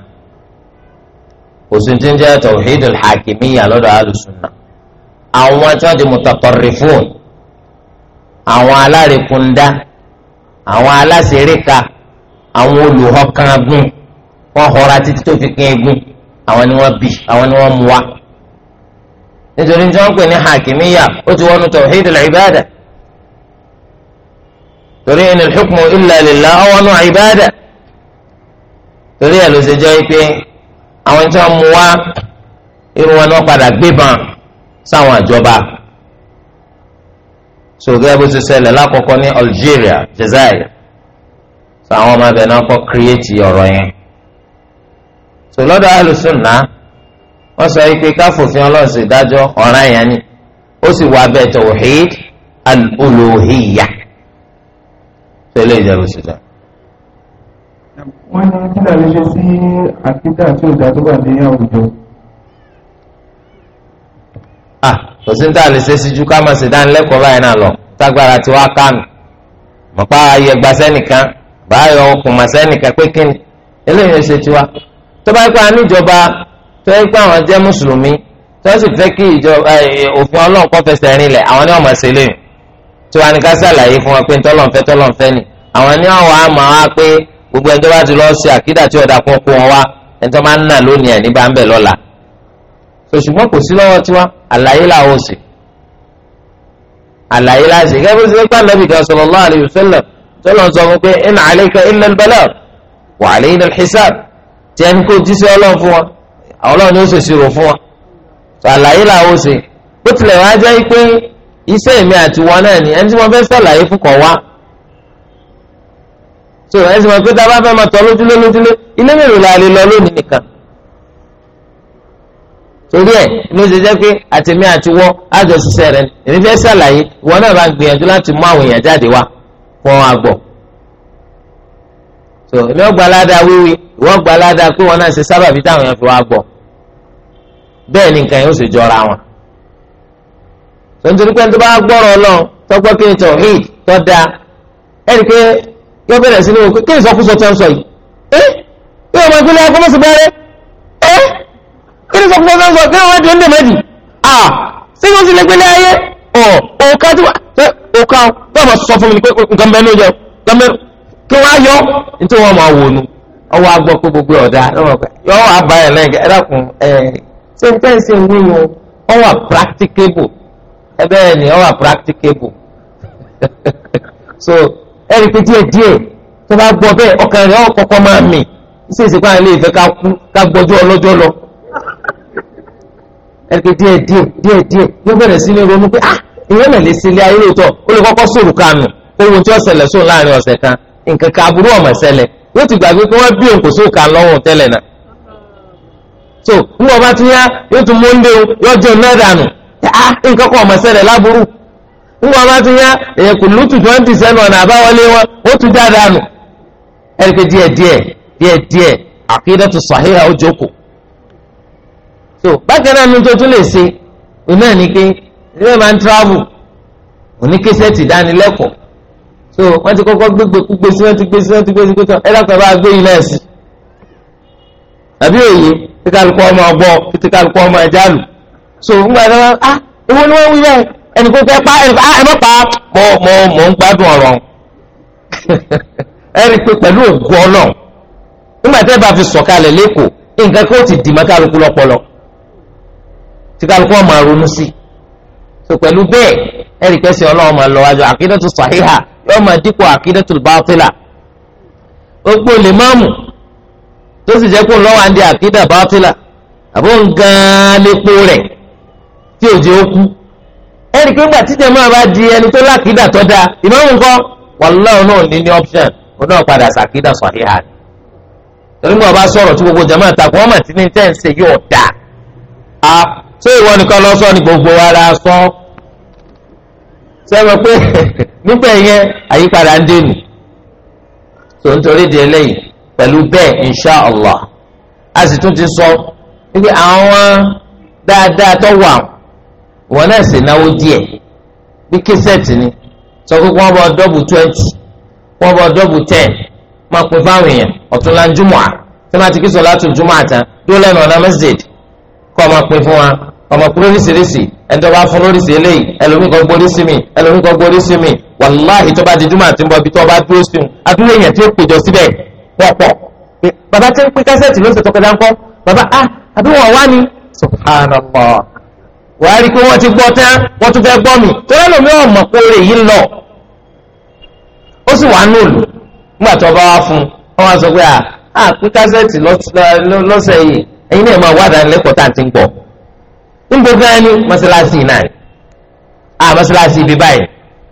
kò sí ti ń jẹ́ tawhidul hakimiyya lọ́dọ̀ alùsùnà àwọn tí wọ́n di mutatarrifun àwọn alárekunda àwọn aláṣẹríka àwọn olùhọkàngún wọ́n họra títí tó fi kín egun àwọn ni wọ́n bì àwọn ni wọ́n mú wa nítorí tí wọ́n pè ní hakimiya ó ti wọnú tawhid al-ibada torí in al-hukmu illa lillah ọwọnú ibada torí ẹ̀ ló ṣe jẹ́ pé àwọn tí wọ́n mú wa irú wọn náà padà gbébọn sáwọn àjọba sọgẹ́ bó ti ṣẹlẹ̀ lákọ̀ọ́kọ́ ní Algeria Jazair sọ àwọn ọmọ abẹ náà kọ́ kírẹ́ẹ̀tì ọ̀rọ̀ yẹn sọlọ́dọ̀ alùsùnà wọ́n sọ yìí pé káfòfin ọlọ́run sì dájọ́ ọ̀ràn yẹn ni ó sì wà bẹ́ẹ̀ tawhid al-uluhiyya tẹ́lẹ̀ ìjẹ́rù sí ta. wọ́n ní ya. lóò ṣe sí àkídà tí òjà tó wà ní àwùjọ. kò sí ní tá a lè ṣe síjú ká máa ṣe dánilẹ́kọ̀ọ́ báyìí náà lọ tágbára tí wàá kánú mọ̀pá ayé sẹ́nìkan báyọ̀ tiwa tó bá pẹ́ àníjọba tó yẹ pé àwọn jẹ́ mùsùlùmí tó sì fẹ́ kí ìjọba òfin ọlọ́run kọ́ fẹsẹ̀ rinlẹ̀ àwọn ni wọ́n máa ṣe léyìn tó wà ní ká ṣàlàyé fún wọn pé tọ́lọ̀nfẹ́ tọ́lọ̀nfẹ́ ni àwọn ni wọ́n wàá máa wá pé gbogbo ẹni tó bá ti lọ ṣe àkídà tí ọ̀dà kún kún wọn wá ẹni tó máa ń nà lónìí ẹ̀ ní ń bẹ̀ lọ́la ṣùgbọ́n kò sí tí ẹni kó jíṣẹ́ ọlọ́run fún wọn àwọn ọlọ́run ni ó ṣèṣirò fún wọn ṣàlàyé làwọn ṣe bó tilẹ̀ wá jẹ́ pé iṣẹ́ èmi àti wọn náà ni ẹni tí wọ́n fẹ́ ṣàlàyé fún kọ̀ wá so ẹ sì mọ̀ pé tá a bá fẹ́ máa tọ́ lójúlé lójúlé ilé mélòó la lè lọ lónìí nìkan torí ẹ ló ṣe jẹ́ pé àtẹ̀mí àti wọ́ àjọṣiṣẹ́ rẹ èmi fẹ́ ṣàlàyé ìwọ náà bá gbìyànjú láti mú àwọn èèyàn jáde wá fún ọ tó èmi ó gba aládàá wíwí ìwọ gba aládàá pé wọn náà ṣe sábàbí táwọn yẹn fi wá gbọ́ bẹ́ẹ̀ ni nǹkan yẹn ó sì jọra wọn. tó ń torí pé tó bá gbọ́rọ̀ ọlọ́run tó gbọ́ kí n tọ̀ hí tó dáa ẹ̀rí pé yóò bẹ̀rẹ̀ sí ní òkú kí ìsọkúsọ tó ń sọ yìí ẹ́ eh? kí ọmọ ìpínlẹ̀ akọ́mọ́sí bẹ̀rẹ̀ ẹ́ eh? kí ìsọkúsọ tó ń sọ kí ọmọ ìdílé mẹ́jì à sí kí sì lè gbélé ayé ọ̀ oh, òkà tí wà òkà tó sọ fún mi pé nǹkan bẹ́ẹ̀ ló jẹ kí wọ́n á yọ nítorí wọ́n máa wò nu ọwọ́ agbọ́ gbogbo ọ̀dà yọ wà bá ẹ̀ lẹ́yìn ẹ̀ dàkún ẹ̀ ṣé n tẹ́sí ń ọ wà practicable ẹ bẹ́ẹ̀ ni wà so ẹ rí i pé díẹ̀ díẹ̀ tó bá gbọ́ bẹ́ẹ̀ ọkàn rẹ̀ kọ́kọ́ máa mì lọ ẹ rí i pé díẹ̀ díẹ̀ díẹ̀ díẹ̀ yóò bẹ̀rẹ̀ sí ní ronú pé ah, nǹkan kan aburú ọmọ ṣẹlẹ̀ yóò ti gbàgbé pé wọ́n bí òǹkó sóòkà lọ́wọ́ tẹ́lẹ̀ náà so níwọ̀n bá ti yá yóò tún mọ́ndé o yóò jẹ́ mẹ́dàánù ah nǹkan kan ọmọ ṣẹlẹ̀ láburú níwọ̀n bá ti yá èyàn kò lùtù twenty seven ọ̀nà àbáwọlé wọn ó tún já dànù ẹ̀rí pé díẹ̀ díẹ̀ díẹ̀ díẹ̀ àkídàtù ó jókòó so bákan náà ní tó tún lè ṣe òun náà ní pé máa ń travel òní késẹ́ẹ̀tì dánilẹ́kọ̀ọ́ so wọ́n ti kọ́kọ́ gbégbé gbé sí wọ́n ti gbé sí wọ́n ti gbé sí pé tán ẹ̀dá kan bá gbé yìí náà sí. àbí òye tíkàlùkọ́ ọmọ ọgbọ́ tíkàlùkọ́ ọmọ ẹja lù so ńgbà tí wọ́n á ah, owó ni wọ́n wí bẹ́ẹ̀ ẹnì kó fẹ́ pa ah, ẹ má pa mo mo mọ́ ń gbádùn ọ̀rọ̀ ẹ rí i pé pẹ̀lú ògùn ọlọ́run nígbà tẹ́ bá fi sọ̀kalẹ̀ lẹ́kọ̀ọ́ nǹkan kó ti dì mọ́ tí kálukú so pẹ̀lú bẹ́ẹ̀ ẹ̀rí pẹ́sẹ̀ ọlọ́run máa lọ wájú àkídọ́tù sàhíhà yóò máa dípò àkídẹ́tù bátìlà gbogbo lèmọ́ọ̀mù tó sì jẹ́ kó lọ́wọ́ àǹdí àkídà bátìlà àbó ń gan-an lépo rẹ̀ tí ò jẹ́ ó ẹnì pé gbà títẹ̀ máa bá di ẹni tó lákìdá tó dáa ìmọ̀ọ́mù nǹkan wàlúwàá náà ní ní option òun náà padà sàkídà sọ̀híhà ni torí gbọ́dọ̀ bá sọ̀rọ̀ tí gbogbo jama takò wọ́n mà ti ní tẹ́ ń ṣe yóò dà á ṣé ìwọ nìkan lọ ni gbogbo wa la sọ sẹ́wọ̀n pé nígbà yẹn àyípadà ń dẹnu tó ń torí di eléyìí pẹ̀lú bẹ́ẹ̀ a ti sọ wípé àwọn dáadáa tó wà wọn náà sì náwó díẹ̀ bí kẹsẹ̀tì ni sọ pé wọ́n bọ̀ dọ́bù twenty wọ́n bọ̀ dọ́bù ten máa pín fáwọn èèyàn ọ̀tún láńjúmọ̀ à tí wọ́n ti kí sọ júmọ̀ àtàn lẹ́nu ọ̀nà kọ́ ọ máa pín fún wàláhì tó bá di júmọ̀ àti nbọ̀ bí tó bá dúró sí un adúlé yẹn tí ó péjọ síbẹ̀ wọ́n pọ̀ bàbá tí ń pín kásẹ̀tì ló ń sètò kọjá bàbá a ah, àbí wọ́n wá wà rí i pé wọ́n ti gbọ́ tán wọ́n tún fẹ́ gbọ́ mi ò mọ̀ lọ ó sì wá nóòlù nígbà tó bá wá fún un wọ́n ah, a pín kásẹ̀tì lọ́sẹ̀ yìí ẹ̀yin náà máa tá à ti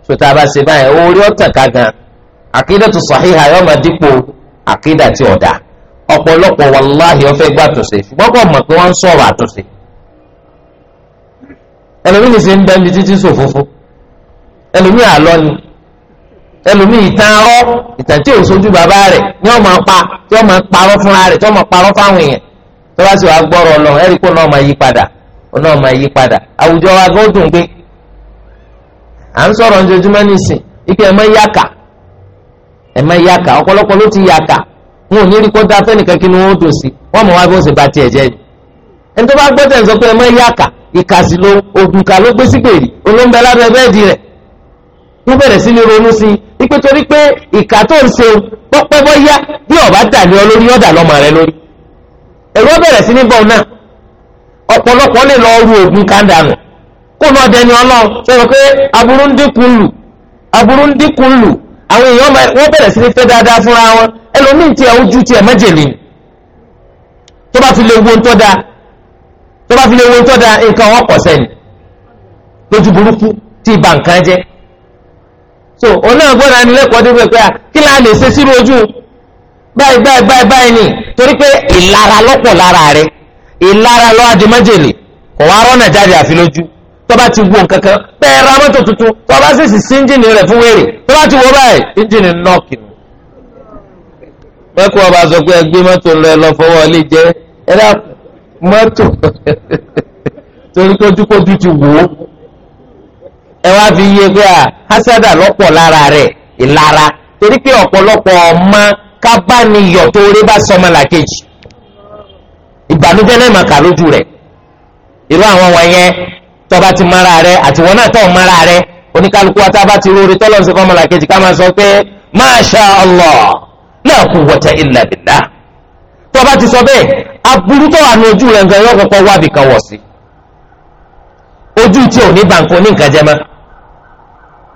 sota bá ṣe báyìí owó orí ọ̀tàn ká gan àkídà tó sàhíhà yọ máa dípò àkídà tí ọ̀dà ọ̀pọ̀lọpọ̀ wàláhì ọ̀fẹ́ gbà tòṣe ṣùgbọ́n kò mọ̀ pé wọ́n ń sọ̀rọ̀ àtòṣe ẹlòmíì ṣe ń bẹ́ mi títí sòfófó ẹlòmíì àlọ́ ni ẹlòmíì ìtàn arọ́ ìtàn tí òṣojú bàbá rẹ̀ ni wọ́n máa pa tí wọ́n máa parọ́ fúnra rẹ̀ tí wọ́n máa parọ́ fáwọn èèyàn bá sì gbọ́rọ̀ náà máa yí padà náà máa yí padà àwùjọ wa gbọ́dùn gbé à ń sọ̀rọ̀ ojoojúmọ́ nísìn ike ẹ̀mọ́ yàkà ẹ̀mọ́ yàkà ọ̀pọ̀lọpọ̀ ló ti yaka wọn ò ní rí kọ́tà fẹ́nìkan kí ni wọ́n dò sí wọ́n mọ̀ wá bí wọ́n ṣe bá tiẹ̀ jẹ́ ni. ẹni tó bá gbọ́ tẹ̀ ń sọ pé ẹ̀mọ́ ìkàsí ló ogun ló gbé sígbèrè olóńgbẹ lábẹ́ rẹ̀ wọ́n bẹ̀rẹ̀ sí ní ronú sí i torí pé ìkà tó ọ lórí ọ̀dà lọ́mọ rẹ lórí ẹ̀rọ bẹ̀rẹ̀ sí ní kó lọ dẹni ọlọ́run sọ̀rọ̀ pé aburú ń dínkù lù aburú ń dínkù lù àwọn èèyàn wọ́n bẹ̀rẹ̀ sí ní fẹ́ dáadáa fúnra wọn ẹlòmíì tiẹ̀ ojú tiẹ̀ májèlé tó bá fi lè wo ntọ́ da tó bá fi lè wo ntọ́ da nǹkan wọn kọ̀ sẹ́ni lójú burúkú tí ibà nǹkan jẹ́ so òun náà ni anilẹ́kọ̀ọ́ dé pé kí láà lè ṣe sírú ojú báyìí báyìí báyìí báyìí ni torí pé ìlara lọ́pọ̀ lára rẹ̀ ìlara lọ́wọ́ adé májèlé kò wá rọ́nà jáde àfi lójú tọ́ba ti wo nǹkan kan bẹ́ẹ̀ ra mọ́tò tuntun tọ́ba sì sì sí ẹ́ńjìnì rẹ̀ fún wèrè tọ́ba ti wo báyìí ẹ́ńjìnì nọ́ọ̀kì ni. mẹ́kọ̀ ọba sọ pé ẹgbẹ́ mọ́tò lọ ẹ lọ fọwọ́ ilé jẹ́ ẹ dá mọ́tò torí pé ojúkójú ti wò ó ẹ wá fi yé pé à hásádà lọ́pọ̀ lára rẹ̀ ìlara torí pé ọ̀pọ̀lọpọ̀ ọmọ kábàániyọ̀ tó rí bá sọmọ làkejì ìbànújẹ́ náà mà kà lójú rẹ̀ irú tọba ti mara rẹ àti wọn náà tọ̀ mara rẹ oníkálukú wa tá a ti rúre tọ́lọ̀ ń sọ fọmọlá kejì ká máa sọ pé masha allah la quwwata illa billah tọba ti sọ bẹ́ẹ̀ aburú tó wà ní ojú rẹ nǹkan yóò kọ́kọ́ wá bìkan wọ̀ sí ojú tí ò ní bàǹkó ní nǹkan jẹ mọ́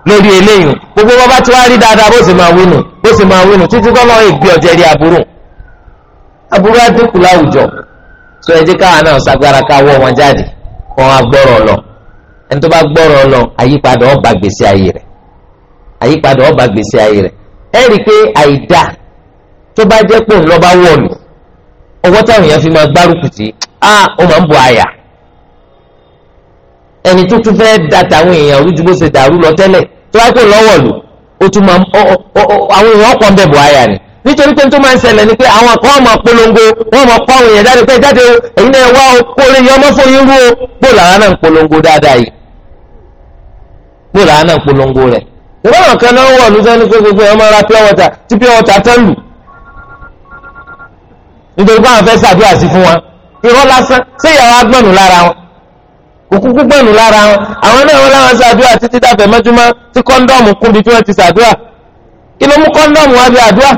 lórí eléyìí gbogbo wọn bá ti wá rí dáadáa bó sì máa wínú bó sì máa wínú títí kọ́ lọ́wọ́ ìgbé ọ̀jẹ̀ rí aburú aburú adínkù láwùjọ sọ ẹ jẹ́ káwa náà sagbára ká wọn jáde kọ́ wa gbọ́rọ̀ lọ ẹni tó bá gbọ́rọ̀ lọ àyípadà ó gbèsè ayé rẹ̀ àyípadà ó gbèsè ayé rẹ̀ ẹ rí i pé àìdá tó bá jẹ́ pé òun àyà ẹni tó tún fẹ́ẹ́ da tàwọn èèyàn rújú bó ṣe dàrú lọ tẹ́lẹ̀ tó bá pè lọ́wọ́lù ó tún máa àwọn èèyàn ń bẹ̀ bọ àyà ni nítorí pé tó máa ń ṣẹlẹ̀ ni pé àwọn kan máa polongo wọ́n máa pa àwọn èèyàn jáde pé jáde o èyí náà wá o kó lè yọ ọmọ fún irú o bó làwọn náà ń polongo dáadáa yìí bó làwọn náà ń polongo rẹ̀ ìwọ́n àwọn kan náà wọ̀ lùsọ́ ní pé gbogbo ẹ̀ máa ra pure water tí pure water tán lù nítorí pé àwọn fẹ́ ṣàdúrà sí fún wọn irọ́ lásán ṣé ìyàwó agbọ́nù lára wọn kùkú gbọ́nù lára wọn àwọn náà wọn láwọn ṣàdúrà títí dàfẹ́ mẹ́júmọ́ tí kọ́ńdọ́ọ̀mù kúbi tí wọ́n ti ṣàdúrà kí ló mú kọ́ńdọ́ọ̀mù wá bí àdúrà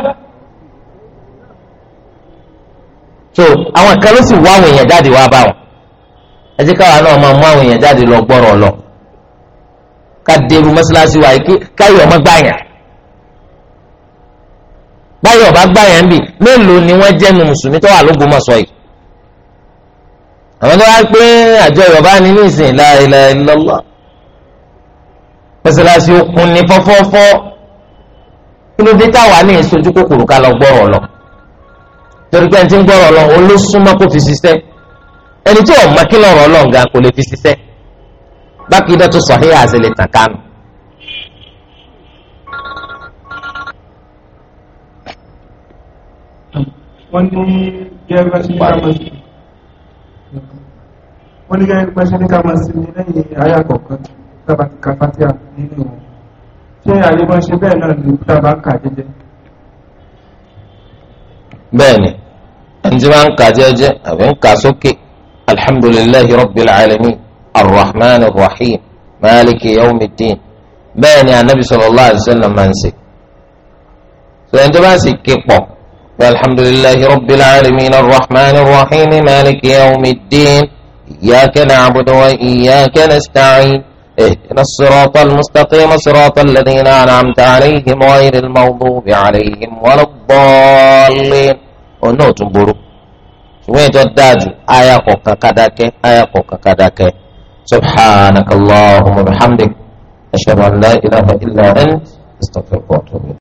so àwọn kan ló sì wá àwọn èèyàn jáde wá bá wọn ẹ jẹ́ káwa náà máa mú àwọn èèyàn jáde lọ gbọ́rọ̀ lọ ká dèrú mọ́ṣáláṣí wa yìí káyọ̀ ọmọ gbàyàn báyọ̀ ọba gbàyàn bì mélòó ni wọ́n jẹ́nu mùsùlùmí tó wà lÓgbómọ̀ṣọ́ yìí àwọn tó wá pé àjọ Yorùbá ni ní ìsìn la ilaha illallah mọ́ṣáláṣí ó kún ní fọ́fọ́fọ́ kí ló dé táwa ní ìsojú kòkòrò ká lọ gbọ́rọ̀ lọ torí pé ẹni tí ń gbọ́rọ̀ lọ òun ló súnmọ́ kó fi ṣiṣẹ́ ẹni tí ọ̀ma kí lọ́rọ̀ lọ gan kò lè fi ṣiṣẹ́ bákìdá tó sọ híhà tàn kánú. wọ́n ní gẹ́gẹ́ bá ká máa sí wọ́n ní gẹ́gẹ́ bá ká máa sí lẹ́yìn ayé àkọ́kọ́ tábà ti ka fátíà nínú wọn ṣé àyè bá ṣe bẹ́ẹ̀ náà ní tábà kà jẹ́jẹ́. bẹ́ẹ̀ ni انت ما انكا جاجا انكا سكي الحمد لله رب العالمين الرحمن الرحيم مالك يوم الدين بين النبي صلى الله عليه وسلم انسي فانت ما سكي والحمد لله رب العالمين الرحمن الرحيم مالك يوم الدين اياك نعبد واياك نستعين اهدنا الصراط المستقيم صراط الذين انعمت عليهم غير المغضوب عليهم ولا الضالين òun náà tún burú ṣùgbọ́n ìtọ́ dáàjù àyà kọ̀ọ̀kan kàdákẹ́ àyà kọ̀ọ̀kan kàdákẹ́ subhanakallahumma bihamdik ashhadu an la ilaha illa ant wa atubu